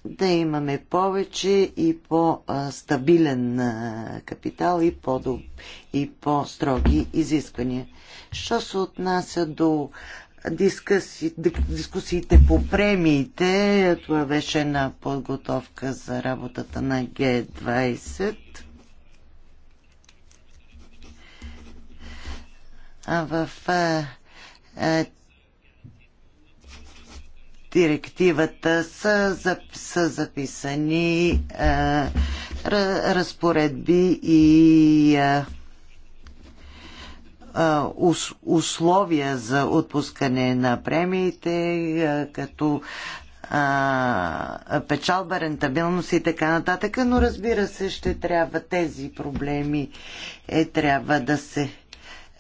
да имаме повече и по-стабилен капитал и, по- и по-строги изисквания. Що се отнася до дискуси, дискусиите по премиите. Това беше една подготовка за работата на Г20. А в а, а, директивата са, за, са записани а, разпоредби и а, условия за отпускане на премиите, като печалба, рентабилност и така нататък, но разбира се, ще трябва тези проблеми е, трябва да се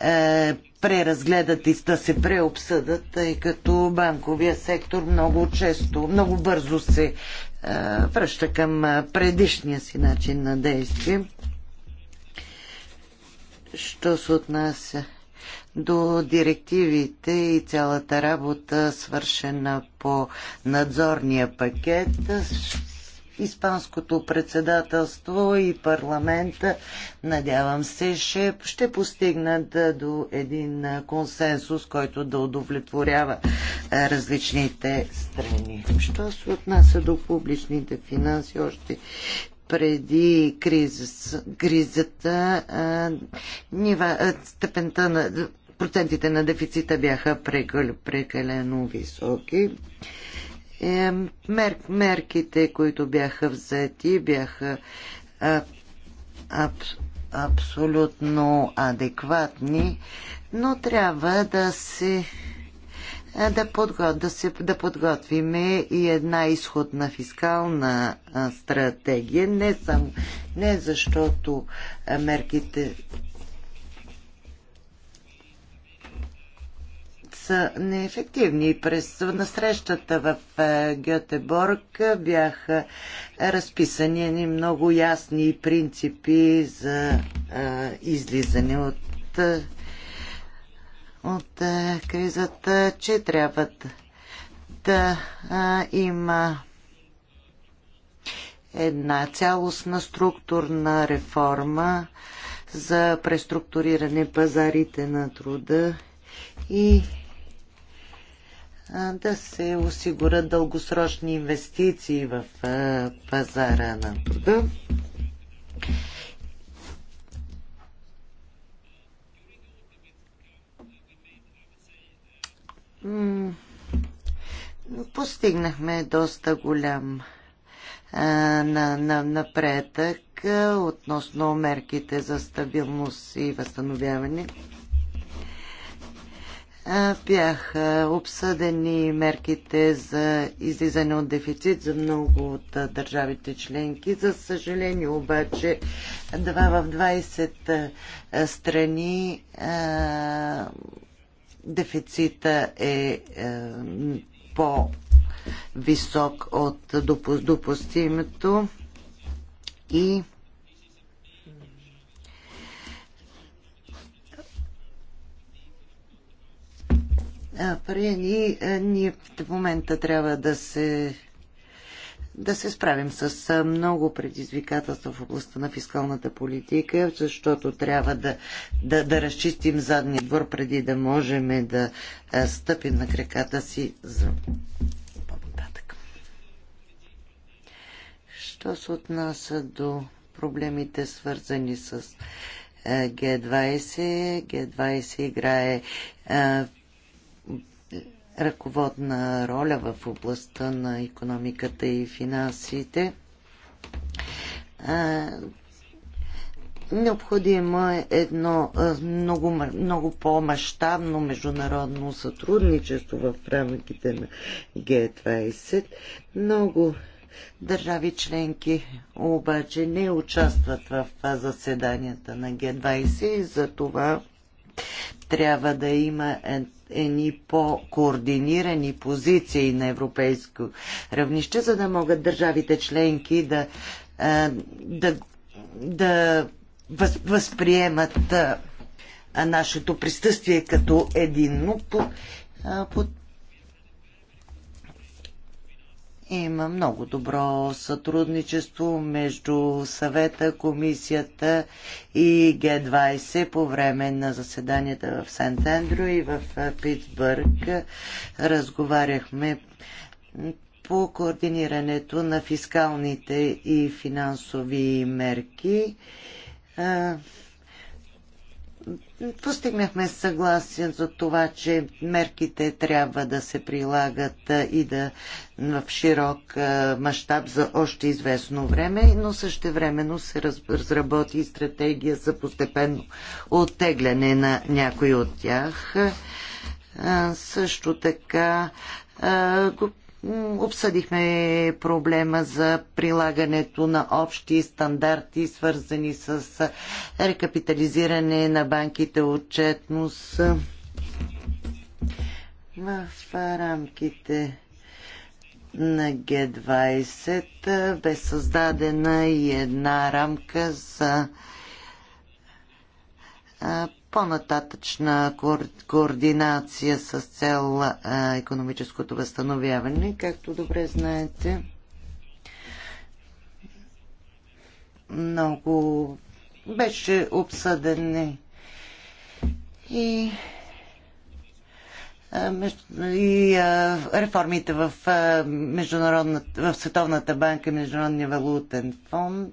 е, преразгледат и да се преобсъдат, тъй като банковия сектор много често, много бързо се е, връща към предишния си начин на действие що се отнася до директивите и цялата работа, свършена по надзорния пакет, Испанското председателство и парламента, надявам се, ще, ще постигнат до един консенсус, който да удовлетворява различните страни. Що се отнася до публичните финанси, още преди кризис, кризата а, нива, а, степента на процентите на дефицита бяха прекалено високи. Е, мер, мерките, които бяха взети, бяха а, аб, абсолютно адекватни, но трябва да се е, да, подго... да, се, да подготвиме и една изходна фискална а, стратегия, не само не защото а, мерките са неефективни. През на срещата в Гьотеборг бяха разписани ни много ясни принципи за а, излизане от от е, кризата, че трябва да има една цялостна структурна реформа за преструктуриране пазарите на труда и да се осигурят дългосрочни инвестиции в пазара на труда. постигнахме доста голям на, на, напредък относно мерките за стабилност и възстановяване. Бяха обсъдени мерките за излизане от дефицит за много от държавите членки. За съжаление обаче два в 20 страни дефицита е, е по-висок от допустимото и Пари, ние, ние в момента трябва да се да се справим с много предизвикателства в областта на фискалната политика, защото трябва да, да, да разчистим задния двор преди да можем да стъпим на краката си за по-нататък. Що се отнася до проблемите свързани с Г20. Г20 играе ръководна роля в областта на економиката и финансите. Необходимо е едно много, много по-масштабно международно сътрудничество в рамките на Г20. Много държави членки обаче не участват в заседанията на Г20 и за това трябва да има е, едни по-координирани позиции на европейско равнище, за да могат държавите членки да, е, да, да възприемат е, нашето присъствие като единно. По, по, Има много добро сътрудничество между съвета, комисията и Г-20 по време на заседанията в Сент Андрю и в Питсбърг. Разговаряхме по координирането на фискалните и финансови мерки постигнахме съгласие за това, че мерките трябва да се прилагат и да в широк мащаб за още известно време, но също времено се разработи и стратегия за постепенно оттегляне на някои от тях. Също така Обсъдихме проблема за прилагането на общи стандарти, свързани с рекапитализиране на банките, отчетност в рамките на Г20 бе създадена и една рамка за по-нататъчна координация с цел економическото възстановяване. Както добре знаете, много беше обсъден и и реформите в, в Световната банка и Международния валутен фонд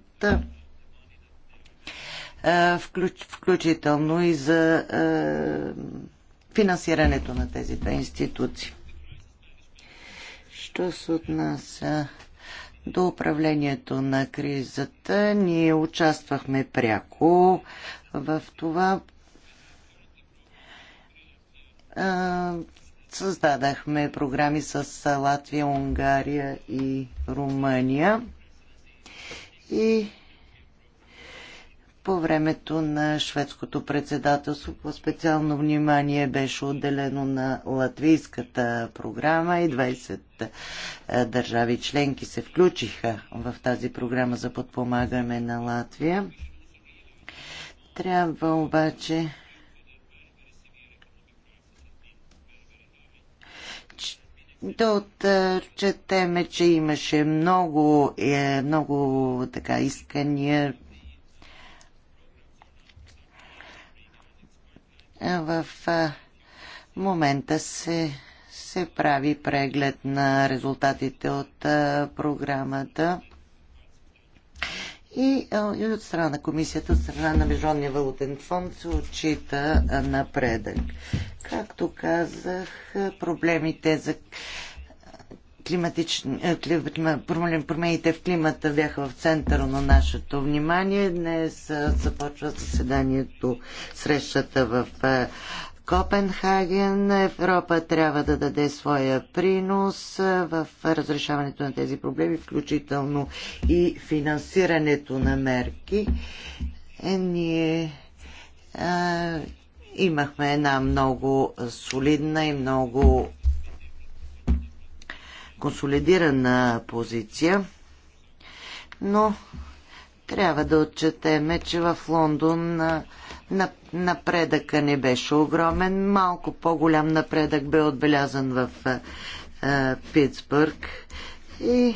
включително и за финансирането на тези две институции. Що се отнася до управлението на кризата, ние участвахме пряко в това. Създадахме програми с Латвия, Унгария и Румъния. И по времето на шведското председателство по-специално внимание беше отделено на латвийската програма и 20 е, държави членки се включиха в тази програма за подпомагане на Латвия. Трябва обаче да отчетеме, че имаше много, е, много така искания В момента се, се прави преглед на резултатите от програмата и, и от страна на комисията, от страна на Международния валутен фонд се отчита напредък. Както казах, проблемите за климатични, е, промените в климата бяха в центъра на нашето внимание. Днес е, започва заседанието, срещата в е, Копенхаген. Европа трябва да даде своя принос в разрешаването на тези проблеми, включително и финансирането на мерки. Е, ние имахме една много солидна и много консолидирана позиция, но трябва да отчетеме, че в Лондон напредъка не беше огромен. Малко по-голям напредък бе отбелязан в Питсбърг. И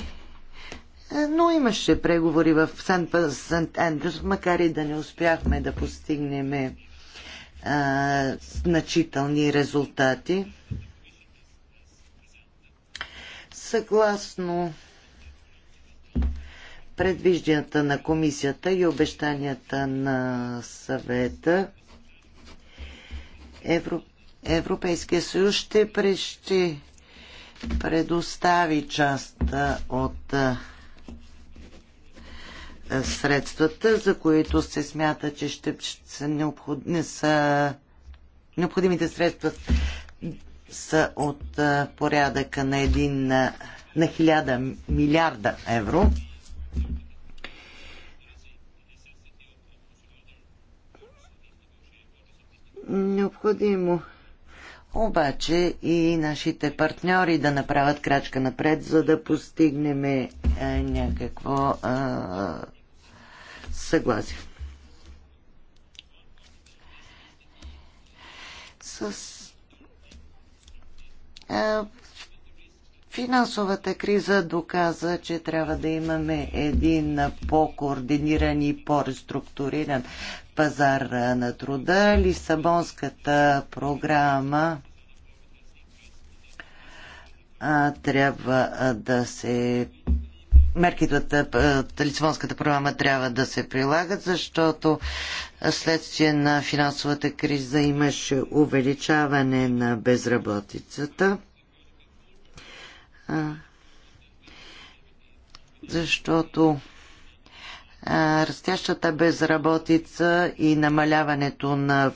но имаше преговори в Сент Андрюс, макар и да не успяхме да постигнем значителни резултати. Съгласно предвижданията на комисията и обещанията на съвета, Евро... Европейския съюз ще, пре... ще предостави част от средствата, за които се смята, че ще, ще са, необход... не са необходимите средства са от порядъка на, един, на 1000 милиарда евро. Необходимо обаче и нашите партньори да направят крачка напред, за да постигнем е, някакво е, съгласие. С е, финансовата криза доказа, че трябва да имаме един по-координиран и по-реструктуриран пазар на труда. Лисабонската програма трябва да се мерките е, от, Лисабонската програма трябва да се прилагат, защото следствие на финансовата криза имаше увеличаване на безработицата. Защото растящата безработица и намаляването на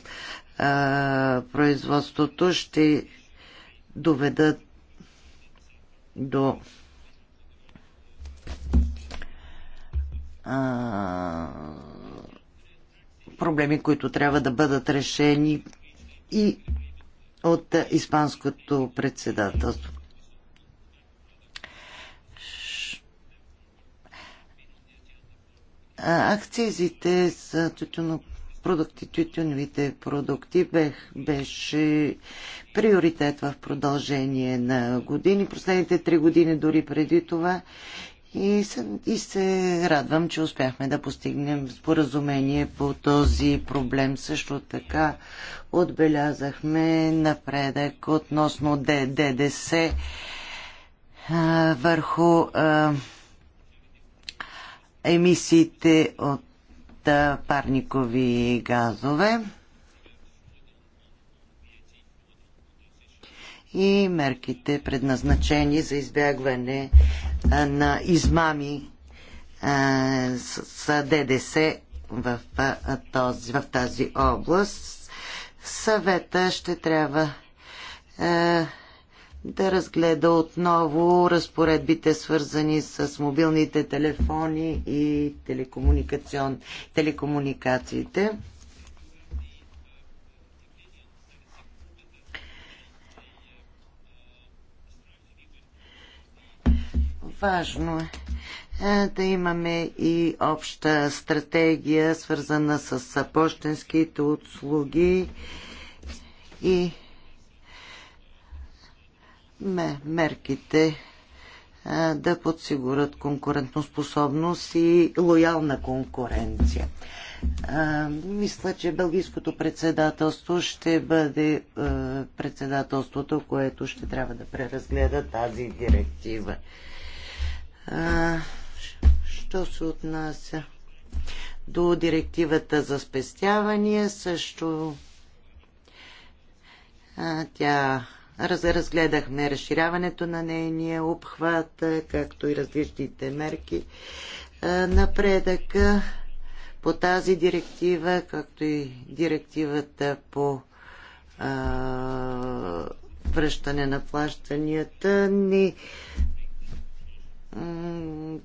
производството ще доведат до проблеми, които трябва да бъдат решени и от Испанското председателство. Акцизите са тютюно продукти, тютюновите продукти бех, беше приоритет в продължение на години. Последните три години дори преди това и се, и се радвам, че успяхме да постигнем споразумение по този проблем. Също така отбелязахме напредък относно ДДС а, върху а, емисиите от а, парникови газове. и мерките предназначени за избягване на измами с ДДС в, тази, в тази област. Съвета ще трябва да разгледа отново разпоредбите свързани с мобилните телефони и телекомуникацион... телекомуникациите. Важно е, е да имаме и обща стратегия, свързана с почтенските услуги и мерките е, да подсигурят конкурентоспособност и лоялна конкуренция. Е, мисля, че Белгийското председателство ще бъде председателството, което ще трябва да преразгледа тази директива що се отнася до директивата за спестявания, също а, тя разгледахме разширяването на нейния обхват, както и различните мерки. Напредъка по тази директива, както и директивата по а, връщане на плащанията, ни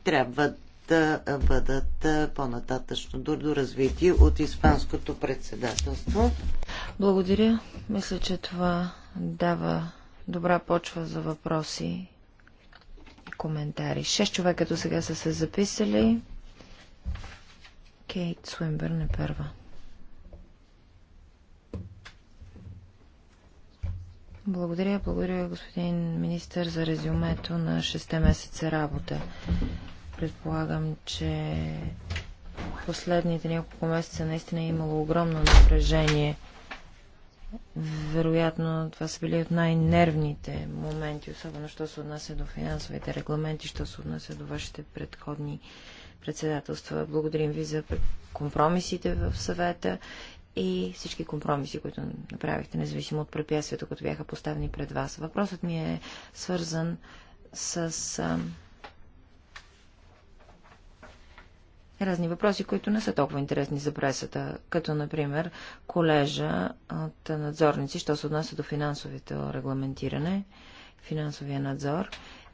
трябва да бъдат по-нататъчно доразвити от Испанското председателство. Благодаря. Мисля, че това дава добра почва за въпроси и коментари. Шест човека до сега са се записали. Кейт Суинбърн е първа. Благодаря, благодаря господин министър за резюмето на 6 месеца работа. Предполагам, че последните няколко месеца наистина е имало огромно напрежение. Вероятно, това са били от най-нервните моменти, особено що се отнася до финансовите регламенти, що се отнася до вашите предходни председателства. Благодарим ви за компромисите в съвета и всички компромиси, които направихте, независимо от препятствията, които бяха поставени пред вас. Въпросът ми е свързан с разни въпроси, които не са толкова интересни за пресата, като например колежа от надзорници, що се отнася до финансовите регламентиране, финансовия надзор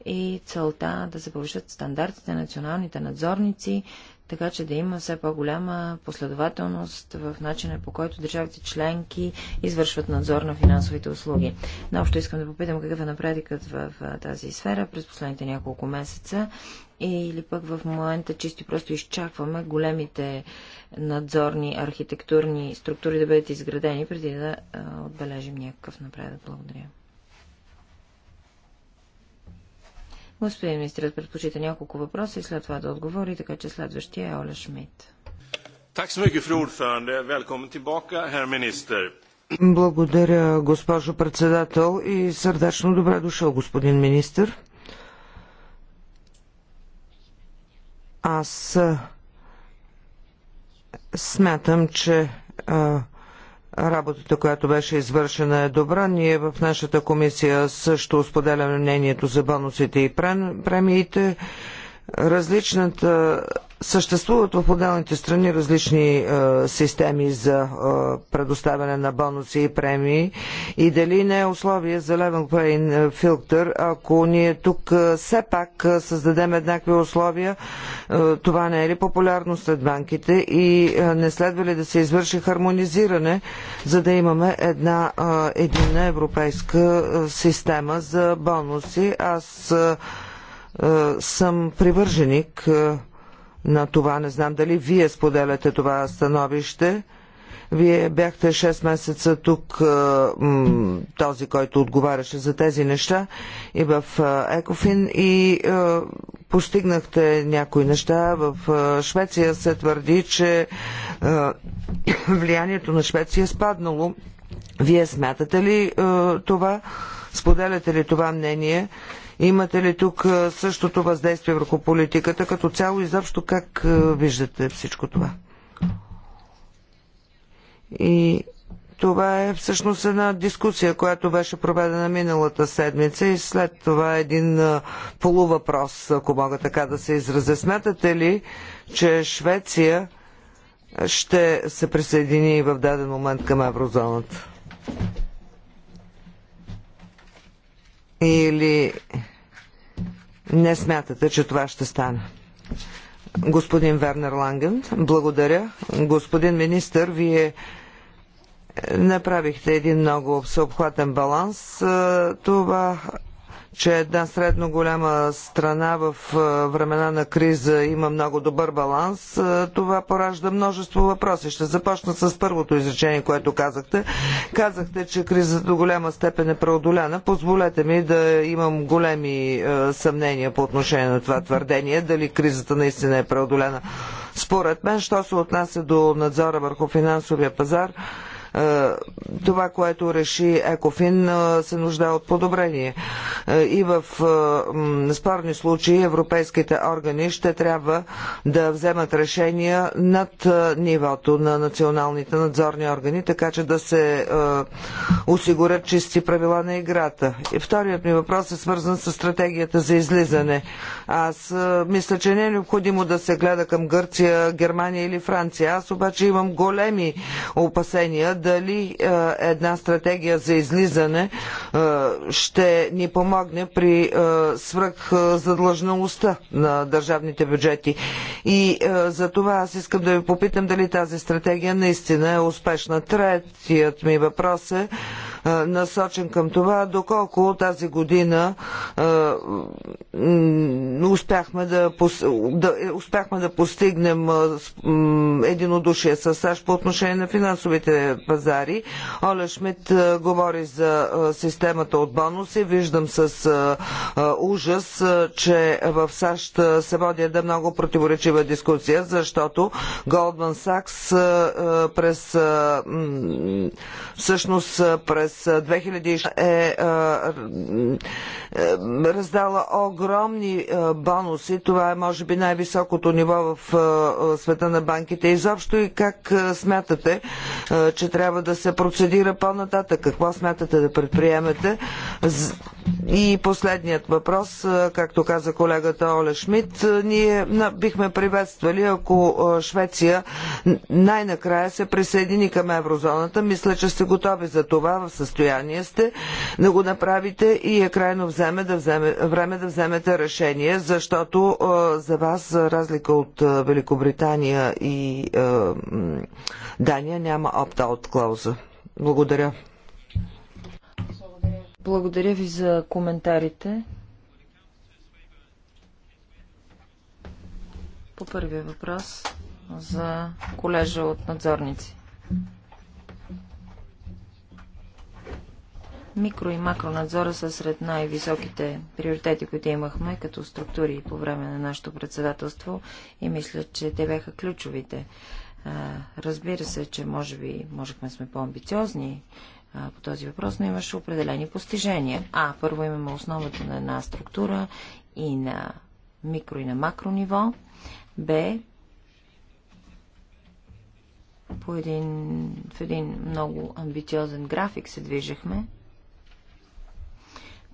и целта да се повишат стандартите на националните надзорници така че да има все по-голяма последователност в начина по който държавите членки извършват надзор на финансовите услуги. Наобщо искам да попитам какъв е напредъкът в, в тази сфера през последните няколко месеца или пък в момента чисто просто изчакваме големите надзорни архитектурни структури да бъдат изградени преди да а, отбележим някакъв напредък. Благодаря. Господин министрът предпочита няколко въпроса и след това да отговори, така че следващия е Оля Шмидт. Благодаря, госпожо председател и сърдечно добре дошъл, господин министр. Аз смятам, че а, Работата, която беше извършена е добра. Ние в нашата комисия също споделяме мнението за бонусите и премиите. Различната Съществуват в отделните страни различни е, системи за е, предоставяне на бонуси и премии и дали не е условие за level playing filter, ако ние тук е, все пак е, създадем еднакви условия, е, това не е ли популярно сред банките и е, не следва ли да се извърши хармонизиране, за да имаме една е, единна европейска е, система за бонуси. Аз е, е, съм привърженик е, на това. Не знам дали вие споделяте това становище. Вие бяхте 6 месеца тук, този, който отговаряше за тези неща и в Екофин и постигнахте някои неща. В Швеция се твърди, че влиянието на Швеция е спаднало. Вие смятате ли това? Споделяте ли това мнение? Имате ли тук същото въздействие върху политиката като цяло и заобщо как виждате всичко това? И това е всъщност една дискусия, която беше проведена миналата седмица и след това един полувъпрос, ако мога така да се изразя. Смятате ли, че Швеция ще се присъедини в даден момент към еврозоната? Или не смятате, че това ще стане? Господин Вернер Ланген, благодаря. Господин министър, вие направихте един много всеобхватен баланс. Това че една средно голяма страна в времена на криза има много добър баланс, това поражда множество въпроси. Ще започна с първото изречение, което казахте. Казахте, че кризата до голяма степен е преодоляна. Позволете ми да имам големи съмнения по отношение на това твърдение, дали кризата наистина е преодоляна. Според мен, що се отнася до надзора върху финансовия пазар, е, това, което реши Екофин, е, се нуждае от подобрение. Е, и в спорни случаи европейските органи ще трябва да вземат решения над нивото на националните надзорни органи, така че да се осигурят чисти правила на играта. И вторият ми въпрос е свързан с стратегията за излизане. Аз мисля, че не е необходимо да се гледа към Гърция, Германия или Франция. Аз обаче имам големи опасения дали е, една стратегия за излизане е, ще ни помогне при е, свръх задлъжналостта на държавните бюджети. И за това аз искам да ви попитам дали тази стратегия наистина е успешна. Третият ми въпрос е е, насочен към това, доколко тази година е, успяхме да, да, е, успяхме да постигнем единодушие с САЩ по отношение на финансовите пазари. Оле Шмидт говори за системата от бонуси. Виждам с ужас, че в САЩ се води една много противоречива дискусия, защото Голдман Сакс през всъщност през през 2006 е, е, е раздала огромни е, бонуси. Това е може би най-високото ниво в е, света на банките изобщо и как е, смятате, е, че трябва да се процедира по-нататък? Какво смятате да предприемете? И последният въпрос, както каза колегата Оле Шмидт, ние бихме приветствали, ако Швеция най-накрая се присъедини към еврозоната. Мисля, че сте готови за това, в състояние сте да го направите и е крайно вземе да вземе, време да вземете решение, защото за вас, за разлика от Великобритания и Дания, няма опта от клауза. Благодаря. Благодаря ви за коментарите. По първия въпрос за колежа от надзорници. Микро и макронадзора са сред най-високите приоритети, които имахме като структури по време на нашето председателство и мисля, че те бяха ключовите. Разбира се, че може би можехме сме по-амбициозни по този въпрос, но имаше определени постижения. А, първо имаме основата на една структура и на микро и на макро ниво. Б, по един, в един много амбициозен график се движехме.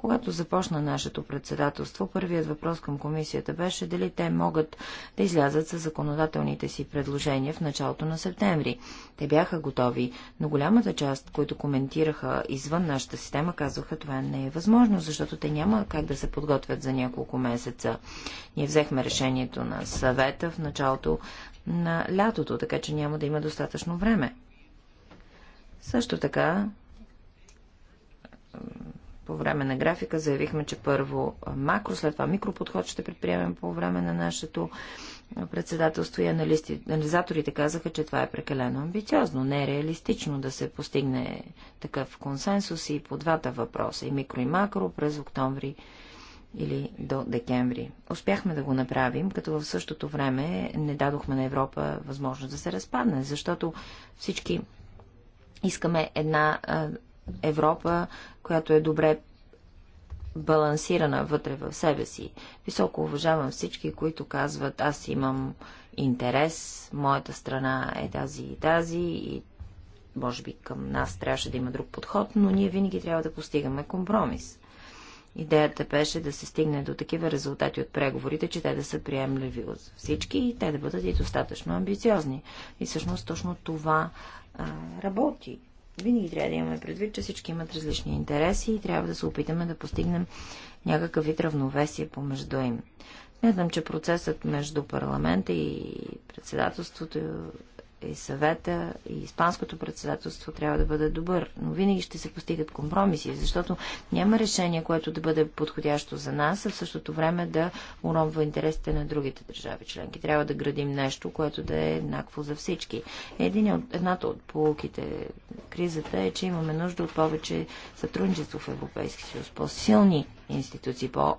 Когато започна нашето председателство, първият въпрос към комисията беше дали те могат да излязат с законодателните си предложения в началото на септември. Те бяха готови, но голямата част, които коментираха извън нашата система, казваха това не е възможно, защото те няма как да се подготвят за няколко месеца. Ние взехме решението на съвета в началото на лятото, така че няма да има достатъчно време. Също така по време на графика заявихме, че първо макро, след това микроподход ще предприемем по време на нашето председателство и аналисти, анализаторите казаха, че това е прекалено амбициозно, не е реалистично да се постигне такъв консенсус и по двата въпроса, и микро и макро през октомври или до декември. Успяхме да го направим, като в същото време не дадохме на Европа възможност да се разпадне, защото всички искаме една а, Европа, която е добре балансирана вътре в себе си. Високо уважавам всички, които казват, аз имам интерес, моята страна е тази и тази и може би към нас трябваше да има друг подход, но ние винаги трябва да постигаме компромис. Идеята беше да се стигне до такива резултати от преговорите, че те да са приемливи от всички и те да бъдат и достатъчно амбициозни. И всъщност точно това а, работи винаги трябва да имаме предвид, че всички имат различни интереси и трябва да се опитаме да постигнем някакъв вид равновесие помежду им. Смятам, че процесът между парламента и председателството и съвета, и испанското председателство трябва да бъде добър. Но винаги ще се постигат компромиси, защото няма решение, което да бъде подходящо за нас, а в същото време да уронва интересите на другите държави членки. Трябва да градим нещо, което да е еднакво за всички. Един от, едната от полуките кризата е, че имаме нужда от повече сътрудничество в Европейски съюз, по-силни институции, по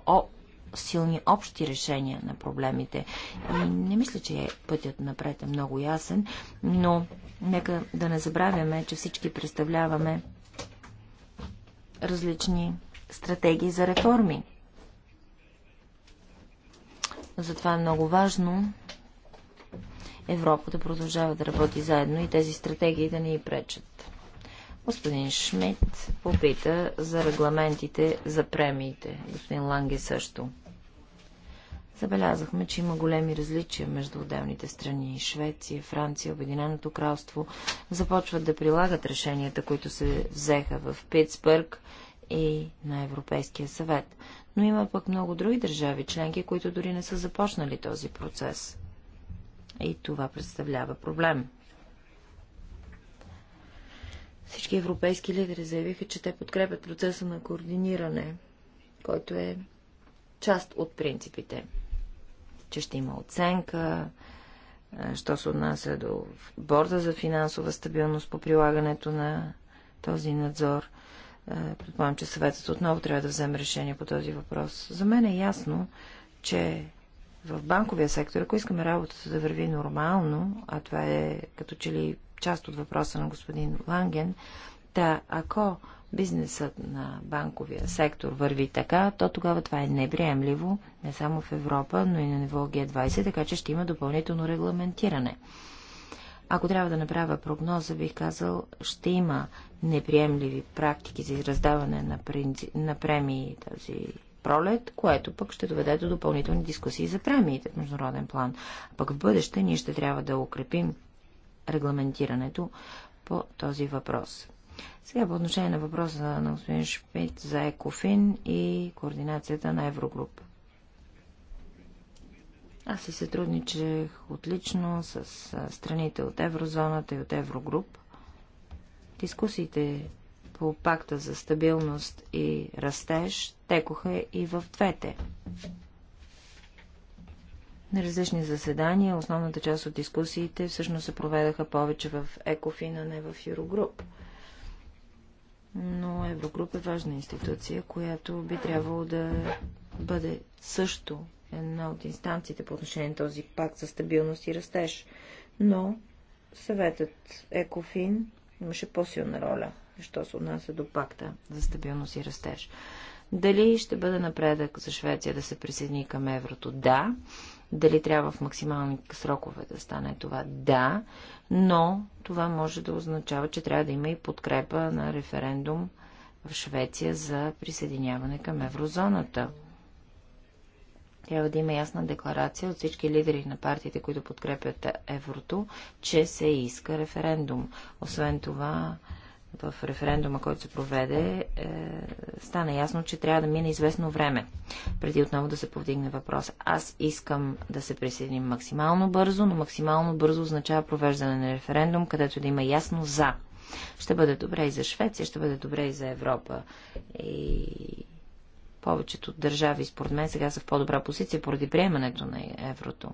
силни общи решения на проблемите. И не мисля, че пътят напред е много ясен, но нека да не забравяме, че всички представляваме различни стратегии за реформи. Затова е много важно Европа да продължава да работи заедно и тези стратегии да не и пречат. Господин Шмидт попита за регламентите за премиите. Господин Ланге също. Забелязахме, че има големи различия между отделните страни. Швеция, Франция, Обединеното кралство започват да прилагат решенията, които се взеха в Питсбърг и на Европейския съвет. Но има пък много други държави членки, които дори не са започнали този процес. И това представлява проблем. Всички европейски лидери заявиха, че те подкрепят процеса на координиране, който е част от принципите че ще има оценка, що се отнася до борда за финансова стабилност по прилагането на този надзор. Предполагам, че съветът отново трябва да вземе решение по този въпрос. За мен е ясно, че в банковия сектор, ако искаме работата да върви нормално, а това е като че ли част от въпроса на господин Ланген, да, ако бизнесът на банковия сектор върви така, то тогава това е неприемливо не само в Европа, но и на ниво Г20, така че ще има допълнително регламентиране. Ако трябва да направя прогноза, бих казал, ще има неприемливи практики за раздаване на, принци... на премии тази пролет, което пък ще доведе до допълнителни дискусии за премиите в международен план. Пък в бъдеще ние ще трябва да укрепим регламентирането по този въпрос. Сега по отношение на въпроса на господин Шпит за Екофин и координацията на Еврогруп. Аз си сътрудничах отлично с страните от еврозоната и от Еврогруп. Дискусиите по пакта за стабилност и растеж текоха и в двете. На различни заседания основната част от дискусиите всъщност се проведаха повече в Екофин, а не в Еврогруп но Еврогруп е важна институция, която би трябвало да бъде също една от инстанциите по отношение на този пакт за стабилност и растеж. Но съветът ЕКОФИН имаше по-силна роля, що се отнася до пакта за стабилност и растеж. Дали ще бъде напредък за Швеция да се присъедини към еврото? Да. Дали трябва в максимални срокове да стане това? Да, но това може да означава, че трябва да има и подкрепа на референдум в Швеция за присъединяване към еврозоната. Трябва да има ясна декларация от всички лидери на партиите, които подкрепят еврото, че се иска референдум. Освен това, в референдума, който се проведе, е, стана ясно, че трябва да мине известно време, преди отново да се повдигне въпрос. Аз искам да се присъединим максимално бързо, но максимално бързо означава провеждане на референдум, където да има ясно за. Ще бъде добре и за Швеция, ще бъде добре и за Европа. И повечето държави, според мен, сега са в по-добра позиция поради приемането на еврото.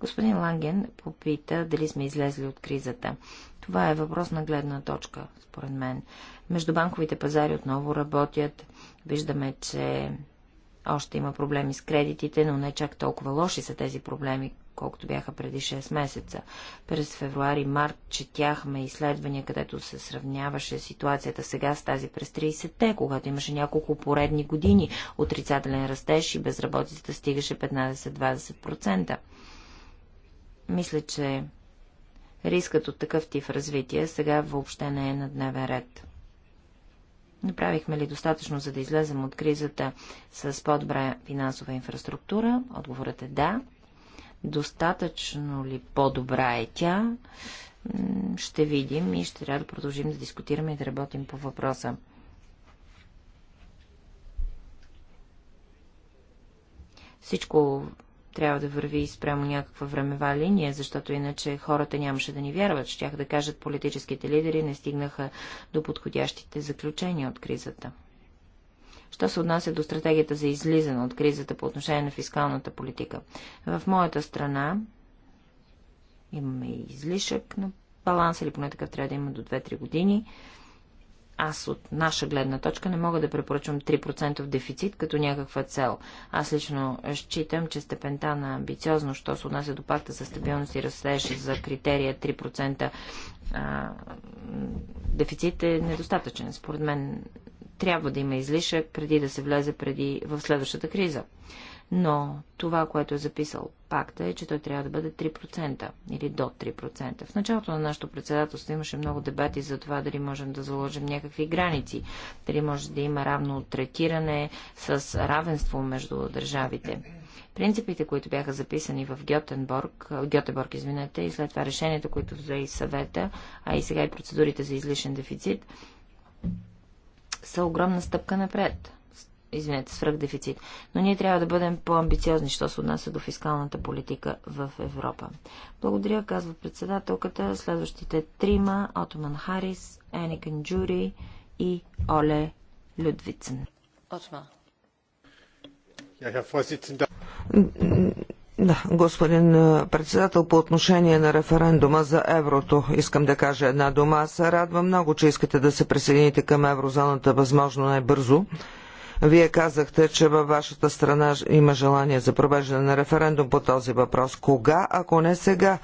Господин Ланген попита дали сме излезли от кризата. Това е въпрос на гледна точка, според мен. Междубанковите пазари отново работят. Виждаме, че още има проблеми с кредитите, но не чак толкова лоши са тези проблеми, колкото бяха преди 6 месеца. През февруари март четяхме изследвания, където се сравняваше ситуацията сега с тази през 30-те, когато имаше няколко поредни години отрицателен растеж и безработицата стигаше 15-20%. Мисля, че рискът от такъв тип развитие сега въобще не е на дневен ред. Направихме ли достатъчно, за да излезем от кризата с по-добра финансова инфраструктура? Отговорът е да достатъчно ли по-добра е тя, ще видим и ще трябва да продължим да дискутираме и да работим по въпроса. Всичко трябва да върви спрямо някаква времева линия, защото иначе хората нямаше да ни вярват. Щях да кажат политическите лидери не стигнаха до подходящите заключения от кризата. Що се отнася до стратегията за излизане от кризата по отношение на фискалната политика? В моята страна имаме излишък на баланс, или поне такъв трябва да има до 2-3 години. Аз от наша гледна точка не мога да препоръчвам 3% дефицит като някаква цел. Аз лично считам, че степента на амбициозно, що се отнася до пакта за стабилност и растеж за критерия 3% а, дефицит е недостатъчен. Според мен трябва да има излишък преди да се влезе преди в следващата криза. Но това, което е записал пакта е, че той трябва да бъде 3% или до 3%. В началото на нашето председателство имаше много дебати за това дали можем да заложим някакви граници, дали може да има равно третиране с равенство между държавите. Принципите, които бяха записани в Гьотенборг, Гьотеборг, извинете, и след това решението, което взе и съвета, а и сега и процедурите за излишен дефицит, са огромна стъпка напред. Извинете, свръхдефицит. Но ние трябва да бъдем по-амбициозни, що се отнася до фискалната политика в Европа. Благодаря, казва председателката. Следващите трима – Отман Харис, Еникен Джури и Оле Людвицен. Отман. Да, господин председател, по отношение на референдума за еврото, искам да кажа една дума. Аз се радвам много, че искате да се присъедините към еврозоната възможно най-бързо. Вие казахте, че във вашата страна има желание за провеждане на референдум по този въпрос. Кога, ако не сега?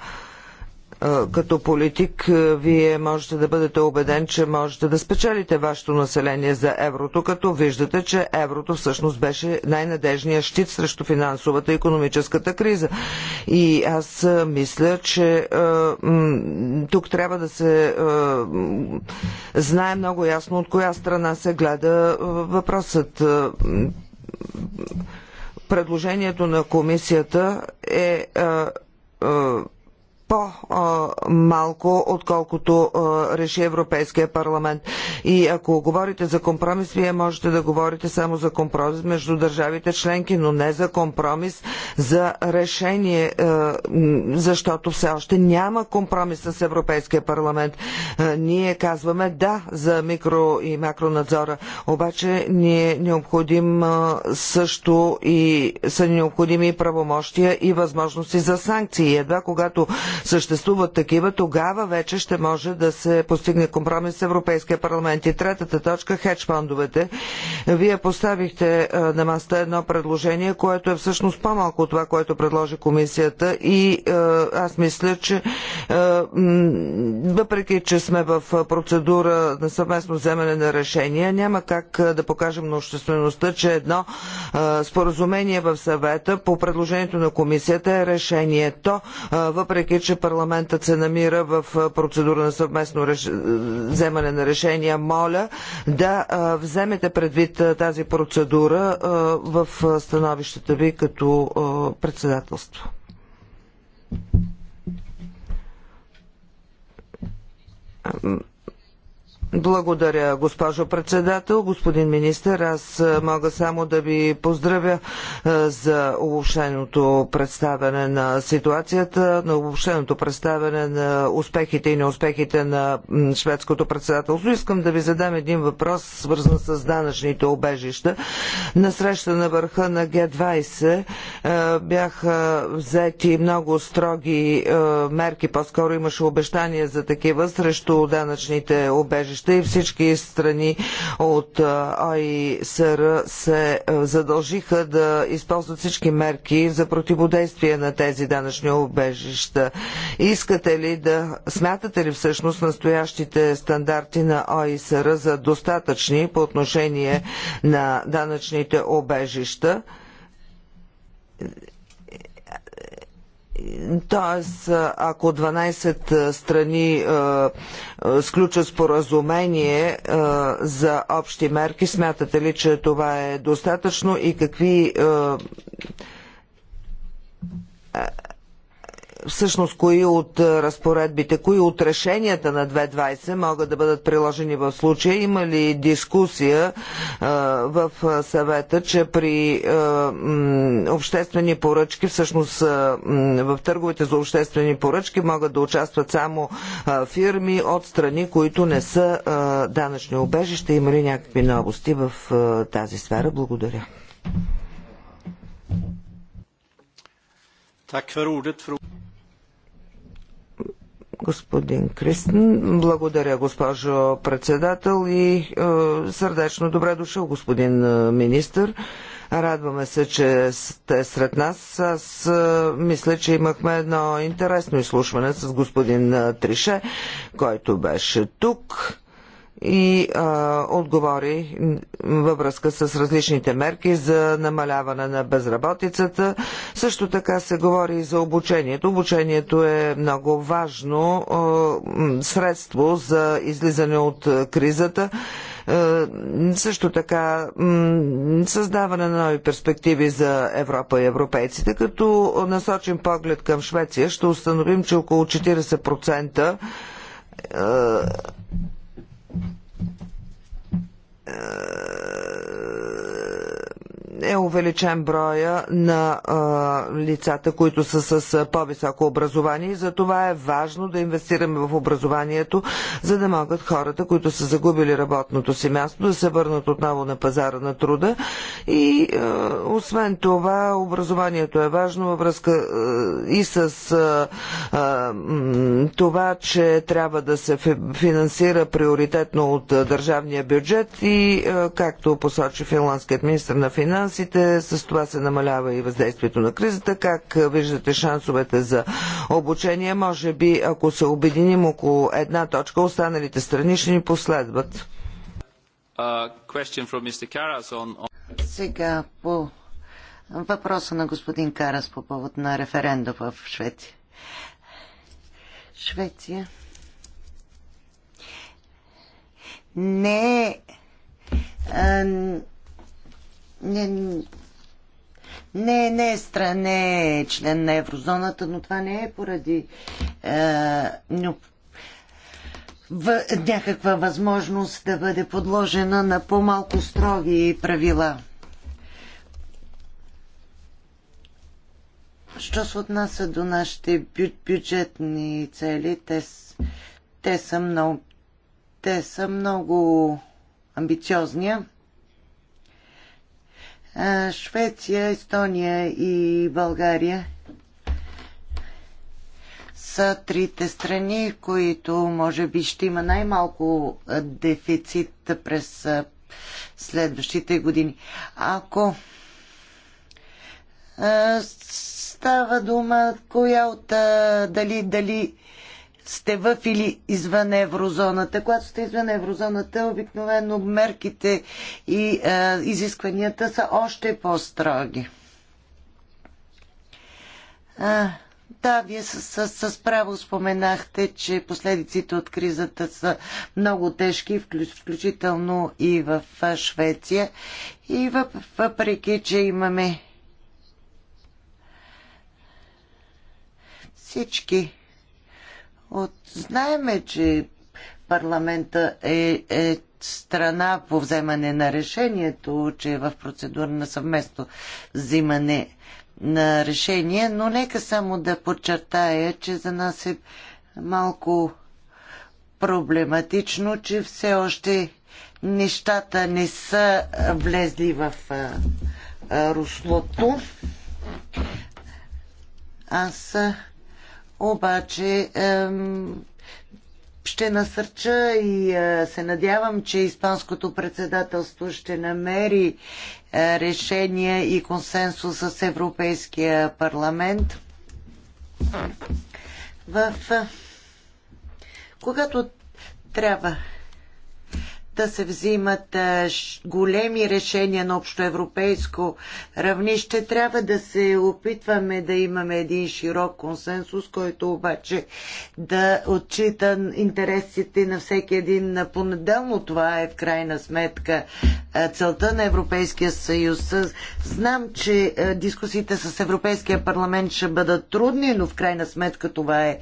като политик вие можете да бъдете убеден, че можете да спечелите вашето население за еврото, като виждате, че еврото всъщност беше най-надежният щит срещу финансовата и економическата криза. И аз мисля, че тук трябва да се знае много ясно от коя страна се гледа въпросът предложението на комисията е, е, е по-малко, отколкото реши Европейския парламент. И ако говорите за компромис, вие можете да говорите само за компромис между държавите членки, но не за компромис за решение, защото все още няма компромис с Европейския парламент. Ние казваме да за микро и макронадзора, обаче ни е необходим също и са необходими и правомощия и възможности за санкции. Едва когато съществуват такива, тогава вече ще може да се постигне компромис с Европейския парламент. И третата точка – хедж фондовете. Вие поставихте на маста едно предложение, което е всъщност по-малко от това, което предложи комисията и аз мисля, че въпреки, че сме в процедура на съвместно вземане на решения, няма как да покажем на обществеността, че едно споразумение в съвета по предложението на комисията е решение. То, въпреки, че че парламентът се намира в процедура на съвместно реш... вземане на решения. Моля да вземете предвид тази процедура в становищата ви като председателство. Благодаря, госпожо председател. Господин министър, аз мога само да ви поздравя за обобщеното представяне на ситуацията, на обобщеното представяне на успехите и неуспехите на шведското председателство. Искам да ви задам един въпрос, свързан с данъчните обежища. На среща на върха на Г-20 бяха взети много строги мерки, по-скоро имаше обещания за такива срещу данъчните обежища равнище и всички страни от ОИСР се задължиха да използват всички мерки за противодействие на тези данъчни обежища. Искате ли да смятате ли всъщност настоящите стандарти на АИСР за достатъчни по отношение на данъчните обежища? Тоест, ако 12 страни е, е, сключат споразумение е, за общи мерки, смятате ли, че това е достатъчно и какви всъщност кои от разпоредбите, кои от решенията на 220 могат да бъдат приложени в случая? Има ли дискусия в съвета, че при обществени поръчки, всъщност в търговете за обществени поръчки могат да участват само фирми от страни, които не са данъчни обежища? Има ли някакви новости в тази сфера? Благодаря. Tack för ordet. Господин Кристен, благодаря госпожо председател и е, сърдечно добре дошъл господин е, министр. Радваме се, че сте сред нас. Аз е, мисля, че имахме едно интересно изслушване с господин е, Трише, който беше тук и а, отговори във връзка с различните мерки за намаляване на безработицата. Също така се говори и за обучението. Обучението е много важно а, средство за излизане от кризата също така създаване на нови перспективи за Европа и европейците. Като насочим поглед към Швеция, ще установим, че около 40% Uh е увеличен броя на лицата, които са с по-високо образование и за това е важно да инвестираме в образованието, за да могат хората, които са загубили работното си място, да се върнат отново на пазара на труда. И освен това, образованието е важно във връзка и с това, че трябва да се финансира приоритетно от държавния бюджет и, както посочи финландският министр на финанси, финансите, с това се намалява и въздействието на кризата. Как виждате шансовете за обучение? Може би, ако се обединим около една точка, останалите страни ще ни последват. Сега по въпроса на господин Карас по повод на референдум в Швеция. Швеция не е не, не, не е стране е член на еврозоната, но това не е поради е, но, в, някаква възможност да бъде подложена на по-малко строги правила. Що се отнася до нашите бю, бюджетни цели, те, те са много те са много амбициозни. Швеция, Естония и България са трите страни, които може би ще има най-малко дефицит през следващите години. Ако става дума коя от дали, дали сте в или извън еврозоната. Когато сте извън еврозоната, обикновено мерките и а, е, изискванията са още по-строги. А, да, вие с, с, с право споменахте, че последиците от кризата са много тежки, включително и в Швеция. И въпреки, че имаме всички от, знаеме, че парламента е, е страна по вземане на решението, че е в процедура на съвместно взимане на решение, но нека само да подчертая, че за нас е малко проблематично, че все още нещата не са влезли в руслото. Аз обаче ще насърча и е, се надявам, че Испанското председателство ще намери е, решение и консенсус с Европейския парламент. В... Е, когато трябва да се взимат големи решения на общоевропейско равнище, трябва да се опитваме да имаме един широк консенсус, който обаче да отчита интересите на всеки един понеделно. Това е в крайна сметка целта на Европейския съюз. Знам, че дискусиите с Европейския парламент ще бъдат трудни, но в крайна сметка това е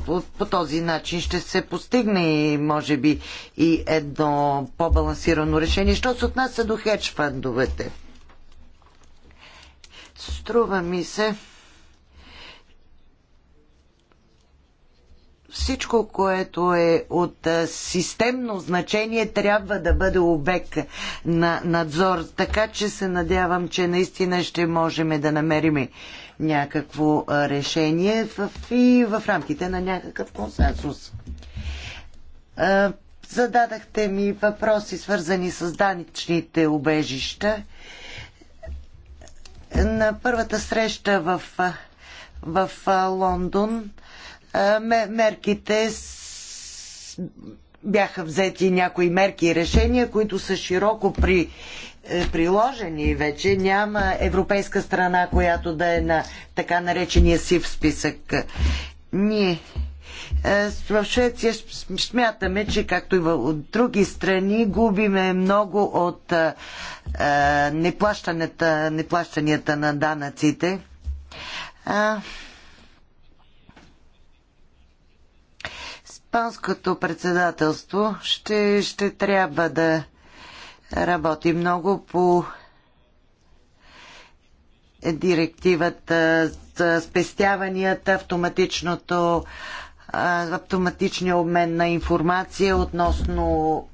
по, по, този начин ще се постигне, може би, и едно по-балансирано решение. Що се отнася до хедж фандовете? Струва ми се. всичко, което е от системно значение, трябва да бъде обект на надзор. Така че се надявам, че наистина ще можем да намерим някакво решение в, и в рамките на някакъв консенсус. Зададахте ми въпроси, свързани с данничните убежища. На първата среща в, в Лондон мерките бяха взети някои мерки и решения, които са широко при е, приложени вече. Няма европейска страна, която да е на така наречения сив списък. Ние е, в Швеция смятаме, че както и в други страни, губиме много от е, неплащанията, неплащанията на данъците. Испанското председателство ще, ще трябва да работи много по директивата за спестяванията, автоматичното автоматичния обмен на информация относно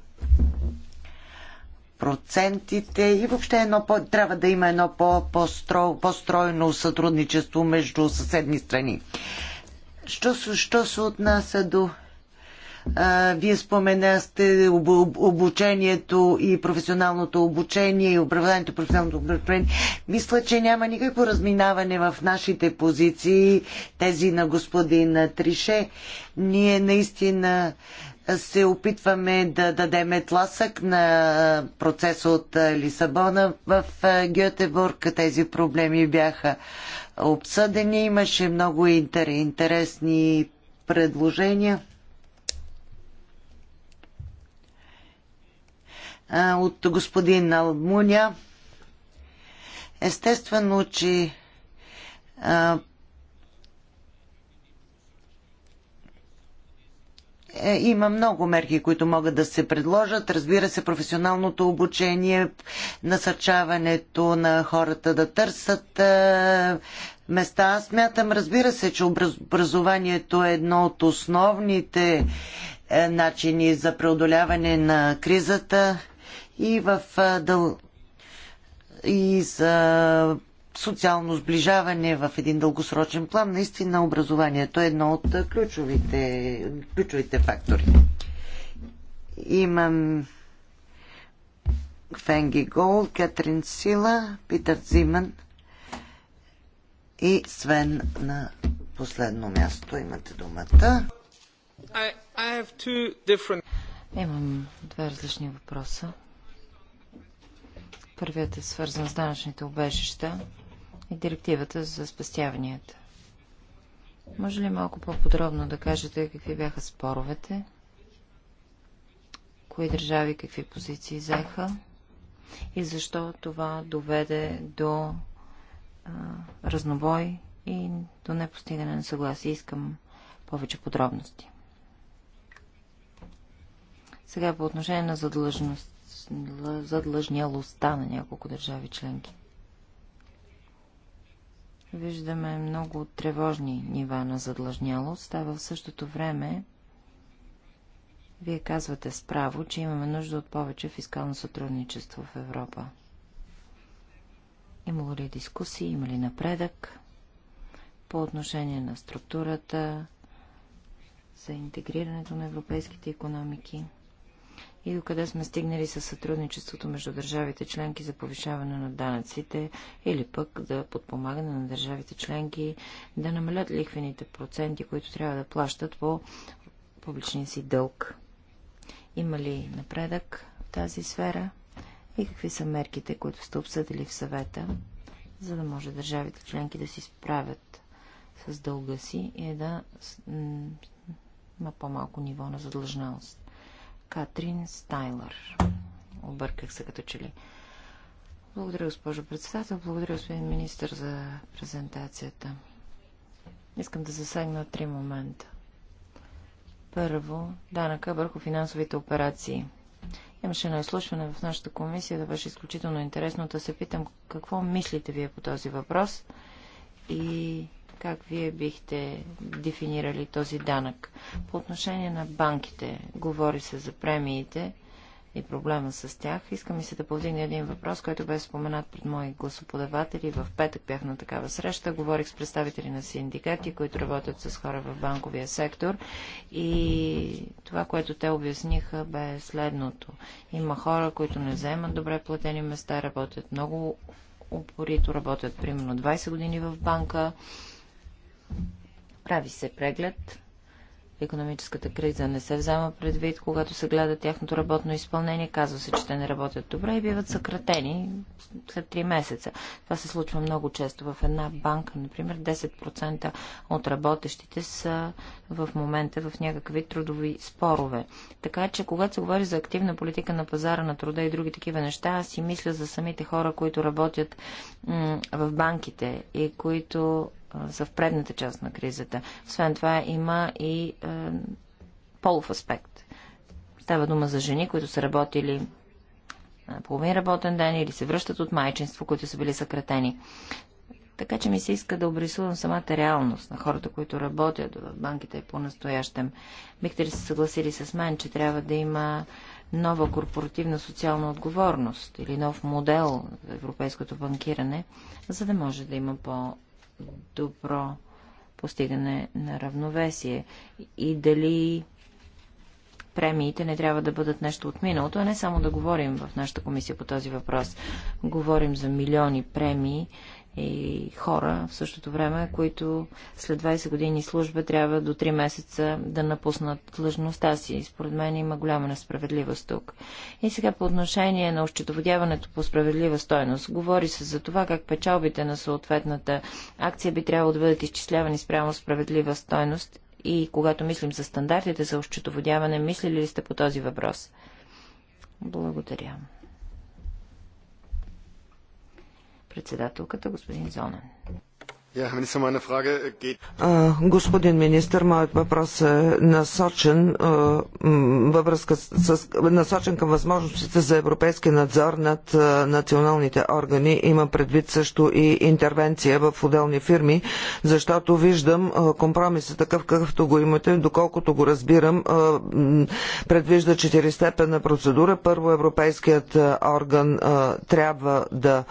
процентите и въобще едно по, трябва да има едно по, по-стро, по-стройно сътрудничество между съседни страни. Що, що се отнася до вие споменахте обучението и професионалното обучение и управлението професионалното обучение. Мисля, че няма никакво разминаване в нашите позиции, тези на господин Трише. Ние наистина се опитваме да дадем тласък на процеса от Лисабона в Гьотеборг. Тези проблеми бяха обсъдени. Имаше много интересни предложения. от господин Алмуня. Естествено, че е, Има много мерки, които могат да се предложат. Разбира се, професионалното обучение, насърчаването на хората да търсят места. Аз смятам, разбира се, че образованието е едно от основните е, начини за преодоляване на кризата и в дъл... и за социално сближаване в един дългосрочен план, наистина образованието е едно от ключовите, ключовите фактори. Имам Фенги Гол, Кетрин Сила, Питър Зиман и Свен на последно място. Имате думата. I, I different... Имам два различни въпроса. Първият е свързан с данъчните обежища и директивата за спестяванията. Може ли малко по-подробно да кажете какви бяха споровете? Кои държави какви позиции взеха? И защо това доведе до а, разнобой и до непостигане на съгласие? Искам повече подробности. Сега по отношение на задлъжност задлъжнялостта на няколко държави членки. Виждаме много тревожни нива на задлъжнялост, а в същото време вие казвате справо, че имаме нужда от повече фискално сътрудничество в Европа. Имало ли дискусии, има ли напредък по отношение на структурата, за интегрирането на европейските економики? и до къде сме стигнали с сътрудничеството между държавите членки за повишаване на данъците или пък да подпомагане на държавите членки да намалят лихвените проценти, които трябва да плащат по публичния си дълг. Има ли напредък в тази сфера и какви са мерките, които сте обсъдили в съвета, за да може държавите членки да си справят с дълга си и да има по-малко ниво на задлъжналост? Катрин Стайлър. Обърках се като че ли. Благодаря, госпожо председател. Благодаря, господин министр, за презентацията. Искам да засегна три момента. Първо, данъка върху финансовите операции. Имаше едно изслушване в нашата комисия, да беше изключително интересно да се питам какво мислите вие по този въпрос и как вие бихте дефинирали този данък? По отношение на банките, говори се за премиите и проблема с тях. Искам и се да повдигне един въпрос, който бе споменат пред мои гласоподаватели. В петък бях на такава среща. Говорих с представители на синдикати, които работят с хора в банковия сектор. И това, което те обясниха, бе следното. Има хора, които не вземат добре платени места, работят много упорито, работят примерно 20 години в банка прави се преглед. Економическата криза не се взема предвид, когато се гледа тяхното работно изпълнение. Казва се, че те не работят добре и биват съкратени след 3 месеца. Това се случва много често. В една банка, например, 10% от работещите са в момента в някакви трудови спорове. Така че, когато се говори за активна политика на пазара на труда и други такива неща, аз си мисля за самите хора, които работят в банките и които са в предната част на кризата. Освен това има и е, полов аспект. Става дума за жени, които са работили половин работен ден или се връщат от майчинство, които са били съкратени. Така че ми се иска да обрисувам самата реалност на хората, които работят в банките по-настоящем. Бихте ли се съгласили с мен, че трябва да има нова корпоративна социална отговорност или нов модел в европейското банкиране, за да може да има по добро постигане на равновесие и дали премиите не трябва да бъдат нещо от миналото, а не само да говорим в нашата комисия по този въпрос. Говорим за милиони премии и хора в същото време, които след 20 години служба трябва до 3 месеца да напуснат длъжността си. Според мен има голяма несправедливост тук. И сега по отношение на ощетоводяването по справедлива стойност. Говори се за това как печалбите на съответната акция би трябвало да бъдат изчислявани спрямо справедлива стойност и когато мислим за стандартите за ощетоводяване, мислили ли сте по този въпрос? Благодаря. Председателката господин Зонен. Äh, господин министр, моят въпрос е насочен, във връзка с, насочен към възможностите за европейски надзор над националните органи. Има предвид също и интервенция в отделни фирми, защото виждам компромиса такъв какъвто го имате, доколкото го разбирам, предвижда четиристепенна процедура. Първо европейският орган трябва да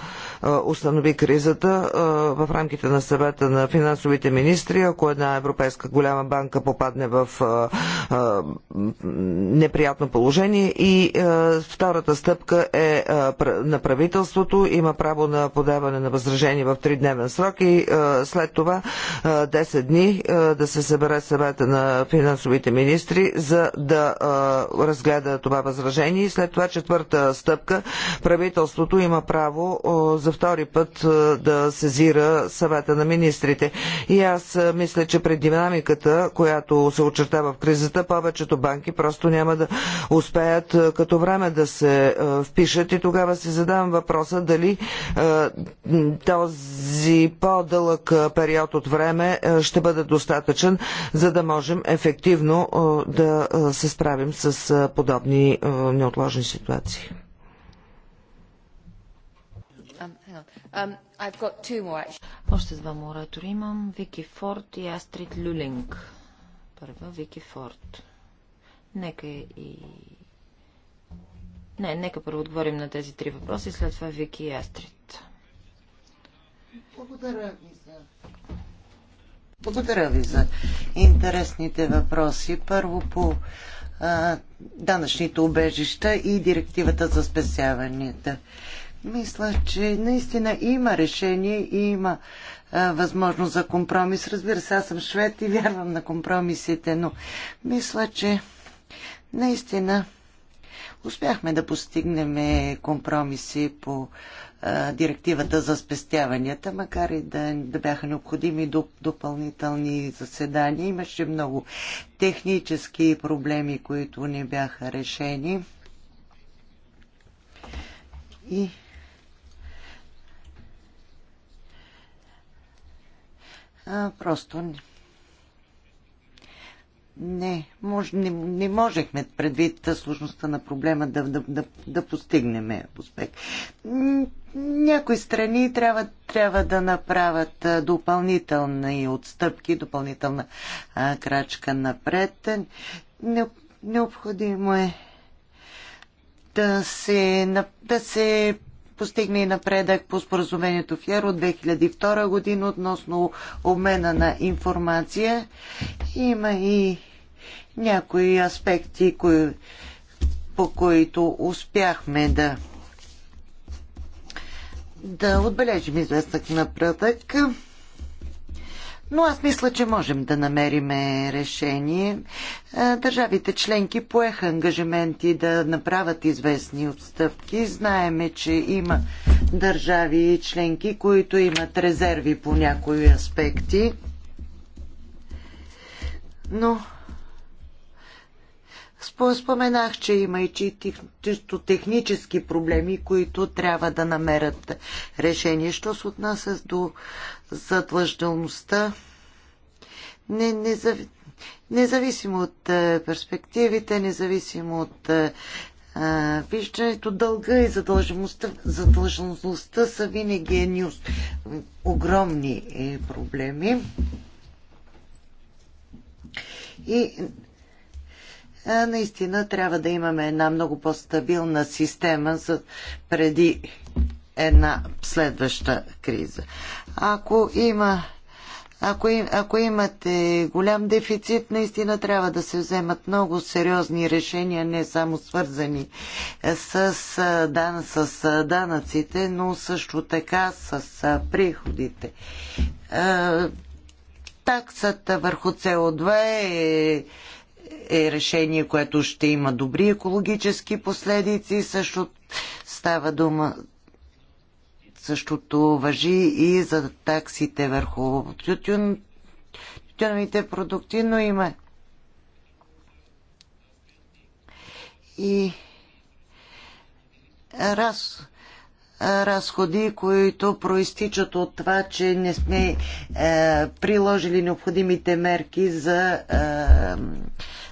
установи кризата в рамките на съвета съвета на финансовите министри, ако една европейска голяма банка попадне в неприятно положение и втората стъпка е на правителството. Има право на подаване на възражение в тридневен срок и след това 10 дни да се събере съвета на финансовите министри, за да разгледа това възражение. И след това четвърта стъпка правителството има право за втори път да сезира съвета на министрите. И аз мисля, че пред динамиката, която се очертава в кризата, повечето банки просто няма да успеят като време да се впишат и тогава си задавам въпроса дали този по-дълъг период от време ще бъде достатъчен, за да можем ефективно да се справим с подобни неотложни ситуации. Um, um още двама моратори имам. Вики Форд и Астрид Люлинг. Първа Вики Форд. Нека и... Не, нека първо отговорим на тези три въпроса и след това Вики и Астрид. Благодаря ви за... Благодаря ви за интересните въпроси. Първо по а, данъчните убежища и директивата за спесяванията. Да. Мисля, че наистина има решение и има а, възможност за компромис. Разбира се, аз съм швед и вярвам на компромисите, но мисля, че наистина успяхме да постигнем компромиси по а, директивата за спестяванията, макар и да, да бяха необходими доп, допълнителни заседания. Имаше много технически проблеми, които не бяха решени. И А, просто не. Не, мож, не, не можехме предвид сложността на проблема да, да, да, да постигнем успех. Някои страни трябва, трябва да направят допълнителни отстъпки, допълнителна а, крачка напред. Не, необходимо е да се, да се постигне и напредък по споразумението в Яро от 2002 година относно обмена на информация. Има и някои аспекти, кои, по които успяхме да да отбележим известък напредък. Но аз мисля, че можем да намериме решение. Държавите членки поеха ангажименти да направят известни отстъпки. Знаеме, че има държави и членки, които имат резерви по някои аспекти. Но Споменах, че има и чисто технически проблеми, които трябва да намерят решение. Що се отнася до задлъжнялността, не, незав... независимо от е, перспективите, независимо от е, виждането, дълга и задължеността, са винаги едни огромни е, проблеми. И наистина трябва да имаме една много по-стабилна система за преди една следваща криза. Ако има ако, им, ако имате голям дефицит, наистина трябва да се вземат много сериозни решения, не само свързани е, с, е, дан, с е, данъците, но също така с приходите. Таксата върху со 2 е е решение, което ще има добри екологически последици. Също става дума Същото въжи и за таксите върху тютюн, тютюновите продукти, но има и раз, разходи, които проистичат от това, че не сме е, приложили необходимите мерки за е,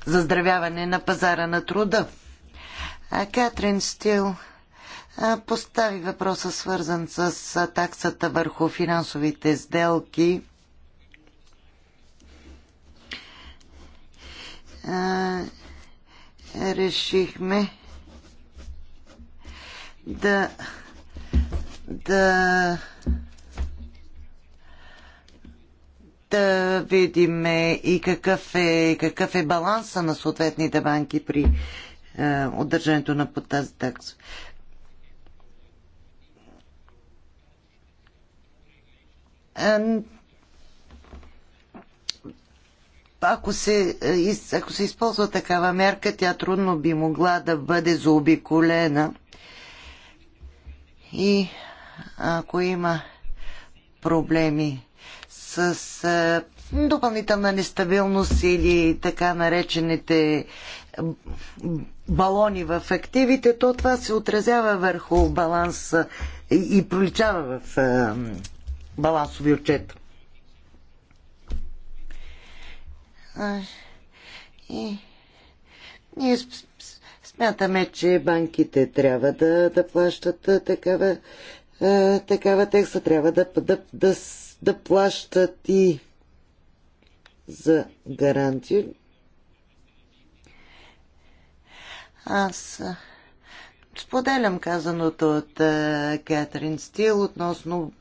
заздравяване на пазара на труда. А Катрин Стил постави въпроса свързан с таксата върху финансовите сделки. Решихме да да да видим и какъв е, какъв е баланса на съответните банки при е, на под тази такса. ако се, е, ако се използва такава мерка, тя трудно би могла да бъде заобиколена. И ако има проблеми с а, е, допълнителна нестабилност или така наречените балони в активите, то това се отразява върху баланса и, и проличава в а, е, балансови отчет. И ние смятаме, че банките трябва да, да плащат такава, такава текста, трябва да, да, да, да плащат и за гарантия. Аз споделям казаното от е, Катрин Стил относно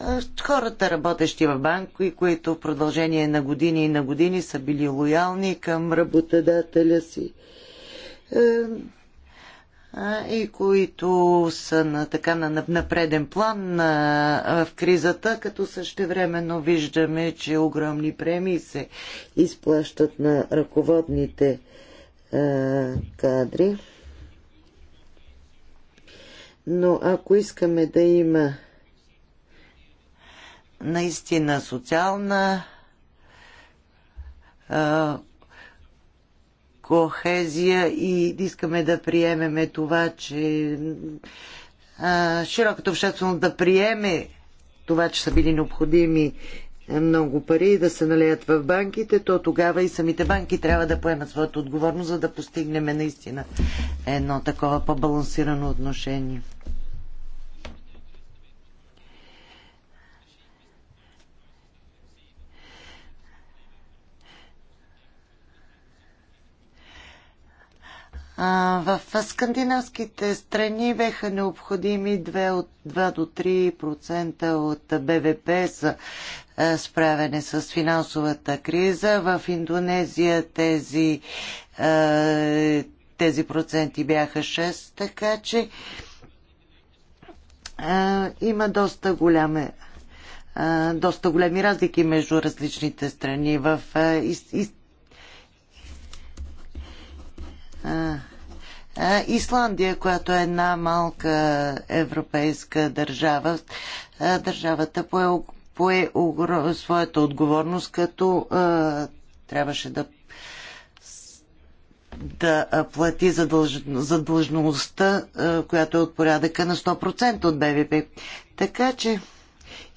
е, хората, работещи в банки, които в продължение на години и на години са били лоялни към работодателя си е, и които са на, така, на, на преден план на, в кризата, като същевременно виждаме, че огромни премии се изплащат на ръководните а, кадри. Но ако искаме да има наистина социална кохезия и искаме да приемеме това, че широката общественост да приеме това, че са били необходими е, много пари да се налеят в банките, то тогава и самите банки трябва да поемат своята отговорност, за да постигнем наистина едно такова по-балансирано отношение. В скандинавските страни беха необходими 2, от, 2 до 3% от БВП за справяне с финансовата криза. В Индонезия тези, тези проценти бяха 6, така че има доста голяме доста големи разлики между различните страни. В из, из, Исландия, която е една малка европейска държава, държавата пое, пое своята отговорност, като трябваше да да плати за длъжността, която е от порядъка на 100% от БВП. Така че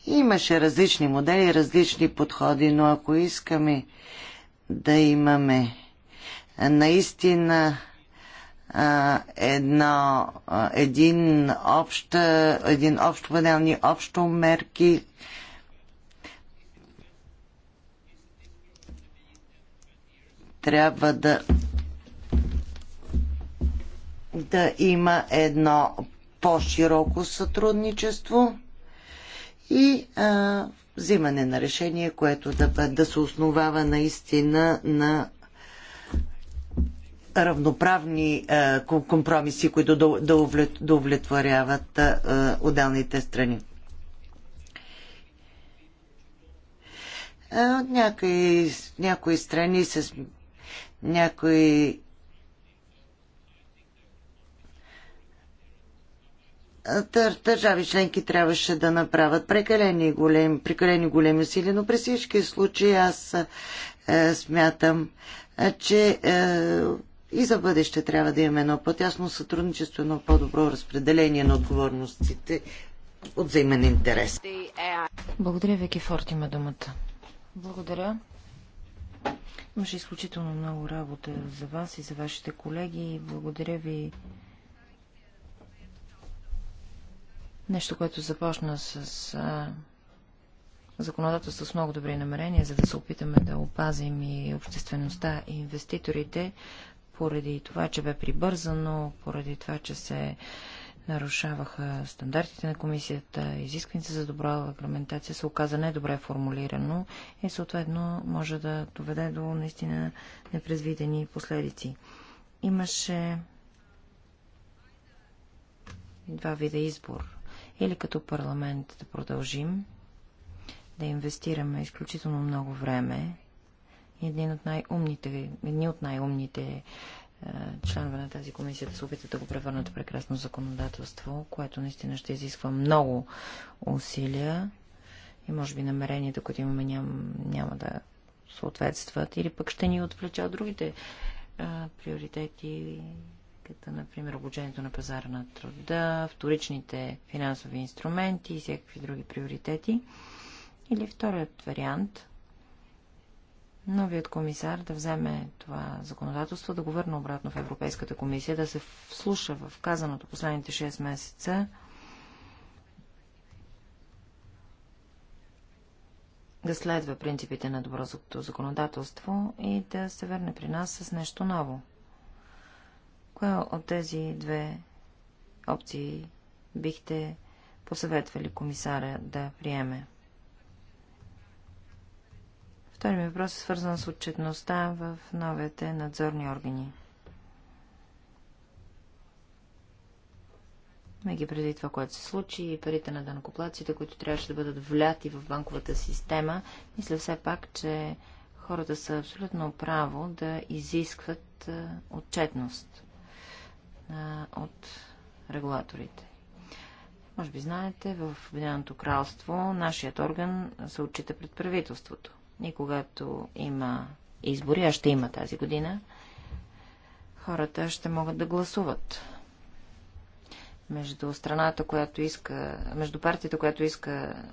имаше различни модели, различни подходи, но ако искаме да имаме наистина едно, един общ, един общ ни общо мерки, трябва да да има едно по-широко сътрудничество и а, взимане на решение, което да, да се основава наистина на равноправни е, компромиси, които да удовлетворяват е, отделните страни. Е, от някои, някои страни с някои държави членки трябваше да направят прекалени големи, прекалени големи сили, но при всички случаи аз е, смятам, че е, и за бъдеще трябва да имаме едно по-тясно сътрудничество, едно по-добро разпределение на отговорностите от взаимен интерес. Благодаря, Веки Форт има думата. Благодаря. Имаше изключително много работа за вас и за вашите колеги. Благодаря ви. Нещо, което започна с а, законодателство с много добри намерения, за да се опитаме да опазим и обществеността и инвеститорите, поради това, че бе прибързано, поради това, че се нарушаваха стандартите на комисията, изискваните за добра регламентация се оказа недобре формулирано и съответно може да доведе до наистина непредвидени последици. Имаше два вида избор. Или като парламент да продължим да инвестираме изключително много време един от най-умните, едни от най-умните е, членове на тази комисия да се опитат да го превърнат в прекрасно законодателство, което наистина ще изисква много усилия и може би намеренията, които имаме, ням, няма да съответстват или пък ще ни отвлеча от другите а, приоритети, като например обучението на пазара на труда, вторичните финансови инструменти и всякакви други приоритети. Или вторият вариант новият комисар да вземе това законодателство, да го върне обратно в Европейската комисия, да се вслуша в казаното последните 6 месеца, да следва принципите на доброто законодателство и да се върне при нас с нещо ново. Кое от тези две опции бихте посъветвали комисаря да приеме? Втори ми въпрос е свързан с отчетността в новите надзорни органи. Меги преди това, което се случи и парите на данокоплаците, които трябваше да бъдат вляти в банковата система, мисля все пак, че хората са абсолютно право да изискват отчетност от регулаторите. Може би знаете, в Обединеното кралство нашият орган се отчита пред правителството. И когато има избори, а ще има тази година, хората ще могат да гласуват между страната, която иска, между партията, която иска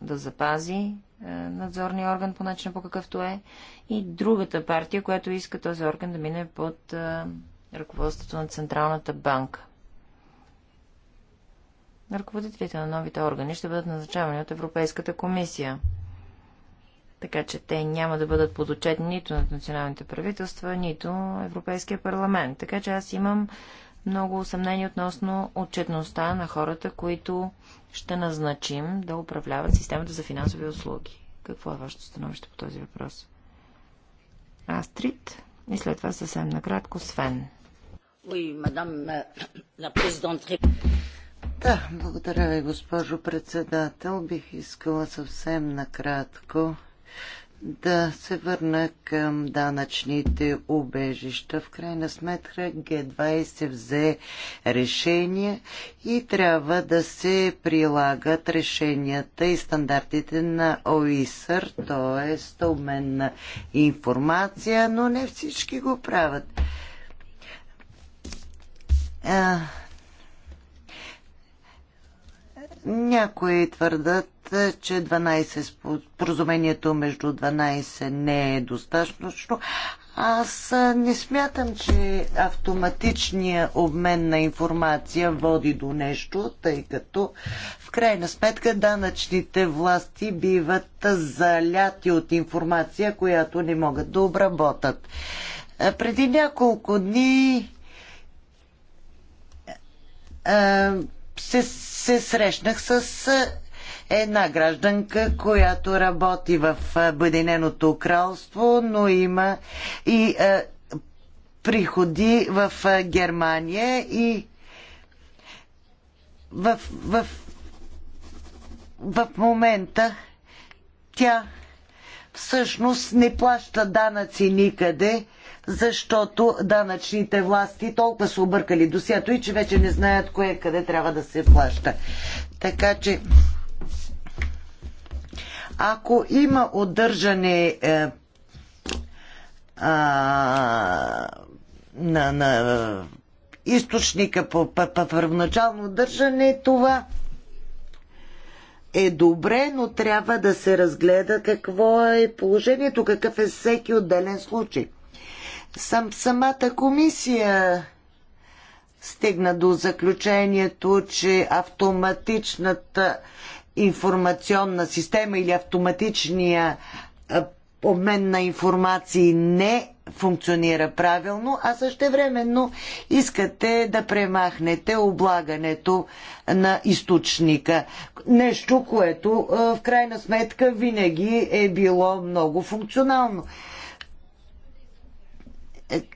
да запази е, надзорния орган по начина по какъвто е, и другата партия, която иска този орган да мине под е, ръководството на Централната банка. Ръководителите на новите органи ще бъдат назначавани от Европейската комисия така че те няма да бъдат подочетни нито на националните правителства, нито Европейския парламент. Така че аз имам много съмнение относно отчетността на хората, които ще назначим да управляват системата за финансови услуги. Какво е вашето становище по този въпрос? Астрид и след това съвсем накратко Свен. Oui, madame, да, благодаря ви, госпожо председател. Бих искала съвсем накратко да се върна към данъчните убежища. В крайна сметка Г20 взе решение и трябва да се прилагат решенията и стандартите на ОИСР, т.е. обменна информация, но не всички го правят. Някои твърдат, че 12, прозумението между 12 не е достатъчно. Аз не смятам, че автоматичният обмен на информация води до нещо, тъй като в крайна сметка данъчните власти биват заляти от информация, която не могат да обработат. Преди няколко дни се, се срещнах с една гражданка, която работи в Бъдиненото кралство, но има и а, приходи в Германия и в, в, в момента тя всъщност не плаща данъци никъде защото данъчните власти толкова са объркали досието и че вече не знаят кое е, къде трябва да се плаща. Така че ако има отдържане е, а, на, на източника по, по, по първоначално държане, това е добре, но трябва да се разгледа какво е положението, какъв е всеки отделен случай сам, самата комисия стигна до заключението, че автоматичната информационна система или автоматичния обмен на информации не функционира правилно, а същевременно искате да премахнете облагането на източника. Нещо, което в крайна сметка винаги е било много функционално.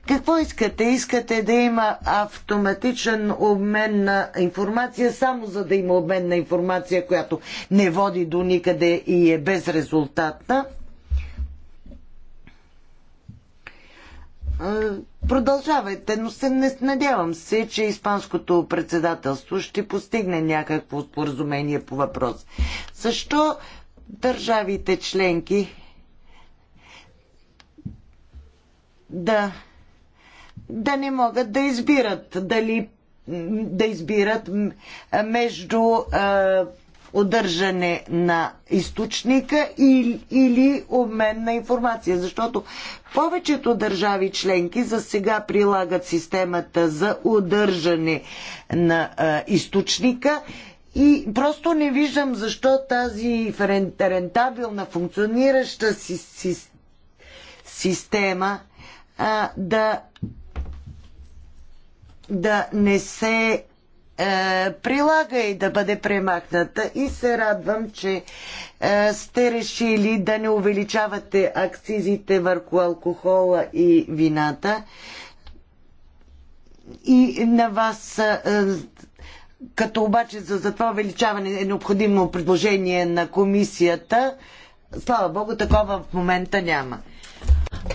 Какво искате? Искате да има автоматичен обмен на информация, само за да има обмен на информация, която не води до никъде и е безрезултатна. Продължавайте, но се не надявам се, че Испанското председателство ще постигне някакво споразумение по въпрос. Защо държавите членки да да не могат да избират дали да избират между а, удържане на източника или, или обмен на информация. Защото повечето държави членки за сега прилагат системата за удържане на а, източника и просто не виждам защо тази рентабилна, функционираща си, си, система а, да да не се е, прилага и да бъде премахната. И се радвам, че е, сте решили да не увеличавате акцизите върху алкохола и вината. И на вас, е, като обаче за, за това увеличаване е необходимо предложение на комисията, слава Богу, такова в момента няма.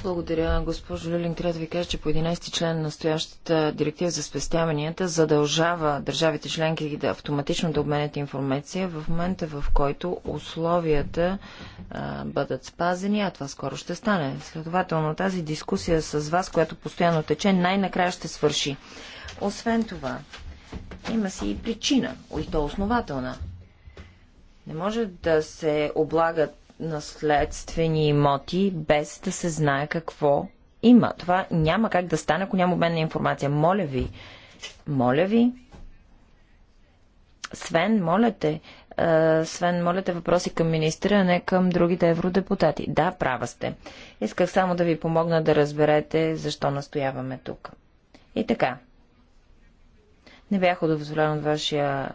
Благодаря, госпожо Люлин. Трябва да ви кажа, че по 11 член на настоящата директива за спестяванията задължава държавите членки да автоматично да обменят информация в момента, в който условията а, бъдат спазени, а това скоро ще стане. Следователно, тази дискусия с вас, която постоянно тече, най-накрая ще свърши. Освен това, има си и причина, и то основателна. Не може да се облагат наследствени имоти, без да се знае какво има. Това няма как да стане, ако няма обменна информация. Моля ви, моля ви, Свен, моля те, Свен, моля те въпроси към министра, а не към другите евродепутати. Да, права сте. Исках само да ви помогна да разберете защо настояваме тук. И така. Не бях удовлетворен от вашия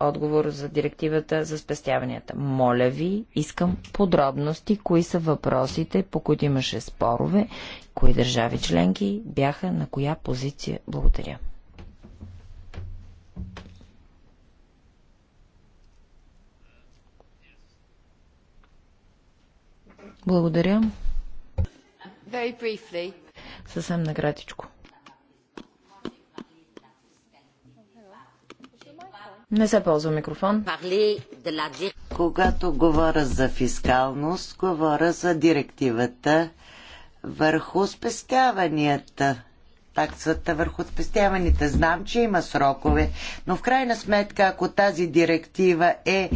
отговор за директивата за спестяванията. Моля ви, искам подробности, кои са въпросите, по които имаше спорове, кои държави членки бяха на коя позиция. Благодаря. Благодаря. Съвсем накратичко. Не се ползва микрофон. Когато говоря за фискалност, говоря за директивата върху спестяванията таксата върху спестяваните. Знам, че има срокове, но в крайна сметка, ако тази директива е,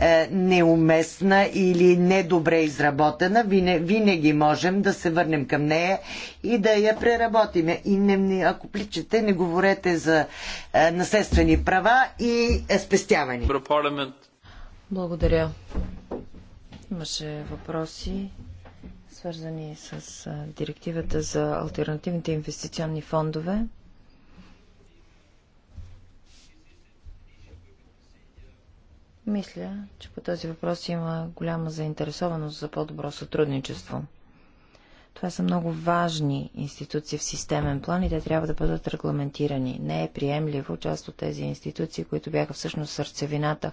е неуместна или недобре изработена, винаги можем да се върнем към нея и да я преработим. И не, ако пличете, не говорете за е, наследствени права и е, спестявани. Благодаря. Имаше въпроси свързани с директивата за альтернативните инвестиционни фондове. Мисля, че по този въпрос има голяма заинтересованост за по-добро сътрудничество. Това са много важни институции в системен план и те трябва да бъдат регламентирани. Не е приемливо част от тези институции, които бяха всъщност сърцевината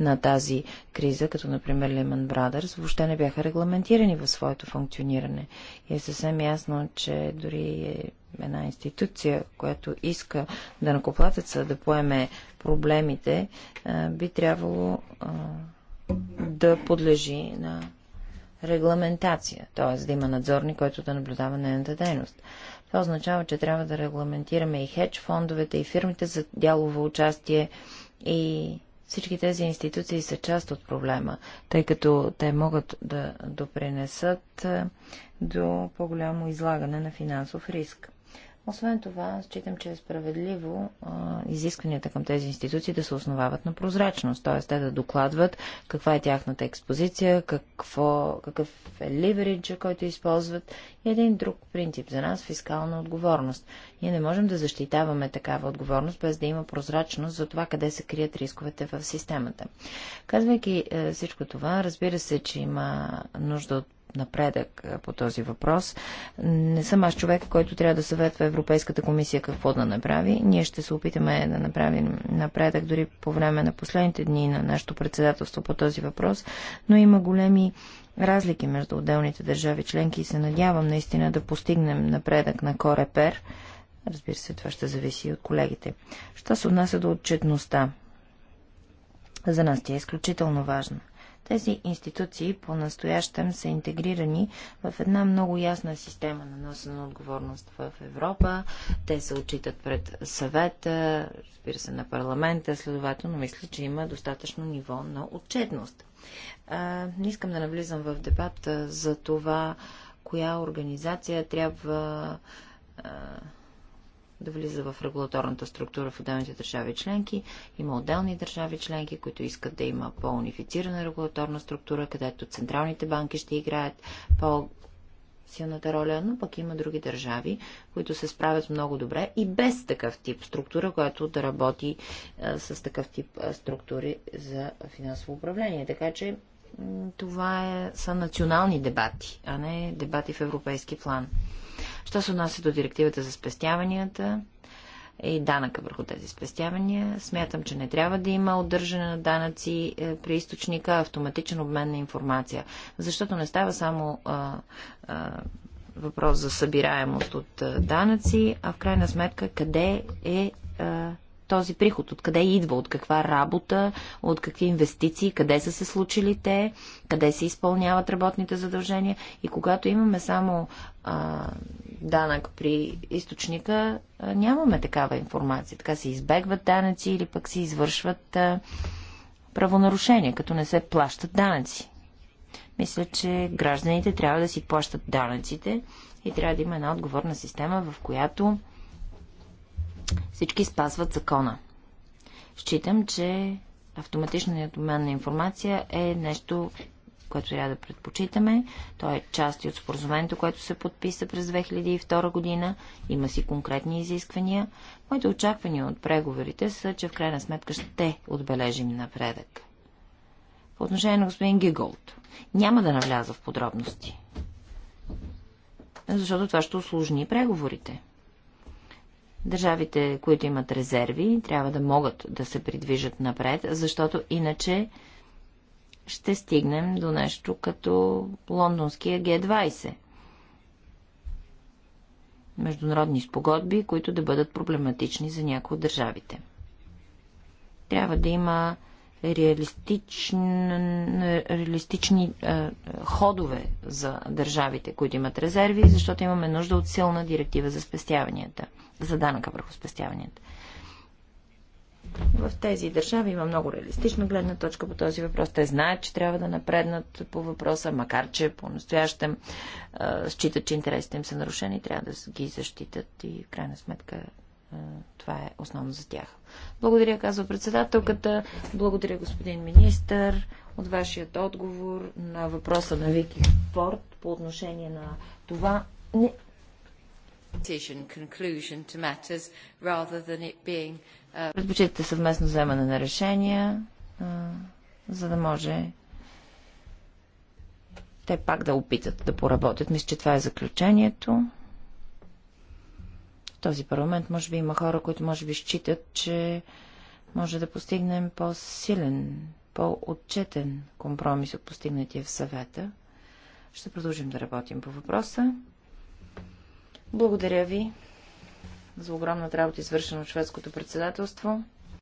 на тази криза, като например Lehman Brothers, въобще не бяха регламентирани в своето функциониране. И е съвсем ясно, че дори е една институция, която иска да накоплатеца да поеме проблемите, би трябвало да подлежи на регламентация, т.е. да има надзорник, който да наблюдава нейната дейност. Това означава, че трябва да регламентираме и хедж фондовете, и фирмите за дялово участие, и всички тези институции са част от проблема, тъй като те могат да допринесат е, до по-голямо излагане на финансов риск. Освен това, считам, че е справедливо а, изискванията към тези институции да се основават на прозрачност, т.е. те да докладват каква е тяхната експозиция, какво, какъв е ливериджа, който използват и един друг принцип за нас – фискална отговорност. Ние не можем да защитаваме такава отговорност, без да има прозрачност за това къде се крият рисковете в системата. Казвайки е, всичко това, разбира се, че има нужда от напредък е, по този въпрос. Не съм аз човек, който трябва да съветва Европейската комисия какво да направи. Ние ще се опитаме да направим напредък дори по време на последните дни на нашето председателство по този въпрос, но има големи разлики между отделните държави членки и се надявам наистина да постигнем напредък на Корепер. Разбира се, това ще зависи и от колегите. Що се отнася до отчетността? За нас тя е изключително важна. Тези институции по-настоящем са интегрирани в една много ясна система на носена отговорност в Европа. Те се отчитат пред съвета, разбира се, на парламента, следователно мисля, че има достатъчно ниво на отчетност. Не искам да навлизам в дебат за това, коя организация трябва да влиза в регулаторната структура в отделните държави членки. Има отделни държави членки, които искат да има по-унифицирана регулаторна структура, където централните банки ще играят по силната роля, но пък има други държави, които се справят много добре и без такъв тип структура, която да работи а, с такъв тип а, структури за финансово управление. Така че това е, са национални дебати, а не дебати в европейски план. Що се отнася до директивата за спестяванията и данъка върху тези спестявания, смятам, че не трябва да има отдържане на данъци е, при източника, автоматичен обмен на информация, защото не става само а, а, въпрос за събираемост от данъци, а в крайна сметка къде е а, този приход? Откъде идва? От каква работа? От какви инвестиции? Къде са се случили те? Къде се изпълняват работните задължения? И когато имаме само а, данък при източника, а, нямаме такава информация. Така се избегват данъци или пък се извършват а, правонарушения, като не се плащат данъци. Мисля, че гражданите трябва да си плащат данъците и трябва да има една отговорна система, в която всички спазват закона. Считам, че автоматичният обмен на информация е нещо, което трябва да предпочитаме. Той е част и от споразумението, което се подписа през 2002 година. Има си конкретни изисквания. Моите очаквания от преговорите са, че в крайна сметка ще отбележим напредък. По отношение на господин Гиголд, няма да навляза в подробности, защото това ще усложни преговорите. Държавите, които имат резерви, трябва да могат да се придвижат напред, защото иначе ще стигнем до нещо като лондонския Г-20. Международни спогодби, които да бъдат проблематични за някои от държавите. Трябва да има реалистични е, ходове за държавите, които имат резерви, защото имаме нужда от силна директива за спестяванията, за данъка върху спестяванията. В тези държави има много реалистична гледна точка по този въпрос. Те знаят, че трябва да напреднат по въпроса, макар че по-настоящем считат, че интересите им са нарушени, трябва да ги защитат и в крайна сметка това е основно за тях. Благодаря, казва председателката. Благодаря, господин министър, от вашият отговор на въпроса на Вики Спорт по отношение на това. Не... Uh, предпочитате съвместно вземане на решения, за да може те пак да опитат да поработят. Мисля, че това е заключението този парламент може би има хора, които може би считат, че може да постигнем по-силен, по-отчетен компромис от постигнатия в съвета. Ще продължим да работим по въпроса. Благодаря ви за огромната работа, извършена от шведското председателство.